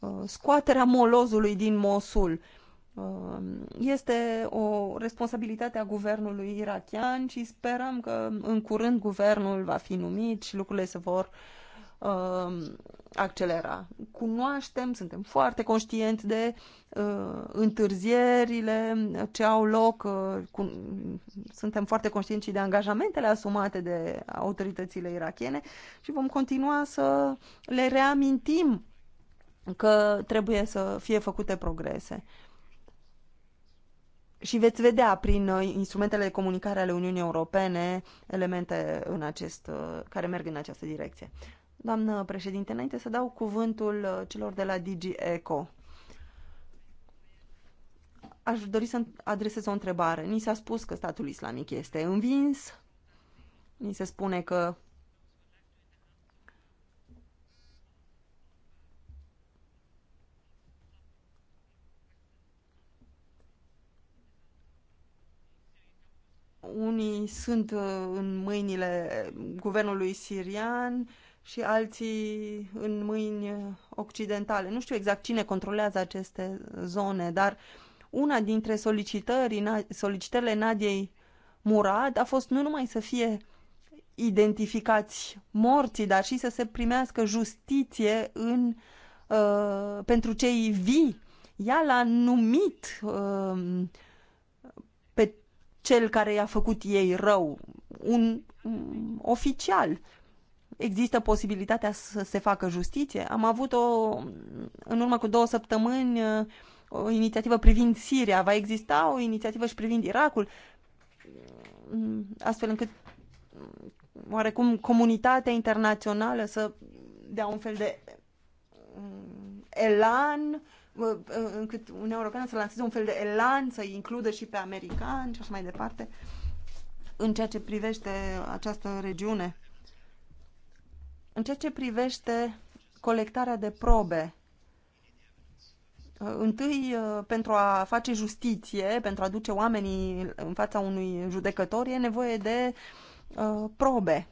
um, scoaterea molozului din Mosul. Um, este o responsabilitate a guvernului irachian și sperăm că în curând guvernul va fi numit și lucrurile se vor uh, uh, accelera. Cunoaștem, suntem foarte conștienți de uh, întârzierile ce au loc, uh, cu, suntem foarte conștienți și de angajamentele asumate de autoritățile irachiene și vom continua să le reamintim că trebuie să fie făcute progrese. Și veți vedea prin uh, instrumentele de comunicare ale Uniunii Europene elemente în acest, uh, care merg în această direcție. Doamnă președinte, înainte să dau cuvântul uh, celor de la DigiEco, aș dori să adresez o întrebare. Ni s-a spus că statul islamic este învins, ni se spune că unii sunt uh, în mâinile guvernului sirian, și alții în mâini occidentale. Nu știu exact cine controlează aceste zone, dar una dintre solicitări, solicitările Nadiei Murad a fost nu numai să fie identificați morții, dar și să se primească justiție în, uh, pentru cei vii. Ea l-a numit uh, pe cel care i-a făcut ei rău, un um, oficial. Există posibilitatea să se facă justiție. Am avut o, în urmă cu două săptămâni, o inițiativă privind Siria. Va exista o inițiativă și privind Irakul, astfel încât oarecum comunitatea internațională să dea un fel de mm, elan, încât Uniunea Europeană să lanseze un fel de elan, să includă și pe americani și așa mai departe, în ceea ce privește această regiune. În ceea ce privește colectarea de probe, uh, întâi uh, pentru a face justiție, pentru a duce oamenii în fața unui judecător, e nevoie de uh, probe.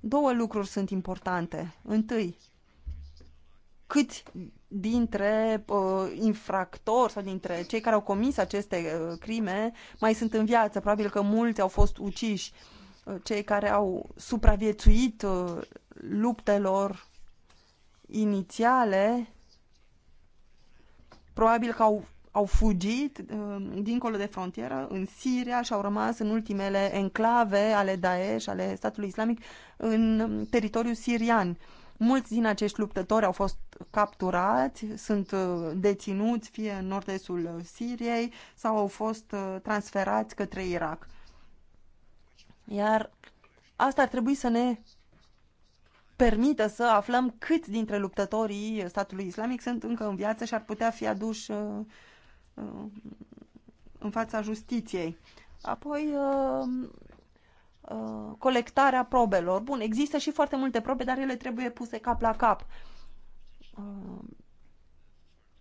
Două lucruri sunt importante. Întâi, cât dintre uh, infractori sau dintre cei care au comis aceste uh, crime mai sunt în viață. Probabil că mulți au fost uciși. Uh, cei care au supraviețuit uh, luptelor inițiale probabil că au, au fugit uh, dincolo de frontieră în Siria și au rămas în ultimele enclave ale Daesh, ale statului islamic, în teritoriul sirian. Mulți din acești luptători au fost capturați, sunt uh, deținuți fie în nord-estul Siriei sau au fost uh, transferați către Irak. Iar asta ar trebui să ne permită să aflăm cât dintre luptătorii statului islamic sunt încă în viață și ar putea fi aduși uh, uh, în fața justiției. Apoi, uh, colectarea probelor. Bun, există și foarte multe probe, dar ele trebuie puse cap la cap.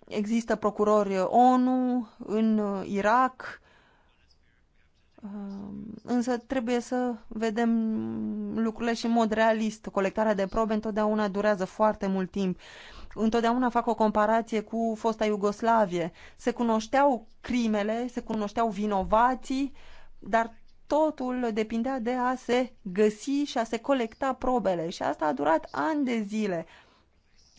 Există procurori ONU în Irak, Ehm, însă trebuie să vedem lucrurile și în mod realist. Colectarea de probe întotdeauna durează foarte mult timp. Întotdeauna fac o comparație cu fosta Iugoslavie. Se cunoșteau crimele, se cunoșteau vinovații, dar totul depindea de a se găsi și a se colecta probele. Și asta a durat ani de zile.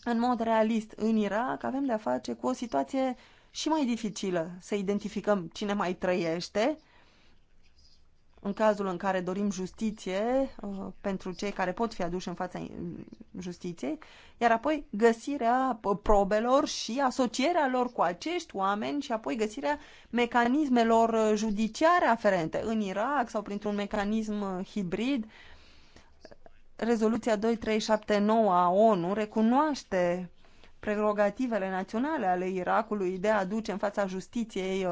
În mod realist, în Irak avem de-a face cu o situație și mai dificilă. Să identificăm cine mai trăiește, în cazul în care dorim justiție uh, pentru cei care pot fi aduși în fața justiției, iar apoi găsirea probelor și asocierea lor cu acești oameni și apoi găsirea mecanismelor uh, judiciare aferente în Irak sau printr-un mecanism uh, hibrid. Rezoluția 2379 a ONU recunoaște prerogativele naționale ale Irakului de a aduce în fața justiției uh,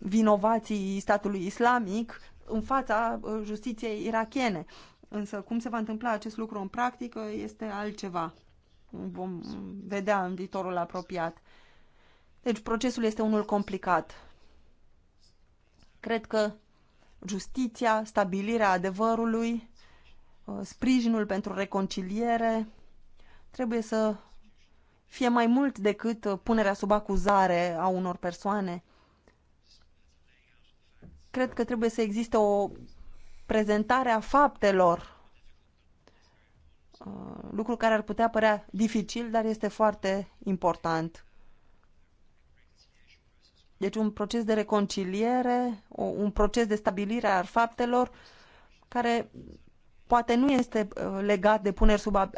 vinovații statului islamic în fața uh, justiției irachiene. Însă cum se va întâmpla acest lucru în practică este altceva. Vom vedea în viitorul apropiat. Deci procesul este unul complicat. Cred că justiția, stabilirea adevărului, uh, sprijinul pentru reconciliere trebuie să fie mai mult decât uh, punerea sub acuzare a unor persoane. Cred că trebuie să existe o prezentare a faptelor, uh, lucru care ar putea părea dificil, dar este foarte important. Deci un proces de reconciliere, un proces de stabilire a faptelor care poate nu este uh, legat de puneri sub, a,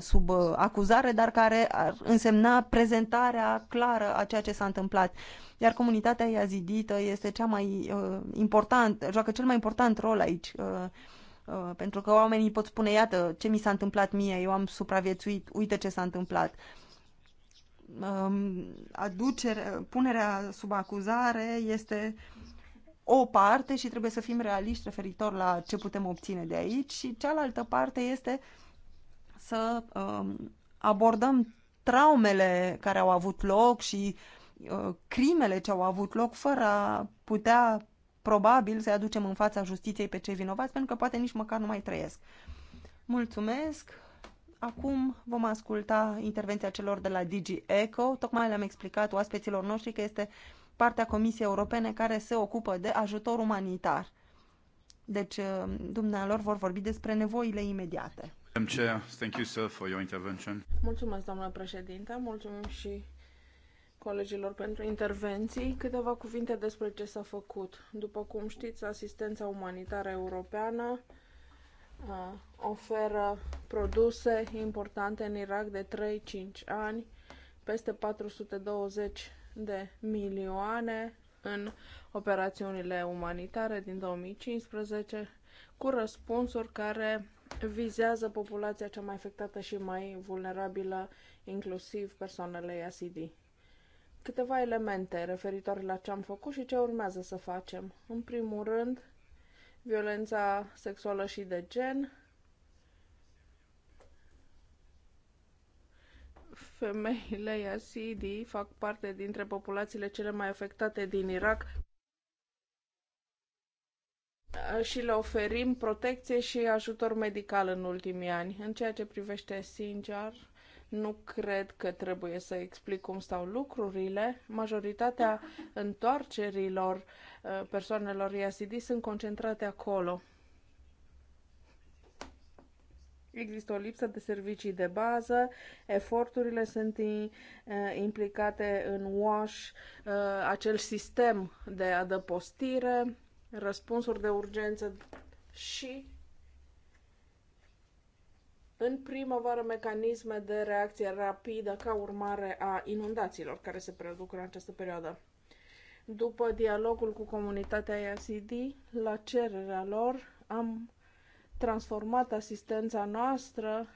sub uh, acuzare, dar care ar însemna prezentarea clară a ceea ce s-a întâmplat. Iar comunitatea iazidită este cea mai uh, important, joacă cel mai important rol aici. Uh, uh, pentru că oamenii pot spune, iată ce mi s-a întâmplat mie, eu am supraviețuit, uite ce s-a întâmplat. Aducerea, um, aducere, punerea sub acuzare este uh, o parte și trebuie să fim realiști referitor la ce putem obține de aici și cealaltă parte este să um, abordăm traumele care au avut loc și uh, crimele ce au avut loc fără a putea probabil să-i aducem în fața justiției pe cei vinovați pentru că poate nici măcar nu mai trăiesc. Mulțumesc! Acum vom asculta intervenția celor de la DigiEco. Tocmai le-am explicat oaspeților noștri că este uh, partea Comisiei Europene care se ocupă de ajutor umanitar. Deci, uh, dumnealor vor vorbi despre nevoile imediate. Mulțumesc, doamnă președinte. Mulțumim și colegilor pentru intervenții. Câteva cuvinte despre ce s-a făcut. După cum știți, asistența umanitară europeană uh, oferă produse importante în Irak de 3-5 ani, peste 420 de milioane în operațiunile umanitare din 2015 cu răspunsuri care vizează populația cea mai afectată și mai vulnerabilă, inclusiv persoanele ACD. Câteva elemente referitoare la ce am făcut și ce urmează să facem. În primul rând, violența sexuală și de gen, femeile Yazidi fac parte dintre populațiile cele mai afectate din Irak și le oferim protecție și ajutor medical în ultimii ani. În ceea ce privește Sinjar, nu cred că trebuie să explic cum stau lucrurile. Majoritatea întoarcerilor uh, persoanelor Yazidi sunt concentrate acolo. Există o lipsă de servicii de bază, eforturile sunt eh, implicate în WASH, eh, acel sistem de adăpostire, răspunsuri de urgență și în primăvară mecanisme de reacție rapidă ca urmare a inundațiilor care se produc în această perioadă. După dialogul cu comunitatea IACD, la cererea lor, am transformat asistența noastră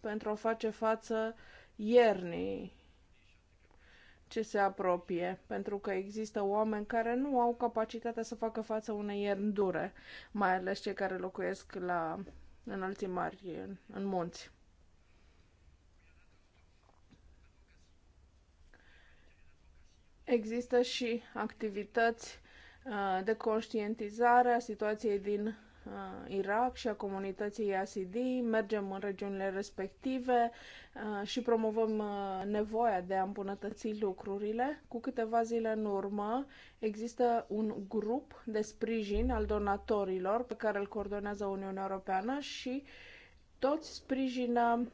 pentru a face față iernii ce se apropie, pentru că există oameni care nu au capacitatea să facă față unei ierni dure, mai ales cei care locuiesc la înălții mari, în, în munți. Există și activități uh, de conștientizare a situației din Uh, Irak și a comunității ACD, mergem în regiunile respective uh, și promovăm uh, nevoia de a îmbunătăți lucrurile. Cu câteva zile în urmă există un grup de sprijin al donatorilor pe care îl coordonează Uniunea Europeană și toți sprijină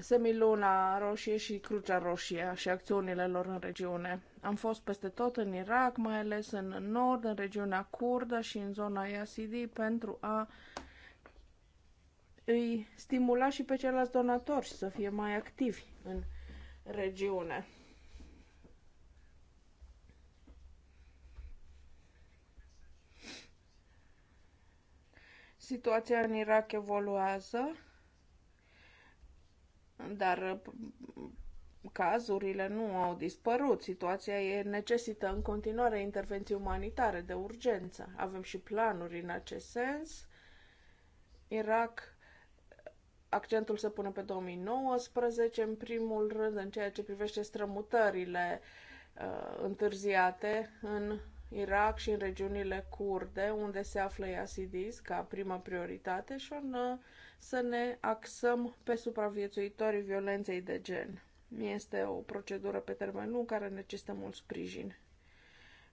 Semiluna Roșie și Crucea Roșie și acțiunile lor în regiune. Am fost peste tot în Irak, mai ales în nord, în regiunea kurdă și în zona Yazidi pentru a îi stimula și pe ceilalți donatori să fie mai activi în regiune. Situația în Irak evoluează dar uh, cazurile nu au dispărut. Situația e necesită în continuare intervenții umanitare de urgență. Avem și planuri în acest sens. Irak, accentul se pune pe 2019, în primul rând în ceea ce privește strămutările uh, întârziate în Irak și în regiunile kurde, unde se află Yazidis ca prima prioritate și un uh, să ne axăm pe supraviețuitorii violenței de gen. Este o procedură pe termen lung care necesită mult sprijin.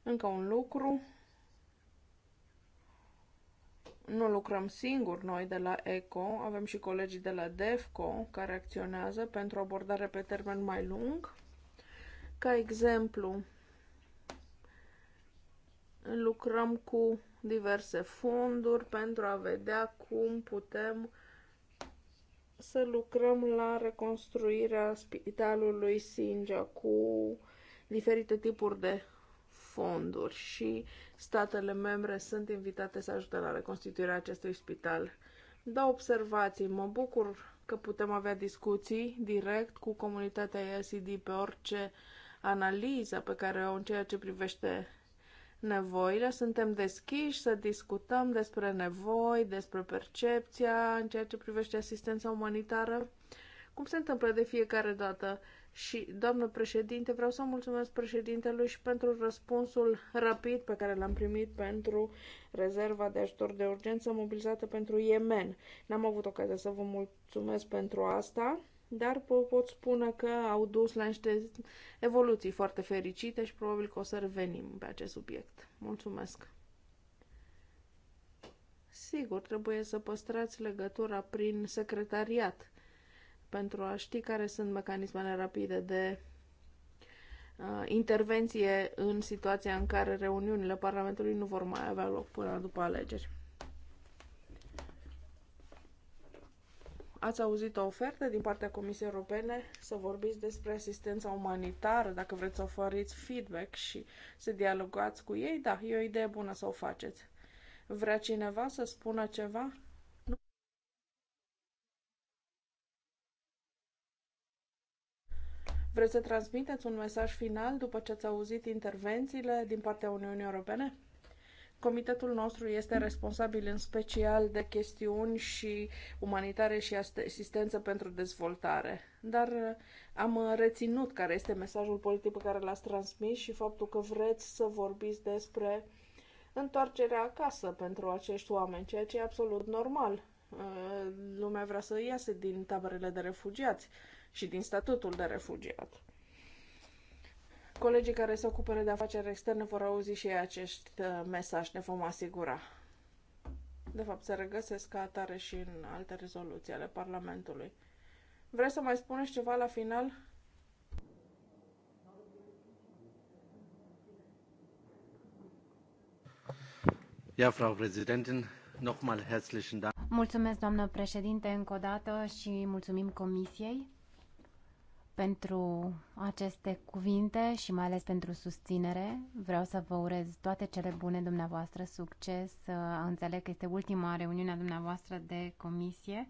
Încă un lucru, nu lucrăm singuri noi de la ECO, avem și colegii de la DEFCO care acționează pentru abordare pe termen mai lung. Ca exemplu, lucrăm cu diverse fonduri pentru a vedea cum putem să lucrăm la reconstruirea spitalului Sinja cu diferite tipuri de fonduri și statele membre sunt invitate să ajute la reconstituirea acestui spital. Da observații, mă bucur că putem avea discuții direct cu comunitatea ESD pe orice analiză pe care o în ceea ce privește nevoile, suntem deschiși să discutăm despre nevoi, despre percepția în ceea ce privește asistența umanitară, cum se întâmplă de fiecare dată. Și, doamnă președinte, vreau să mulțumesc președintelui și pentru răspunsul rapid pe care l-am primit pentru rezerva de ajutor de urgență mobilizată pentru Yemen. N-am avut ocazia să vă mulțumesc pentru asta dar pot spune că au dus la niște evoluții foarte fericite și probabil că o să revenim pe acest subiect. Mulțumesc! Sigur, trebuie să păstrați legătura prin secretariat pentru a ști care sunt mecanismele rapide de uh, intervenție în situația în care reuniunile Parlamentului nu vor mai avea loc până după alegeri. Ați auzit o ofertă din partea Comisiei Europene să vorbiți despre asistența umanitară, dacă vreți să oferiți feedback și să dialogați cu ei? Da, e o idee bună să o faceți. Vrea cineva să spună ceva? Nu. Vreți să transmiteți un mesaj final după ce ați auzit intervențiile din partea Uniunii Europene? Comitetul nostru este responsabil în special de chestiuni și umanitare și asistență pentru dezvoltare. Dar uh, am uh, reținut care este mesajul politic pe care l-ați transmis și faptul că vreți să vorbiți despre întoarcerea acasă pentru acești oameni, ceea ce e absolut normal. Uh, lumea vrea să iasă din taberele de refugiați și din statutul de refugiat. Colegii care se ocupă de afaceri externe vor auzi și ei acest uh, mesaj, ne vom asigura. De fapt, se regăsesc ca atare și în alte rezoluții ale Parlamentului. Vreți să mai spuneți ceva la final? Ja, Frau Präsidentin, nochmal herzlichen Dank. Mulțumesc, doamnă președinte, încă o dată și mulțumim Comisiei pentru aceste cuvinte și mai ales pentru susținere. Vreau să vă urez toate cele bune dumneavoastră, succes. Uh, înțeleg că este ultima reuniune a dumneavoastră de comisie.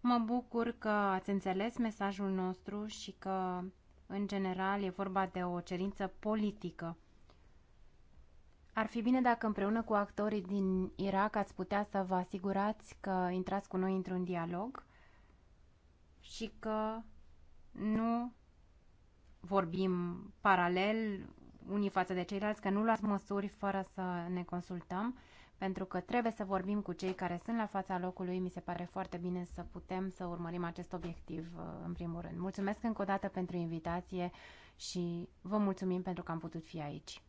Mă bucur că ați înțeles mesajul nostru și că, în general, e vorba de o cerință politică. Ar fi bine dacă împreună cu actorii din Irak ați putea să vă asigurați că intrați cu noi într-un dialog – și că nu vorbim paralel unii față de ceilalți, că nu luați măsuri fără să ne consultăm, pentru că trebuie să vorbim cu cei care sunt la fața locului. Mi se pare foarte bine să putem să urmărim acest obiectiv uh, în primul rând. Mulțumesc încă o dată pentru invitație și vă mulțumim pentru că am putut fi aici.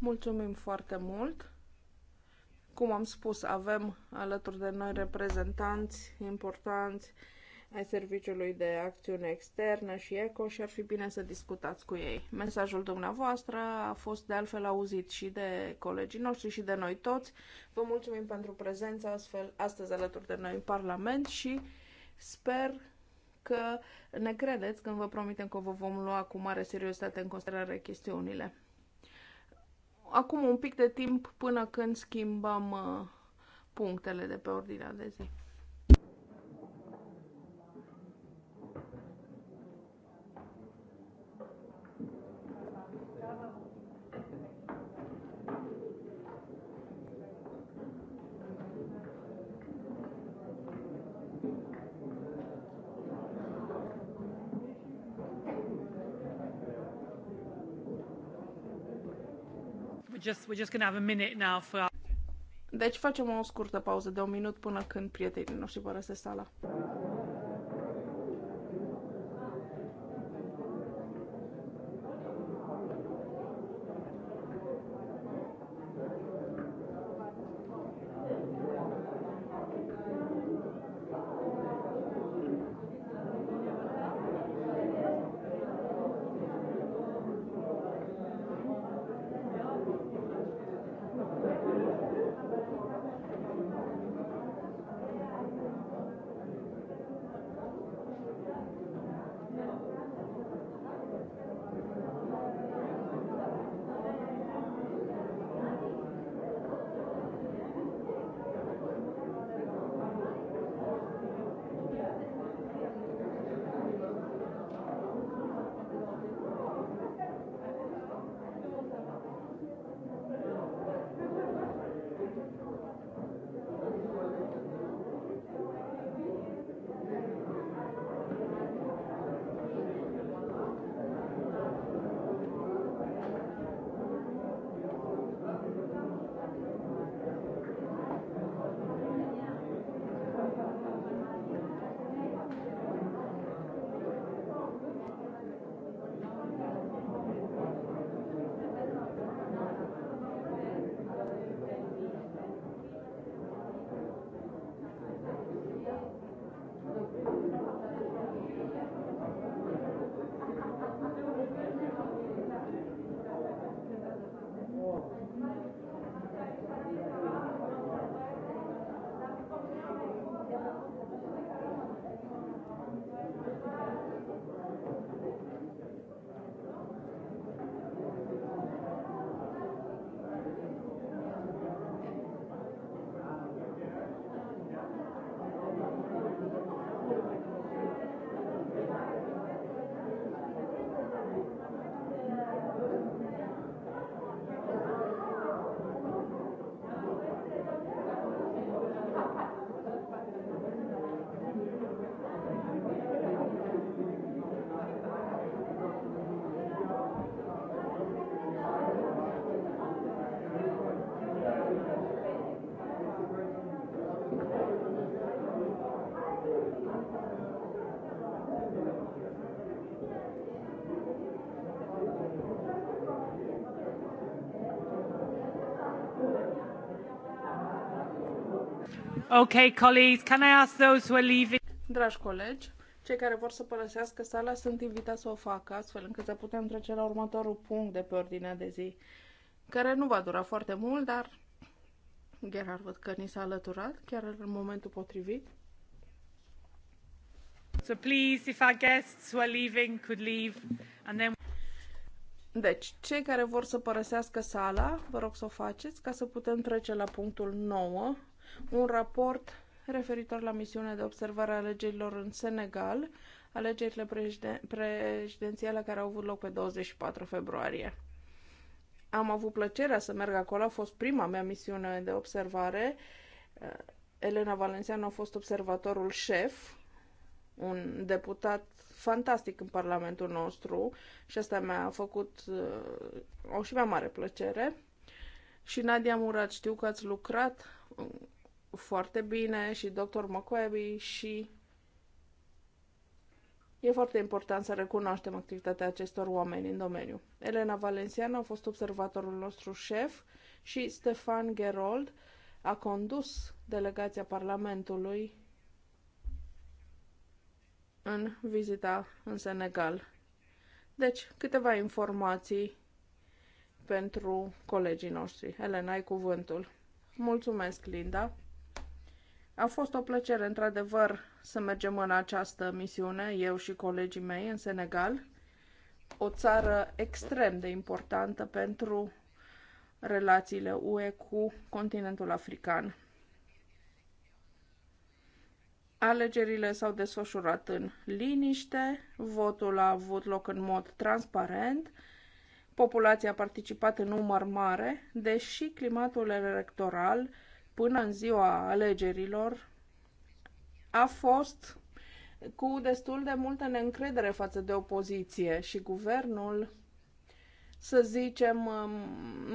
Mulțumim foarte mult! Cum am spus, avem alături de noi reprezentanți importanți ai Serviciului de Acțiune Externă și ECO și ar fi bine să discutați cu ei. Mesajul dumneavoastră a fost de altfel auzit și de colegii noștri și de noi toți. Vă mulțumim pentru prezența astfel, astăzi alături de noi în Parlament și sper că ne credeți când vă promitem că vă vom lua cu mare seriozitate în considerare chestiunile acum un pic de timp până când schimbăm uh, punctele de pe ordinea de zi. just, we're just gonna have a minute now for our... Deci facem o scurtă pauză de un minut până când prietenii noștri părăsesc sala. Okay, colleagues, can I ask those who are leaving? Dragi colegi, cei care vor să părăsească sala sunt invitați să o facă, astfel încât să putem trece la următorul punct de pe ordinea de zi, care nu va dura foarte mult, dar Gerard văd că ni s-a alăturat, chiar în momentul potrivit. So please, if our guests who are leaving could leave and then... Deci, cei care vor să părăsească sala, vă rog să o faceți ca să putem trece la punctul 9 un raport referitor la misiunea de observare a alegerilor în Senegal, alegerile prezidențiale care au avut loc pe 24 februarie. Am avut plăcerea să merg acolo, a fost prima mea misiune de observare. Eh, Elena Valențianu a fost observatorul șef, un deputat fantastic în Parlamentul nostru și asta mi-a făcut eh, o și mai mare plăcere. Și Nadia Murat, știu că ați lucrat foarte bine și dr. Mokwebe și E foarte important să recunoaștem activitatea acestor oameni în domeniu. Elena Valenciana a fost observatorul nostru șef și Stefan Gerold a condus delegația Parlamentului în vizita în Senegal. Deci, câteva informații pentru colegii noștri. Elena, ai cuvântul. Mulțumesc, Linda. A fost o plăcere, într-adevăr, să mergem în această misiune, eu și colegii mei, în Senegal, o țară extrem de importantă pentru relațiile UE cu continentul african. Alegerile s-au desfășurat în liniște, votul a avut loc în mod transparent populația a participat în număr mare, deși climatul electoral până în ziua alegerilor a fost cu destul de multă neîncredere față de opoziție și guvernul, să zicem, um,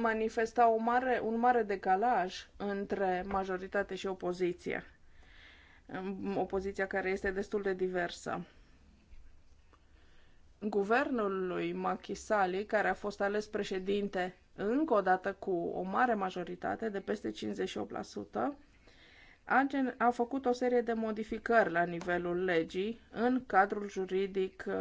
manifesta o mare, un mare decalaj între majoritate și opoziție. Um, opoziția care este destul de diversă guvernul lui Macky care a fost ales președinte încă o dată cu o mare majoritate de peste 58%, a, gen- a făcut o serie de modificări la nivelul legii în cadrul juridic uh,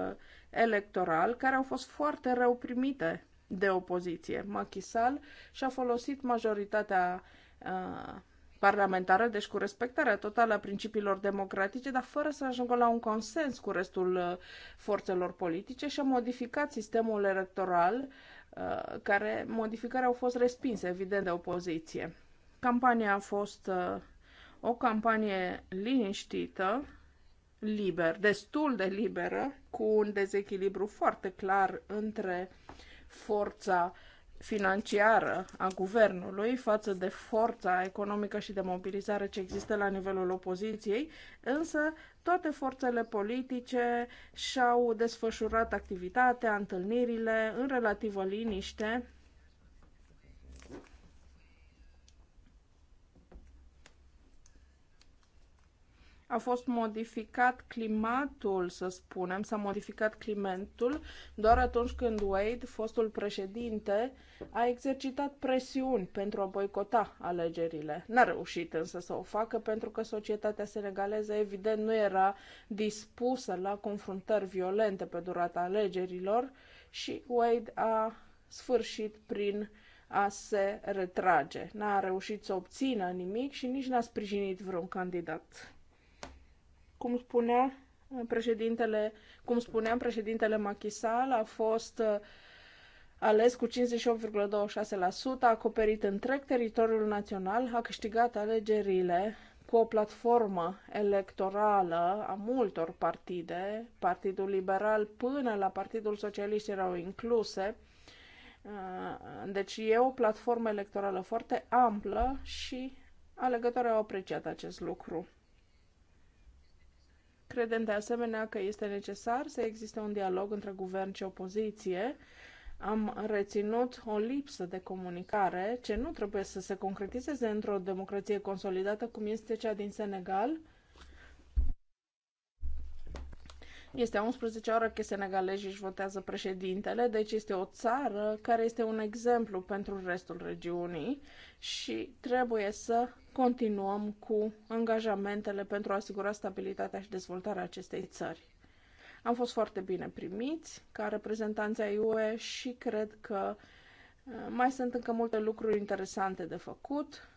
electoral, care au fost foarte rău primite de opoziție. Macky Sall și-a folosit majoritatea uh, parlamentară, deci cu respectarea totală a principiilor democratice, dar fără să ajungă la un consens cu restul uh, forțelor politice și a modificat sistemul electoral, uh, care modificări au fost respinse, evident, de opoziție. Campania a fost uh, o campanie liniștită, liber, destul de liberă, cu un dezechilibru foarte clar între forța uh, financiară a guvernului față de forța economică și de mobilizare ce există la nivelul opoziției, însă toate forțele politice și-au desfășurat activitatea, întâlnirile în relativă liniște a fost modificat climatul, să spunem, s-a modificat climentul, doar atunci când Wade, fostul președinte, a exercitat presiuni pentru a boicota alegerile. N-a reușit însă să o facă pentru că societatea senegaleză evident nu era dispusă la confruntări violente pe durata alegerilor și Wade a sfârșit prin a se retrage. N-a reușit să obțină nimic și nici n-a sprijinit vreun candidat. Uh, cum spunea președintele, cum spuneam, președintele Machisal a fost uh, ales cu 58,26%, a acoperit întreg teritoriul național, a câștigat alegerile cu o platformă electorală a multor partide, Partidul Liberal până la Partidul Socialist erau incluse. Uh, deci e o platformă electorală foarte amplă și alegătorii au apreciat acest lucru. Credem de asemenea că este necesar să existe un dialog între guvern și opoziție. Am reținut o lipsă de comunicare ce nu trebuie să se concretizeze într-o democrație consolidată cum este cea din Senegal. Este 11 ore că senegalezii își votează președintele, deci este o țară care este un exemplu pentru restul regiunii și trebuie să continuăm cu angajamentele pentru a asigura stabilitatea și dezvoltarea acestei țări. Am fost foarte bine primiți ca reprezentanți ai UE și cred că uh, mai sunt încă multe lucruri interesante de făcut,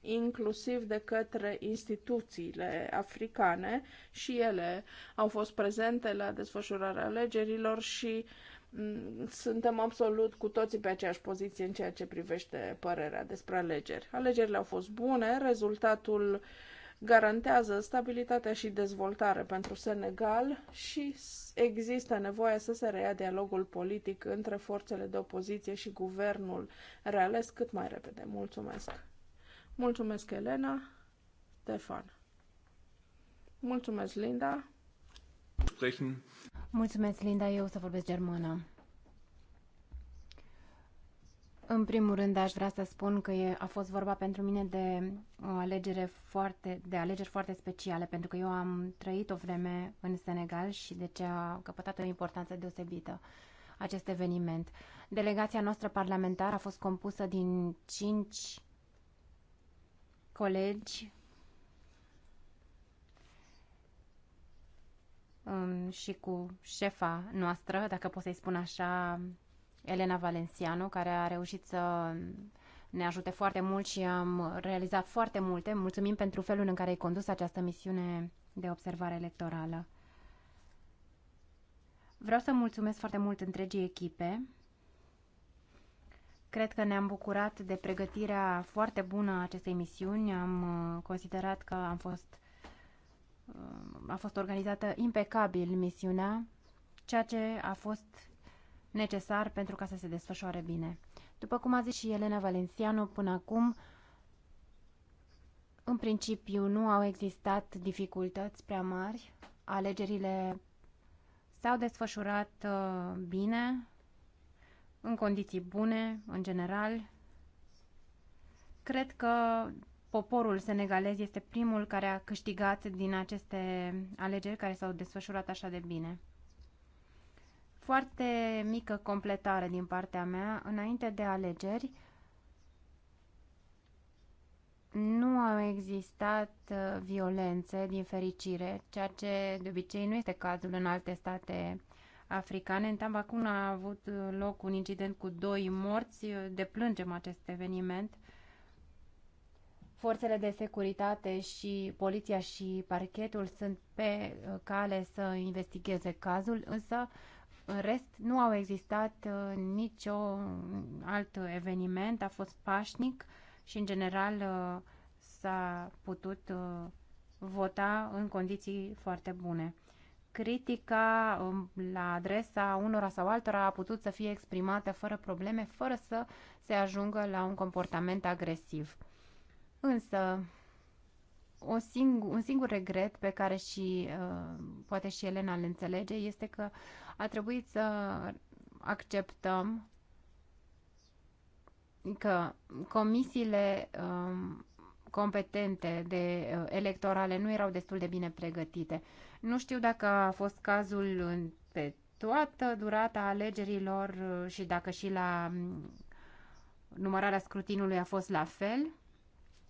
inclusiv de către instituțiile africane și ele au fost prezente la desfășurarea alegerilor și Mm, suntem absolut cu toții pe aceeași poziție în ceea ce privește părerea despre alegeri. Alegerile au fost bune, rezultatul garantează stabilitatea și dezvoltare pentru Senegal și există nevoie să se reia dialogul politic între forțele de opoziție și guvernul reales cât mai repede. Mulțumesc! Mulțumesc, Elena! Stefan! Mulțumesc, Linda! Sprechen. Mulțumesc, Linda. Eu o să vorbesc germană. În primul rând, aș vrea să spun că e, a fost vorba pentru mine de o alegere foarte, de alegeri foarte speciale, pentru că eu am trăit o vreme în Senegal și de ce a căpătat o importanță deosebită acest eveniment. Delegația noastră parlamentară a fost compusă din cinci colegi și cu șefa noastră, dacă pot să-i spun așa, Elena Valenciano, care a reușit să ne ajute foarte mult și am realizat foarte multe. Mulțumim pentru felul în care ai condus această misiune de observare electorală. Vreau să mulțumesc foarte mult întregii echipe. Cred că ne-am bucurat de pregătirea foarte bună a acestei misiuni. Am uh, considerat că am fost a fost organizată impecabil misiunea, ceea ce a fost necesar pentru ca să se desfășoare bine. După cum a zis și Elena Valenciano până acum, în principiu nu au existat dificultăți prea mari. Alegerile s-au desfășurat uh, bine, în condiții bune, în general. Cred că poporul senegalez este primul care a câștigat din aceste alegeri care s-au desfășurat așa de bine. Foarte mică completare din partea mea. Înainte de alegeri, nu au existat uh, violențe, din fericire, ceea ce de obicei nu este cazul în alte state africane. În Tambacuna a avut uh, loc un incident cu doi morți, deplângem acest eveniment forțele de securitate și poliția și parchetul sunt pe uh, cale să investigheze cazul, însă în rest nu au existat uh, nicio uh, alt eveniment, a fost pașnic și în general s-a putut vota în condiții foarte bune. Critica um, la adresa unora sau altora a putut să fie exprimată fără probleme, fără să se ajungă la un comportament agresiv. Însă, o singur, un singur regret pe care și uh, poate și Elena îl înțelege este că a trebuit să acceptăm că comisiile um, competente de uh, electorale nu erau destul de bine pregătite. Nu știu dacă a fost cazul în, pe toată durata alegerilor uh, și dacă și la mm, numărarea scrutinului a fost la fel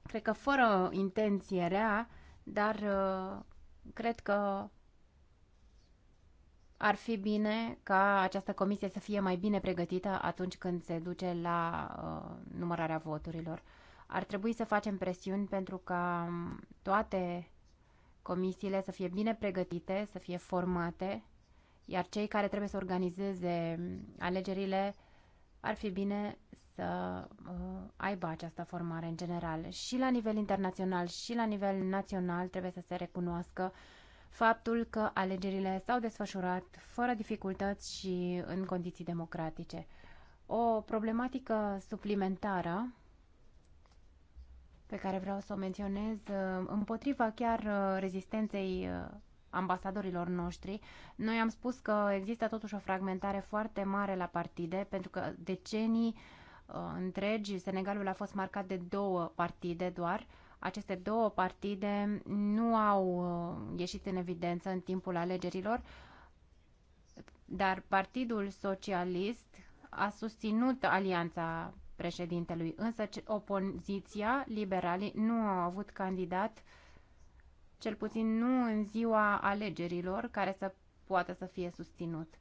cred că fără intenție rea, dar uh, cred că ar fi bine ca această comisie să fie mai bine pregătită atunci când se duce la uh, numărarea voturilor. Ar trebui să facem presiuni pentru ca toate comisiile să fie bine pregătite, să fie formate, iar cei care trebuie să organizeze alegerile ar fi bine să uh, aibă această formare în general. Și la nivel internațional și la nivel național trebuie să se recunoască faptul că alegerile s-au desfășurat fără dificultăți și în condiții democratice. O problematică suplimentară pe care vreau să o menționez uh, împotriva chiar uh, rezistenței ambasadorilor noștri. Noi am spus că există totuși o fragmentare foarte mare la partide, pentru că decenii Uh, întregi. Senegalul a fost marcat de două partide doar. Aceste două partide nu au uh, ieșit în evidență în timpul alegerilor, dar Partidul Socialist a susținut alianța președintelui, însă opoziția, liberalii, nu au avut candidat, cel puțin nu în ziua alegerilor, care să poată să fie susținut.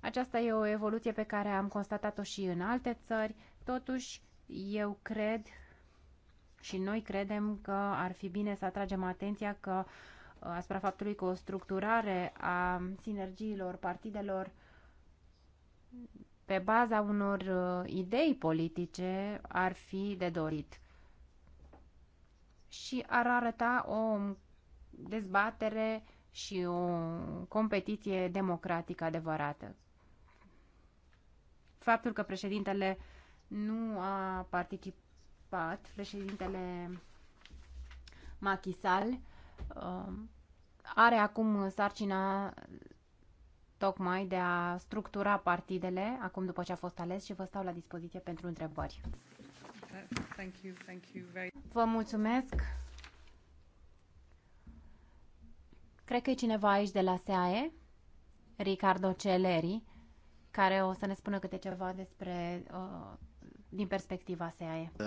Aceasta e o evoluție pe care am constatat-o și în alte țări. Totuși, eu cred și noi credem că ar fi bine să atragem atenția că uh, asupra faptului că o structurare a sinergiilor partidelor pe baza unor uh, idei politice ar fi de dorit și ar arăta o dezbatere și o competiție democratică adevărată. Faptul că președintele nu a participat președintele Machisal. Um, are acum sarcina tocmai de a structura partidele, acum după ce a fost ales și vă stau la dispoziție pentru întrebări. Thank you, thank you very... Vă mulțumesc. Cred că e cineva aici de la SAE, Ricardo Celeri, care o să ne spună câte ceva despre uh, din perspectiva SEAE? Uh,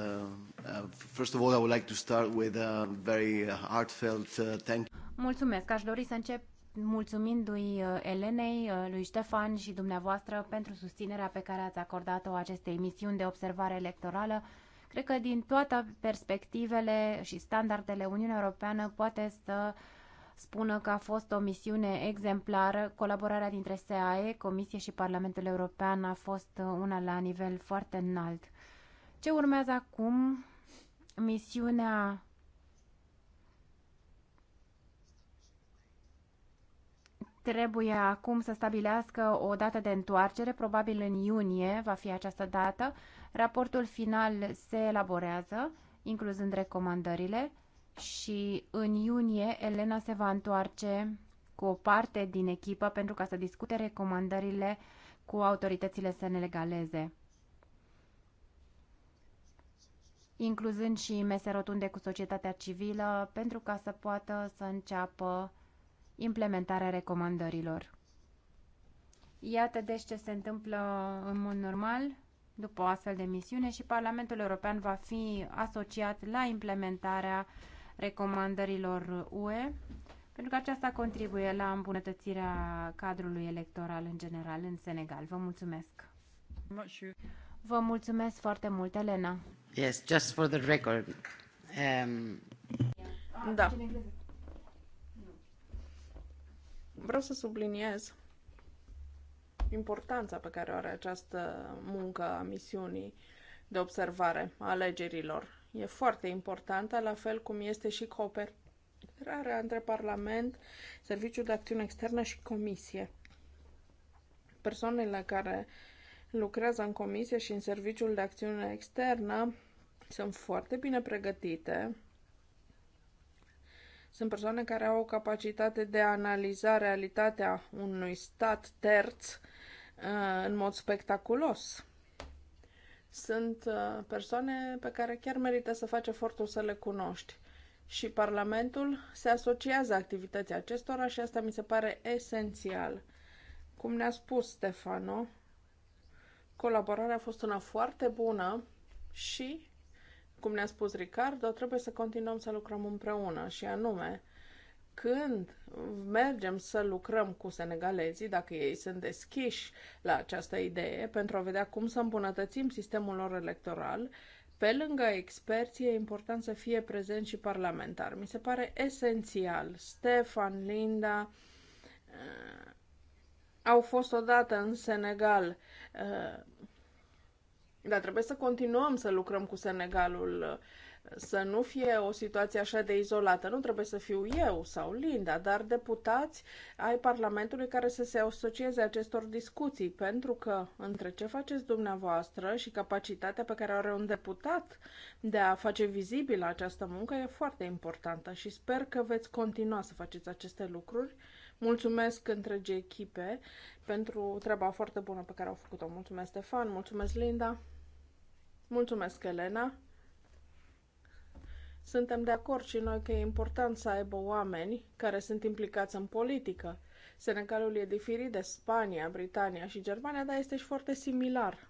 uh, first of all, I would like to start with a very heartfelt uh, thank Mulțumesc. Aș dori să încep mulțumindu-i uh, Elenei, uh, lui Ștefan și dumneavoastră pentru susținerea pe care ați acordat-o acestei misiuni de observare electorală. Cred că din toate perspectivele și standardele Uniunea Europeană poate să spună că a fost o misiune exemplară. Colaborarea dintre SAE, Comisie și Parlamentul European a fost uh, una la nivel foarte înalt. Ce urmează acum? Misiunea trebuie acum să stabilească o dată de întoarcere, probabil în iunie va fi această dată. Raportul final se elaborează, incluzând recomandările, și în iunie Elena se va întoarce cu o parte din echipă pentru ca să discute recomandările cu autoritățile legaleze. incluzând și mese rotunde cu societatea civilă, pentru ca să poată să înceapă implementarea recomandărilor. Iată deci ce se întâmplă în mod normal după o astfel de misiune și Parlamentul European va fi asociat la implementarea recomandărilor UE, pentru că aceasta contribuie la îmbunătățirea cadrului electoral în general în Senegal. Vă mulțumesc! Vă mulțumesc foarte mult, Elena! Yes, just for the record. Um... Da. Vreau să subliniez importanța pe care o are această muncă a misiunii de observare a alegerilor. E foarte importantă, la fel cum este și cooperarea între Parlament, Serviciul de Acțiune Externă și Comisie. Persoanele care uh, lucrează în comisie și în serviciul de acțiune externă sunt foarte bine pregătite. Sunt persoane care au o capacitate de a analiza realitatea unui stat terț uh, în mod spectaculos. Sunt uh, persoane pe care chiar merită să faci efortul să le cunoști. Și Parlamentul se asociază activității acestora și asta mi se pare esențial. Cum ne-a spus Stefano, Colaborarea a fost una foarte bună și, cum ne-a spus Ricardo, trebuie să continuăm să lucrăm împreună și anume, când mergem să lucrăm cu senegalezii, dacă ei sunt deschiși la această idee, pentru a vedea cum să îmbunătățim sistemul lor electoral, pe lângă experții, e important să fie prezent și parlamentar. Mi se pare esențial. Stefan, Linda, au fost odată în Senegal. Uh, dar trebuie să continuăm să lucrăm cu Senegalul, uh, să nu fie o situație așa de izolată. Nu trebuie să fiu eu sau Linda, dar deputați ai Parlamentului care să se asocieze acestor discuții, pentru că între ce faceți dumneavoastră și capacitatea pe care are un deputat de a face vizibilă această muncă e foarte importantă și sper că veți continua să faceți aceste lucruri Mulțumesc întregii echipe pentru treaba foarte bună pe care au făcut-o. Mulțumesc, Stefan, mulțumesc, Linda, mulțumesc, Elena. Suntem de acord și noi că e important să aibă oameni care sunt implicați în politică. Senegalul e diferit de Spania, Britania și Germania, dar este și foarte similar.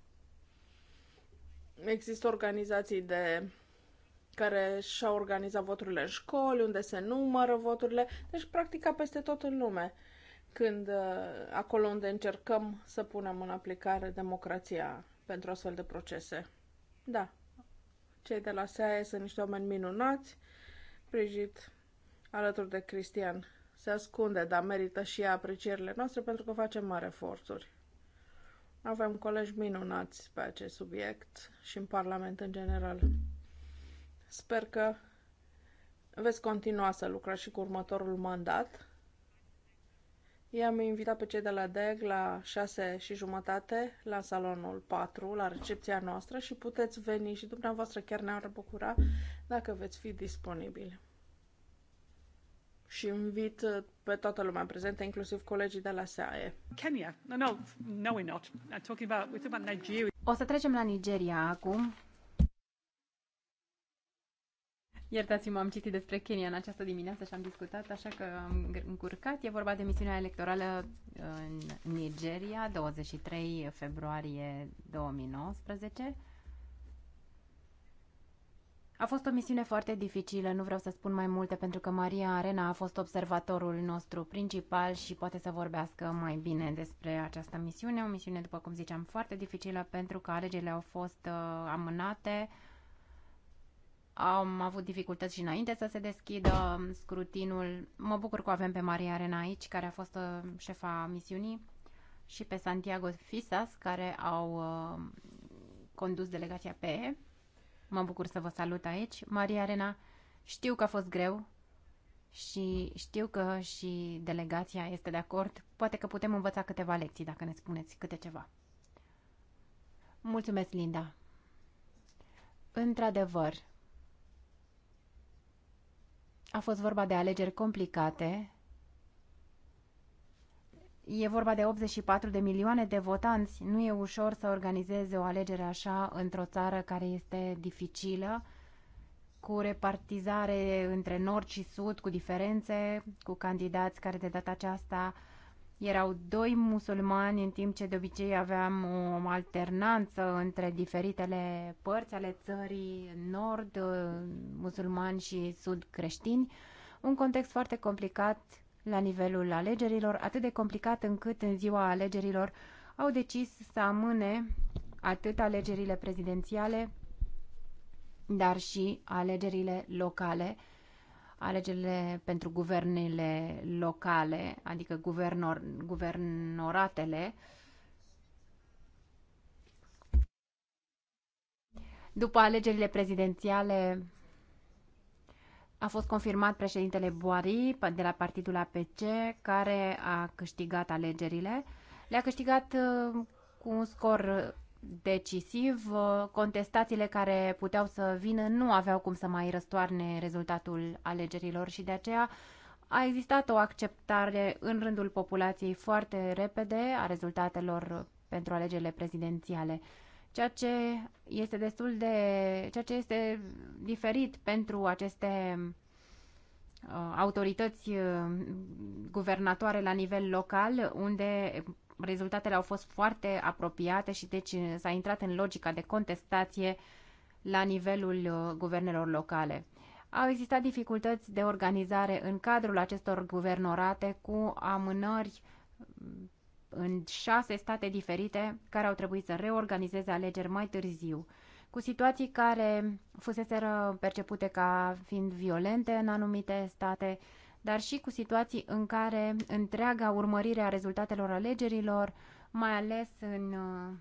Există organizații de care și-au organizat voturile în școli, unde se numără voturile, deci practica peste tot în lume. Când uh, acolo unde încercăm să punem în aplicare democrația pentru astfel de procese. Da, cei de la SAE sunt niște oameni minunați. Brigit, alături de Cristian, se ascunde, dar merită și ea aprecierile noastre pentru că facem mari eforturi. Avem colegi minunați pe acest subiect și în Parlament în general. Sper că veți continua să lucrați și cu următorul mandat. I-am invitat pe cei de la DEG la 6 și jumătate la salonul 4, la recepția noastră și puteți veni și dumneavoastră chiar ne-ar bucura dacă veți fi disponibili. Și invit uh, pe toată lumea prezentă, inclusiv colegii de la SAE. Kenya. No, no, no we're not. I'm talking about, we're talking about Nigeria. O să trecem la Nigeria acum. Iertați-mă, am citit despre Kenya în această dimineață și am discutat, așa că am încurcat. E vorba de misiunea electorală uh, în Nigeria, 23 februarie 2019. A fost o misiune foarte dificilă, nu vreau să spun mai multe, pentru că Maria Arena a fost observatorul nostru principal și poate să vorbească mai bine despre această misiune. O misiune, după cum ziceam, foarte dificilă pentru că alegerile au fost uh, amânate am avut dificultăți și înainte să se deschidă scrutinul. Mă bucur că o avem pe Maria Arena aici, care a fost uh, șefa misiunii, și pe Santiago Fisas, care au uh, condus delegația PE. Mă bucur să vă salut aici. Maria Arena, știu că a fost greu și știu că și delegația este de acord. Poate că putem învăța câteva lecții, dacă ne spuneți câte ceva. Mulțumesc, Linda. Într-adevăr, a fost vorba de alegeri complicate. E vorba de 84 de milioane de votanți. Nu e ușor să organizeze o alegere așa într-o țară care este dificilă, cu repartizare între nord și sud, cu diferențe, cu candidați care de data aceasta uh, erau doi musulmani, în timp ce de obicei aveam o alternanță între diferitele părți ale țării, nord, musulmani și sud creștini, un context foarte complicat la nivelul alegerilor, atât de complicat încât în ziua alegerilor au decis să amâne atât alegerile prezidențiale, dar și alegerile locale, alegerile pentru guvernele locale, adică guvernor, guvernoratele, după alegerile prezidențiale a fost confirmat președintele Boari de la partidul APC, care a câștigat alegerile. Le-a câștigat uh, cu un scor decisiv. Contestațiile care puteau să vină nu aveau cum să mai răstoarne rezultatul alegerilor și de aceea a existat o acceptare în rândul populației foarte repede a rezultatelor pentru alegerile prezidențiale. Ceea ce este destul de. ceea ce este diferit pentru aceste uh, autorități uh, guvernatoare la nivel local, unde rezultatele au fost foarte apropiate și deci s-a intrat în logica de contestație la nivelul uh, guvernelor locale. Au existat dificultăți de organizare în cadrul acestor guvernorate cu amânări mm, în șase state diferite care au trebuit să reorganizeze alegeri mai târziu, cu situații care fuseseră percepute ca fiind violente în anumite state, dar și cu situații în care întreaga urmărire a rezultatelor alegerilor, mai ales în uh,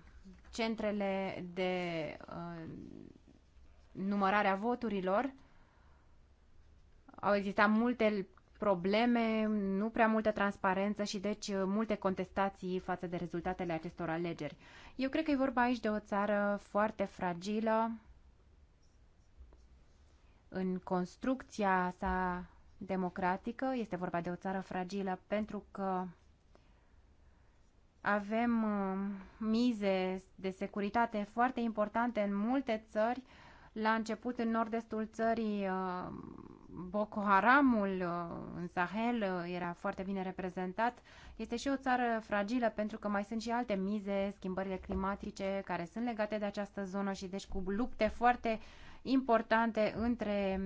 centrele de uh, numărare a voturilor, au existat multe probleme, nu prea multă transparență și deci uh, multe contestații față de rezultatele acestor alegeri. Eu cred că e vorba aici de o țară foarte fragilă în construcția sa democratică. Este vorba de o țară fragilă pentru că avem uh, mize de securitate foarte importante în multe țări. La început, în nord-estul țării, uh, Boko Haramul uh, în Sahel era foarte bine reprezentat. Este și o țară fragilă pentru că mai sunt și alte mize, schimbările climatice care sunt legate de această zonă și deci cu lupte foarte importante între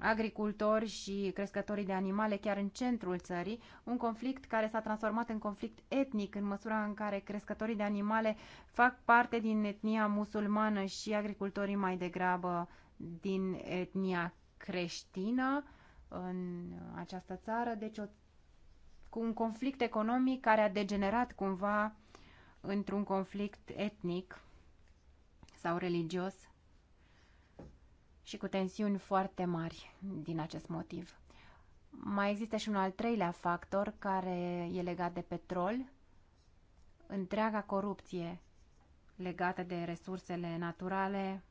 agricultori și crescătorii de animale chiar în centrul țării, un conflict care s-a transformat în conflict etnic în măsura în care crescătorii de animale fac parte din etnia musulmană și agricultorii mai degrabă din etnia creștină în această țară, deci o, cu un conflict economic care a degenerat cumva într-un conflict etnic sau religios și cu tensiuni foarte mari din acest motiv. Mai există și un al treilea factor care e legat de petrol, întreaga corupție legată de resursele naturale,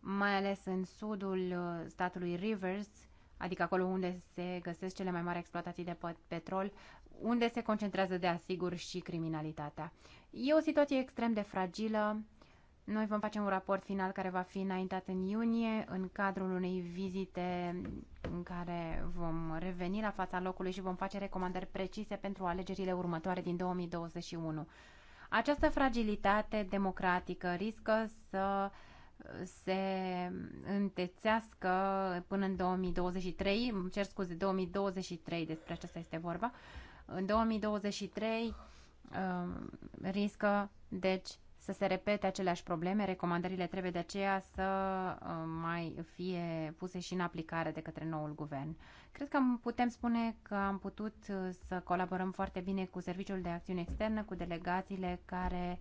mai ales în sudul uh, statului Rivers, adică acolo unde se găsesc cele mai mari exploatații de petrol, unde se concentrează de asigur și criminalitatea. E o situație extrem de fragilă, noi vom face un raport final care va fi înaintat în iunie, în cadrul unei vizite în care vom reveni la fața locului și vom face recomandări precise pentru alegerile următoare din 2021. Această fragilitate democratică riscă să se întețească până în 2023, cer scuze, 2023, despre aceasta este vorba. În 2023 uh, riscă, deci, să se repete aceleași probleme. Recomandările trebuie de aceea să uh, mai fie puse și în aplicare de către noul guvern. Cred că putem spune că am putut uh, să colaborăm foarte bine cu Serviciul de Acțiune Externă, cu delegațiile care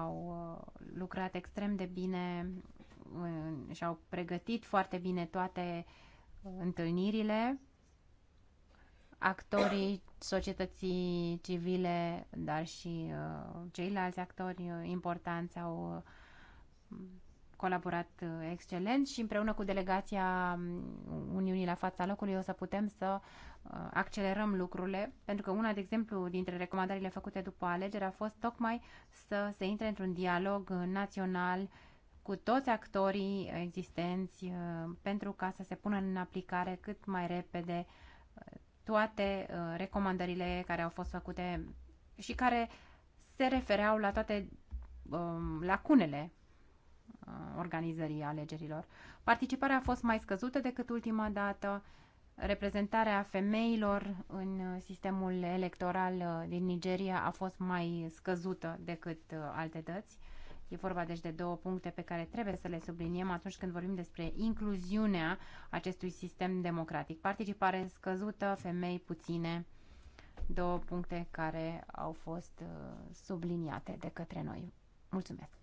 au uh, lucrat extrem de bine și au pregătit foarte bine toate întâlnirile actorii societății civile, dar și uh, ceilalți actori uh, importanți au uh, colaborat uh, excelent și împreună cu delegația um, Uniunii la fața locului o să putem să accelerăm lucrurile, pentru că una, de exemplu, dintre recomandările făcute după alegeri a fost tocmai să se intre într-un dialog național cu toți actorii existenți pentru ca să se pună în aplicare cât mai repede toate uh, recomandările care au fost făcute și care se refereau la toate um, lacunele uh, organizării alegerilor. Participarea a fost mai scăzută decât ultima dată, reprezentarea femeilor în uh, sistemul electoral din Nigeria a fost mai scăzută decât alte dăți E vorba deci de două puncte pe care trebuie să le subliniem atunci când vorbim despre incluziunea acestui sistem democratic. Participare scăzută, femei puține, două puncte care au fost uh, subliniate de către noi. Mulțumesc!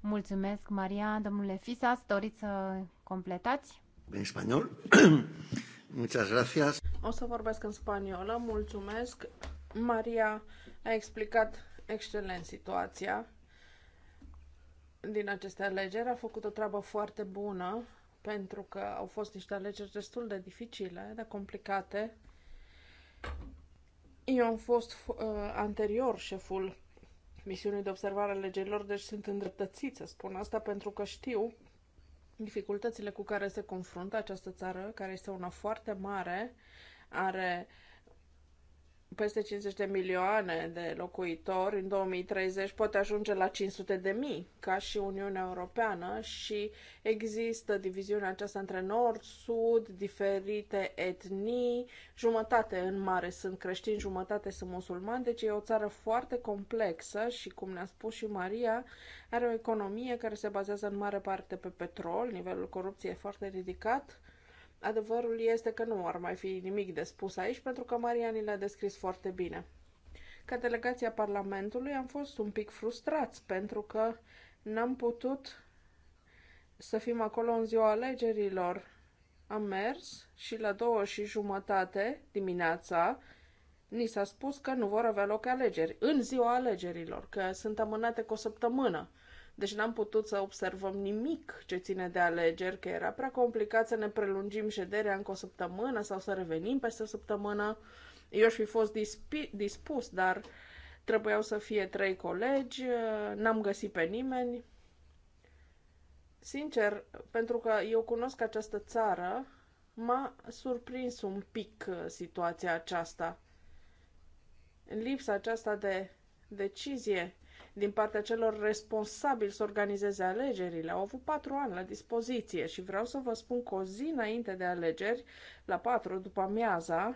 Mulțumesc, Maria. Domnule Fisas, doriți să completați? În spaniol? Muchas gracias. O să vorbesc în spaniolă. Mulțumesc. Maria a explicat excelent situația din aceste alegeri. A făcut o treabă foarte bună pentru că au fost niște alegeri destul de dificile, de complicate. Eu am fost uh, anterior șeful misiunii de observare a legilor, deci sunt îndreptățit să spun asta pentru că știu dificultățile cu care se confruntă această țară, care este una foarte mare, are uh, peste 50 de milioane de locuitori în 2030 poate ajunge la 500 de mii, ca și Uniunea Europeană și există diviziunea aceasta între nord, sud, diferite etnii, jumătate în mare sunt creștini, jumătate sunt musulmani, deci e o țară foarte complexă și, cum ne-a spus și Maria, are o economie care se bazează în mare parte pe petrol, nivelul corupției e foarte ridicat, Adevărul este că nu ar mai fi nimic de spus aici, pentru că Mariani l a descris foarte bine. Ca delegația Parlamentului am fost un pic frustrați, pentru că n-am putut să fim acolo în ziua alegerilor. Am mers și la două și jumătate dimineața ni s-a spus că nu vor avea loc alegeri în ziua alegerilor, că sunt amânate cu o săptămână. Deci n-am putut să observăm nimic ce ține de alegeri, că era prea complicat să ne prelungim șederea încă o săptămână sau să revenim peste o săptămână. Eu aș fi fost dispus, dar trebuiau să fie trei colegi, n-am găsit pe nimeni. Sincer, pentru că eu cunosc această țară, m-a surprins un pic uh, situația aceasta. Lipsa aceasta de decizie din partea celor responsabili să organizeze alegerile. Au avut patru ani la dispoziție și vreau să vă spun că o zi înainte de alegeri, la patru după amiaza,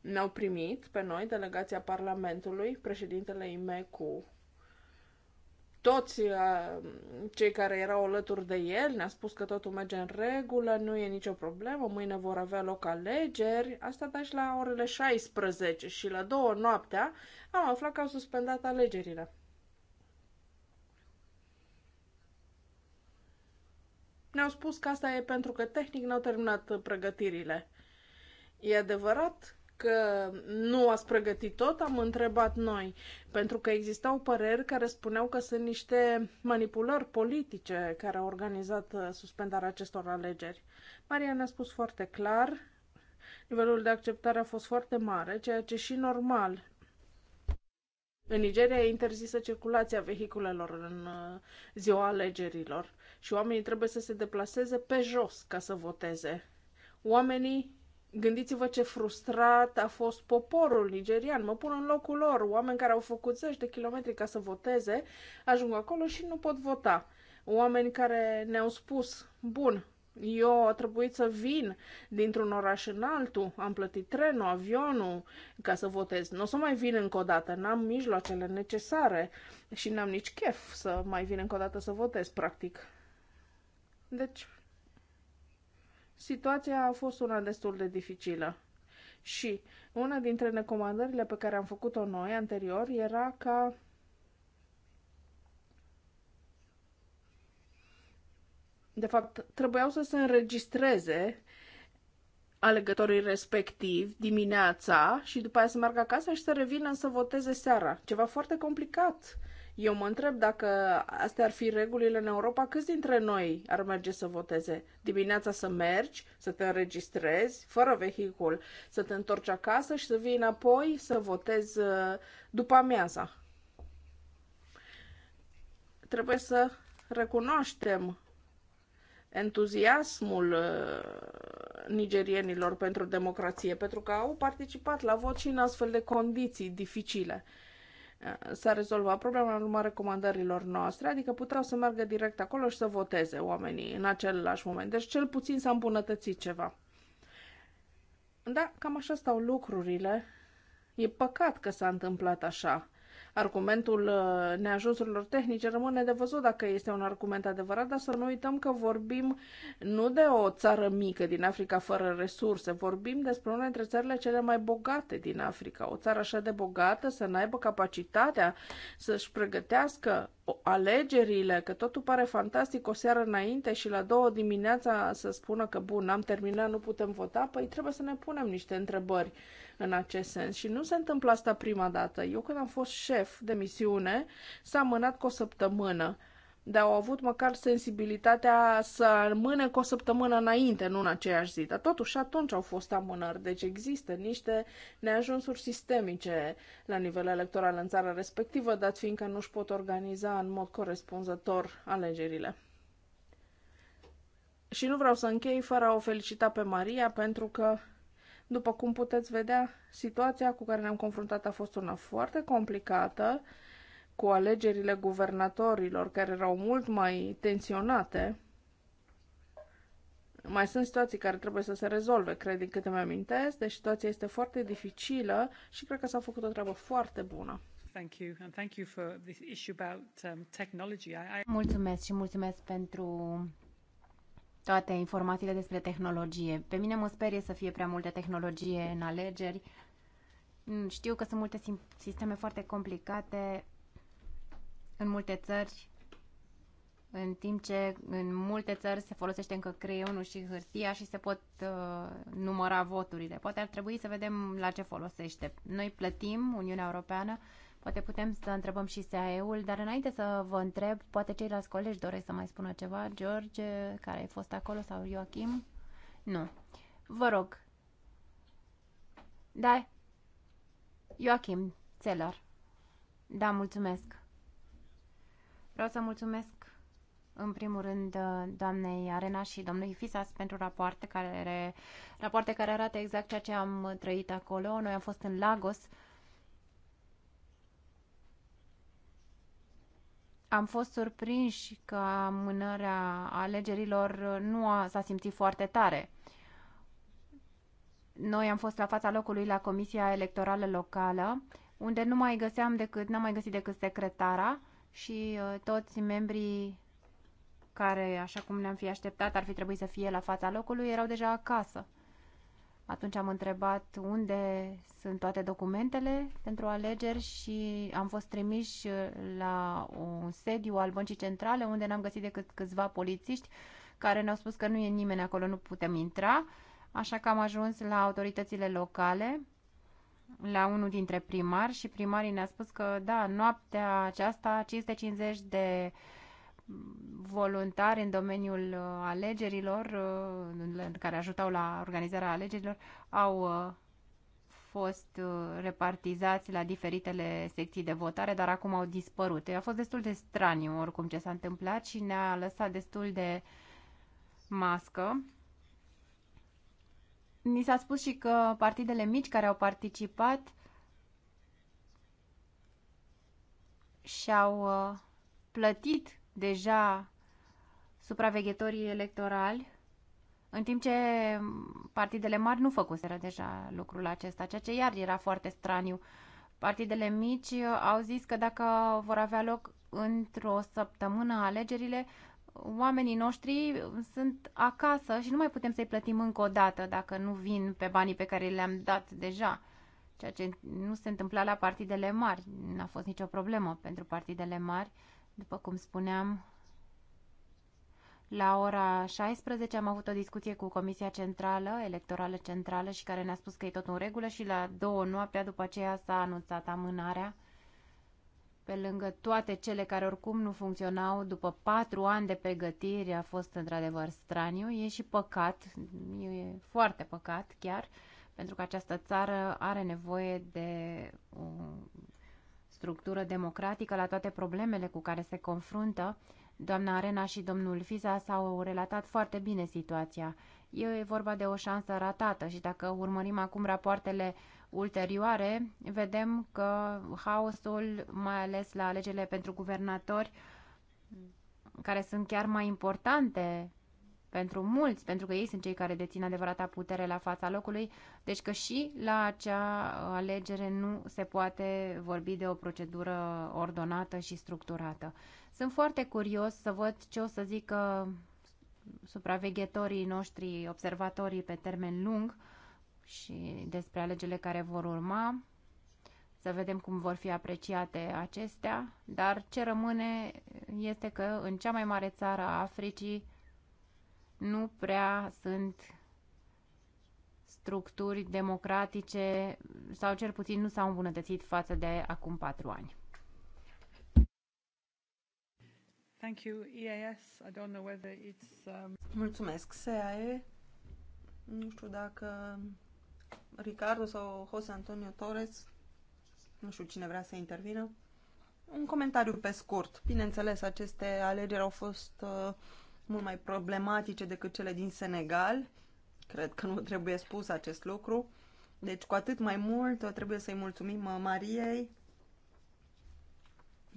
ne-au primit pe noi, delegația Parlamentului, președintele IME cu toți uh, cei care erau alături de el ne-a spus că totul merge în regulă, nu e nicio problemă, mâine vor avea loc alegeri. Asta da și la orele 16 și la două noaptea am aflat că au suspendat alegerile. Ne-au spus că asta e pentru că tehnic n-au terminat pregătirile. E adevărat că nu ați pregătit tot, am întrebat noi, pentru că existau păreri care spuneau că sunt niște manipulări politice care au organizat uh, suspendarea acestor alegeri. Maria ne-a spus foarte clar, nivelul de acceptare a fost foarte mare, ceea ce și normal. În Nigeria e interzisă circulația vehiculelor în uh, ziua alegerilor și oamenii trebuie să se deplaseze pe jos ca să voteze. Oamenii, gândiți-vă ce frustrat a fost poporul nigerian, mă pun în locul lor, oameni care au făcut zeci de kilometri ca să voteze, ajung acolo și nu pot vota. Oameni care ne-au spus, bun, eu a trebuit să vin dintr-un oraș în altul, am plătit trenul, avionul ca să votez. Nu o să mai vin încă o dată, n-am mijloacele necesare și n-am nici chef să mai vin încă o dată să votez, practic. Deci, situația a fost una destul de dificilă. Și una dintre recomandările pe care am făcut-o noi anterior era ca de fapt, trebuiau să se înregistreze alegătorii respectivi dimineața și după aia să meargă acasă și să revină să voteze seara. Ceva foarte complicat eu mă întreb dacă astea ar fi regulile în Europa, câți dintre noi ar merge să voteze? Dimineața să mergi, să te înregistrezi, fără vehicul, să te întorci acasă și să vii înapoi să votezi uh, după amiaza. Trebuie să recunoaștem entuziasmul uh, nigerienilor pentru democrație, pentru că au participat la vot și în astfel de condiții dificile s-a rezolvat problema în urma recomandărilor noastre, adică puteau să meargă direct acolo și să voteze oamenii în același moment. Deci cel puțin s-a îmbunătățit ceva. Da, cam așa stau lucrurile. E păcat că s-a întâmplat așa argumentul uh, neajunsurilor tehnice rămâne de văzut dacă este un argument adevărat, dar să nu uităm că vorbim nu de o țară mică din Africa fără resurse, vorbim despre una dintre țările cele mai bogate din Africa. O țară așa de bogată să n-aibă capacitatea să-și pregătească alegerile, că totul pare fantastic o seară înainte și la două dimineața să spună că bun, am terminat, nu putem vota, păi trebuie să ne punem niște întrebări în acest sens. Și nu se întâmplă asta prima dată. Eu când am fost șef de misiune, s-a mânat cu o săptămână dar au avut măcar sensibilitatea să amâne cu o săptămână înainte, nu în aceeași zi. Dar totuși atunci au fost amânări, deci există niște neajunsuri sistemice la nivel electoral în țara respectivă, dat fiindcă nu își pot organiza în mod corespunzător alegerile. Și nu vreau să închei fără a o felicita pe Maria pentru că după cum puteți vedea, situația cu care ne-am confruntat a fost una foarte complicată, cu alegerile guvernatorilor care erau mult mai tensionate. Mai sunt situații care trebuie să se rezolve, cred, din câte mi-amintesc, deci situația este foarte dificilă și cred că s-a făcut o treabă foarte bună. Um, mulțumesc și mulțumesc pentru toate informațiile despre tehnologie. Pe mine mă sperie să fie prea multe tehnologie în alegeri. Mm, știu că sunt multe sisteme foarte complicate în multe țări, în timp ce în multe țări se folosește încă creionul și hârtia și se pot uh, număra voturile. Poate ar trebui să vedem la ce folosește. Noi plătim Uniunea Europeană uh, Poate putem să întrebăm și SAE-ul, dar înainte să vă întreb, poate ceilalți colegi doresc să mai spună ceva, George, care ai fost acolo, sau Joachim? Nu. Vă rog. Da. Joachim, Țelor. Da, mulțumesc. Vreau să mulțumesc în primul rând doamnei Arena și domnului Fisas pentru rapoarte care, rapoarte care arată exact ceea ce am trăit acolo. Noi am fost în Lagos, am fost surprinși că amânarea alegerilor nu a, s-a simțit foarte tare. Noi am fost la fața locului la Comisia Electorală Locală, unde nu mai găseam decât, n-am mai găsit decât secretara și uh, toți membrii care, așa cum ne-am fi așteptat, ar fi trebuit să fie la fața locului, erau deja acasă. Atunci am întrebat unde sunt toate documentele pentru alegeri și am fost trimiși la un sediu al Băncii Centrale unde n-am găsit decât câțiva polițiști care ne-au spus că nu e nimeni acolo, nu putem intra. Așa că am ajuns la autoritățile locale, la unul dintre primari și primarii ne-a spus că da, noaptea aceasta 550 de voluntari în domeniul uh, alegerilor, uh, care ajutau la organizarea alegerilor, au uh, fost repartizați la diferitele secții de votare, dar acum au dispărut. A fost destul de straniu oricum ce s-a întâmplat și ne-a lăsat destul de mască. Ni s-a spus și că partidele mici care au participat și-au plătit deja supraveghetorii electorali, în timp ce partidele mari nu făcuseră deja lucrul acesta, ceea ce iar era foarte straniu. Partidele mici au zis că dacă vor avea loc într-o săptămână alegerile, oamenii noștri sunt acasă și nu mai putem să-i plătim încă o dată dacă nu vin pe banii pe care le-am dat deja. Ceea ce nu se întâmpla la partidele mari. N-a fost nicio problemă pentru partidele mari după cum spuneam, la ora 16 am avut o discuție cu Comisia Centrală, Electorală Centrală și care ne-a spus că e tot în regulă și la două noaptea după aceea s-a anunțat amânarea pe lângă toate cele care oricum nu funcționau după patru ani de pregătire a fost într-adevăr straniu. E și păcat, e foarte păcat chiar, pentru că această țară are nevoie de structură democratică la toate problemele cu care se confruntă. Doamna Arena și domnul Fiza s-au relatat foarte bine situația. E vorba de o șansă ratată și dacă urmărim acum rapoartele ulterioare, vedem că haosul, mai ales la alegerile pentru guvernatori, care sunt chiar mai importante pentru mulți, pentru că ei sunt cei care dețin adevărata putere la fața locului, deci că și la acea alegere nu se poate vorbi de o procedură ordonată și structurată. Sunt foarte curios să văd ce o să zică supraveghetorii noștri, observatorii pe termen lung și despre alegerile care vor urma, să vedem cum vor fi apreciate acestea, dar ce rămâne este că în cea mai mare țară a Africii nu prea sunt structuri democratice sau cel puțin nu s-au îmbunătățit față de acum patru ani. Thank you, EAS. I don't know whether it's, um... Mulțumesc, SEAE. Nu știu dacă Ricardo sau José Antonio Torres, nu știu cine vrea să intervină. Un comentariu pe scurt. Bineînțeles, aceste alegeri au fost uh, mult mai problematice decât cele din Senegal. Cred că nu trebuie spus acest lucru. Deci, cu atât mai mult, trebuie să-i mulțumim uh, Mariei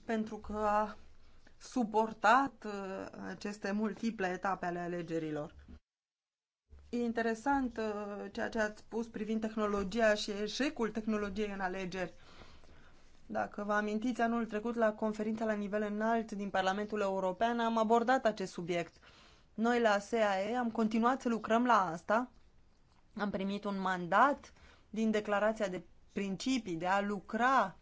pentru că a suportat uh, aceste multiple etape ale alegerilor. E interesant uh, ceea ce ați spus privind tehnologia și eșecul tehnologiei în alegeri. Dacă vă amintiți, anul trecut la conferința la nivel înalt din Parlamentul European am abordat acest subiect. Noi la SAE am continuat să lucrăm la asta. Am primit un mandat din declarația de principii de a lucra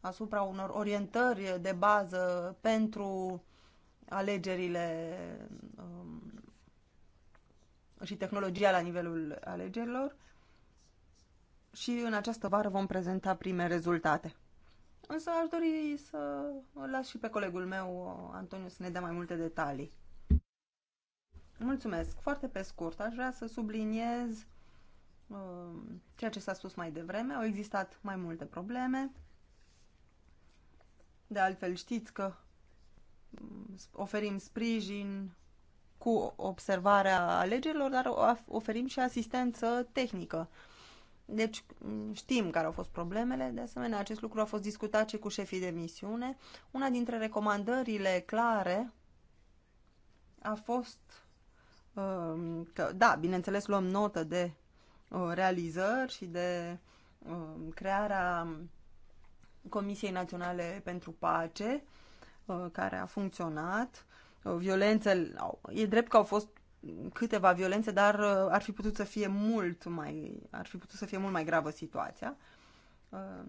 asupra unor orientări de bază pentru alegerile um, și tehnologia la nivelul alegerilor și în această vară vom prezenta prime rezultate. Însă aș dori să las și pe colegul meu, Antoniu, să ne dea mai multe detalii. Mulțumesc. Foarte pe scurt, aș vrea să subliniez uh, ceea ce s-a spus mai devreme. Au existat mai multe probleme. De altfel, știți că um, oferim sprijin cu observarea alegerilor, dar oferim și asistență tehnică. Uh, deci mm, știm care au fost problemele, de asemenea acest lucru a fost discutat și cu șefii de misiune. Una dintre recomandările clare a fost um, că, da, bineînțeles luăm notă de uh, realizări și de um, crearea Comisiei Naționale pentru Pace, uh, care a funcționat. Uh, violențele, e drept că au fost câteva violențe, dar uh, ar fi putut să fie mult mai, ar fi putut să fie mult mai gravă situația. Uh,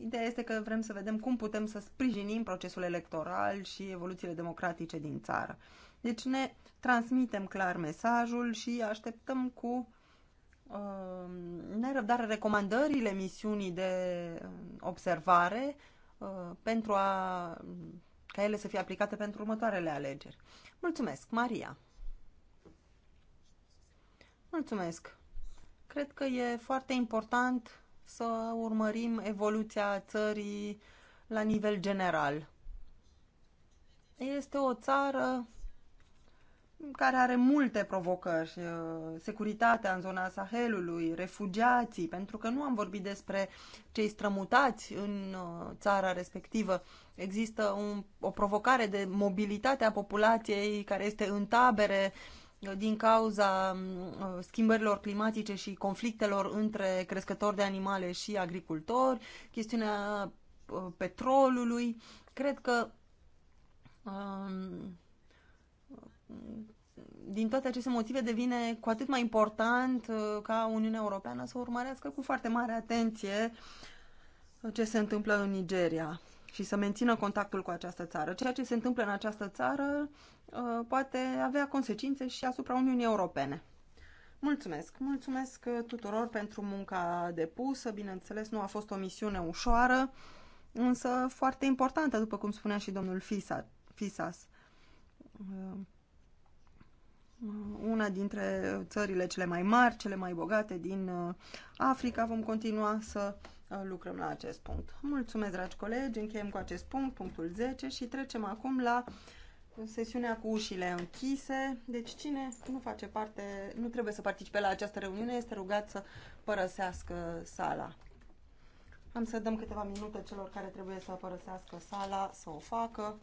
ideea este că vrem să vedem cum putem să sprijinim procesul electoral și evoluțiile democratice din țară. Deci ne transmitem clar mesajul și așteptăm cu uh, nerăbdare recomandările misiunii de observare pentru a, ca ele să fie aplicate pentru următoarele alegeri. Mulțumesc, Maria! Mulțumesc. Cred că e foarte important să urmărim evoluția țării la nivel general. Este o țară care are multe provocări, uh, securitatea în zona Sahelului, refugiații, pentru că nu am vorbit despre cei strămutați în uh, țara respectivă. Există un, o provocare de mobilitate a populației care este în tabere, din cauza mm, uh, schimbărilor climatice și conflictelor între crescători de animale și agricultori, chestiunea uh, petrolului. Cred că um, din toate aceste motive devine cu atât mai important uh, ca Uniunea Europeană să urmărească cu foarte mare atenție ce se întâmplă în Nigeria și să mențină contactul cu această țară. Ceea ce se întâmplă în această țară uh, poate avea consecințe și asupra Uniunii Europene. Mulțumesc! Mulțumesc uh, tuturor pentru munca depusă. Bineînțeles, nu a fost o misiune ușoară, însă foarte importantă, după cum spunea și domnul Fisa, Fisas. Uh, una dintre țările cele mai mari, cele mai bogate din Africa. Vom continua să Uh, lucrăm la acest punct. Mulțumesc, dragi colegi, încheiem cu acest punct, punctul 10 și trecem acum la sesiunea cu ușile închise. Deci cine nu face parte, nu trebuie să participe la această reuniune, este rugat să părăsească sala. Am să dăm câteva minute celor care trebuie să părăsească sala să o facă.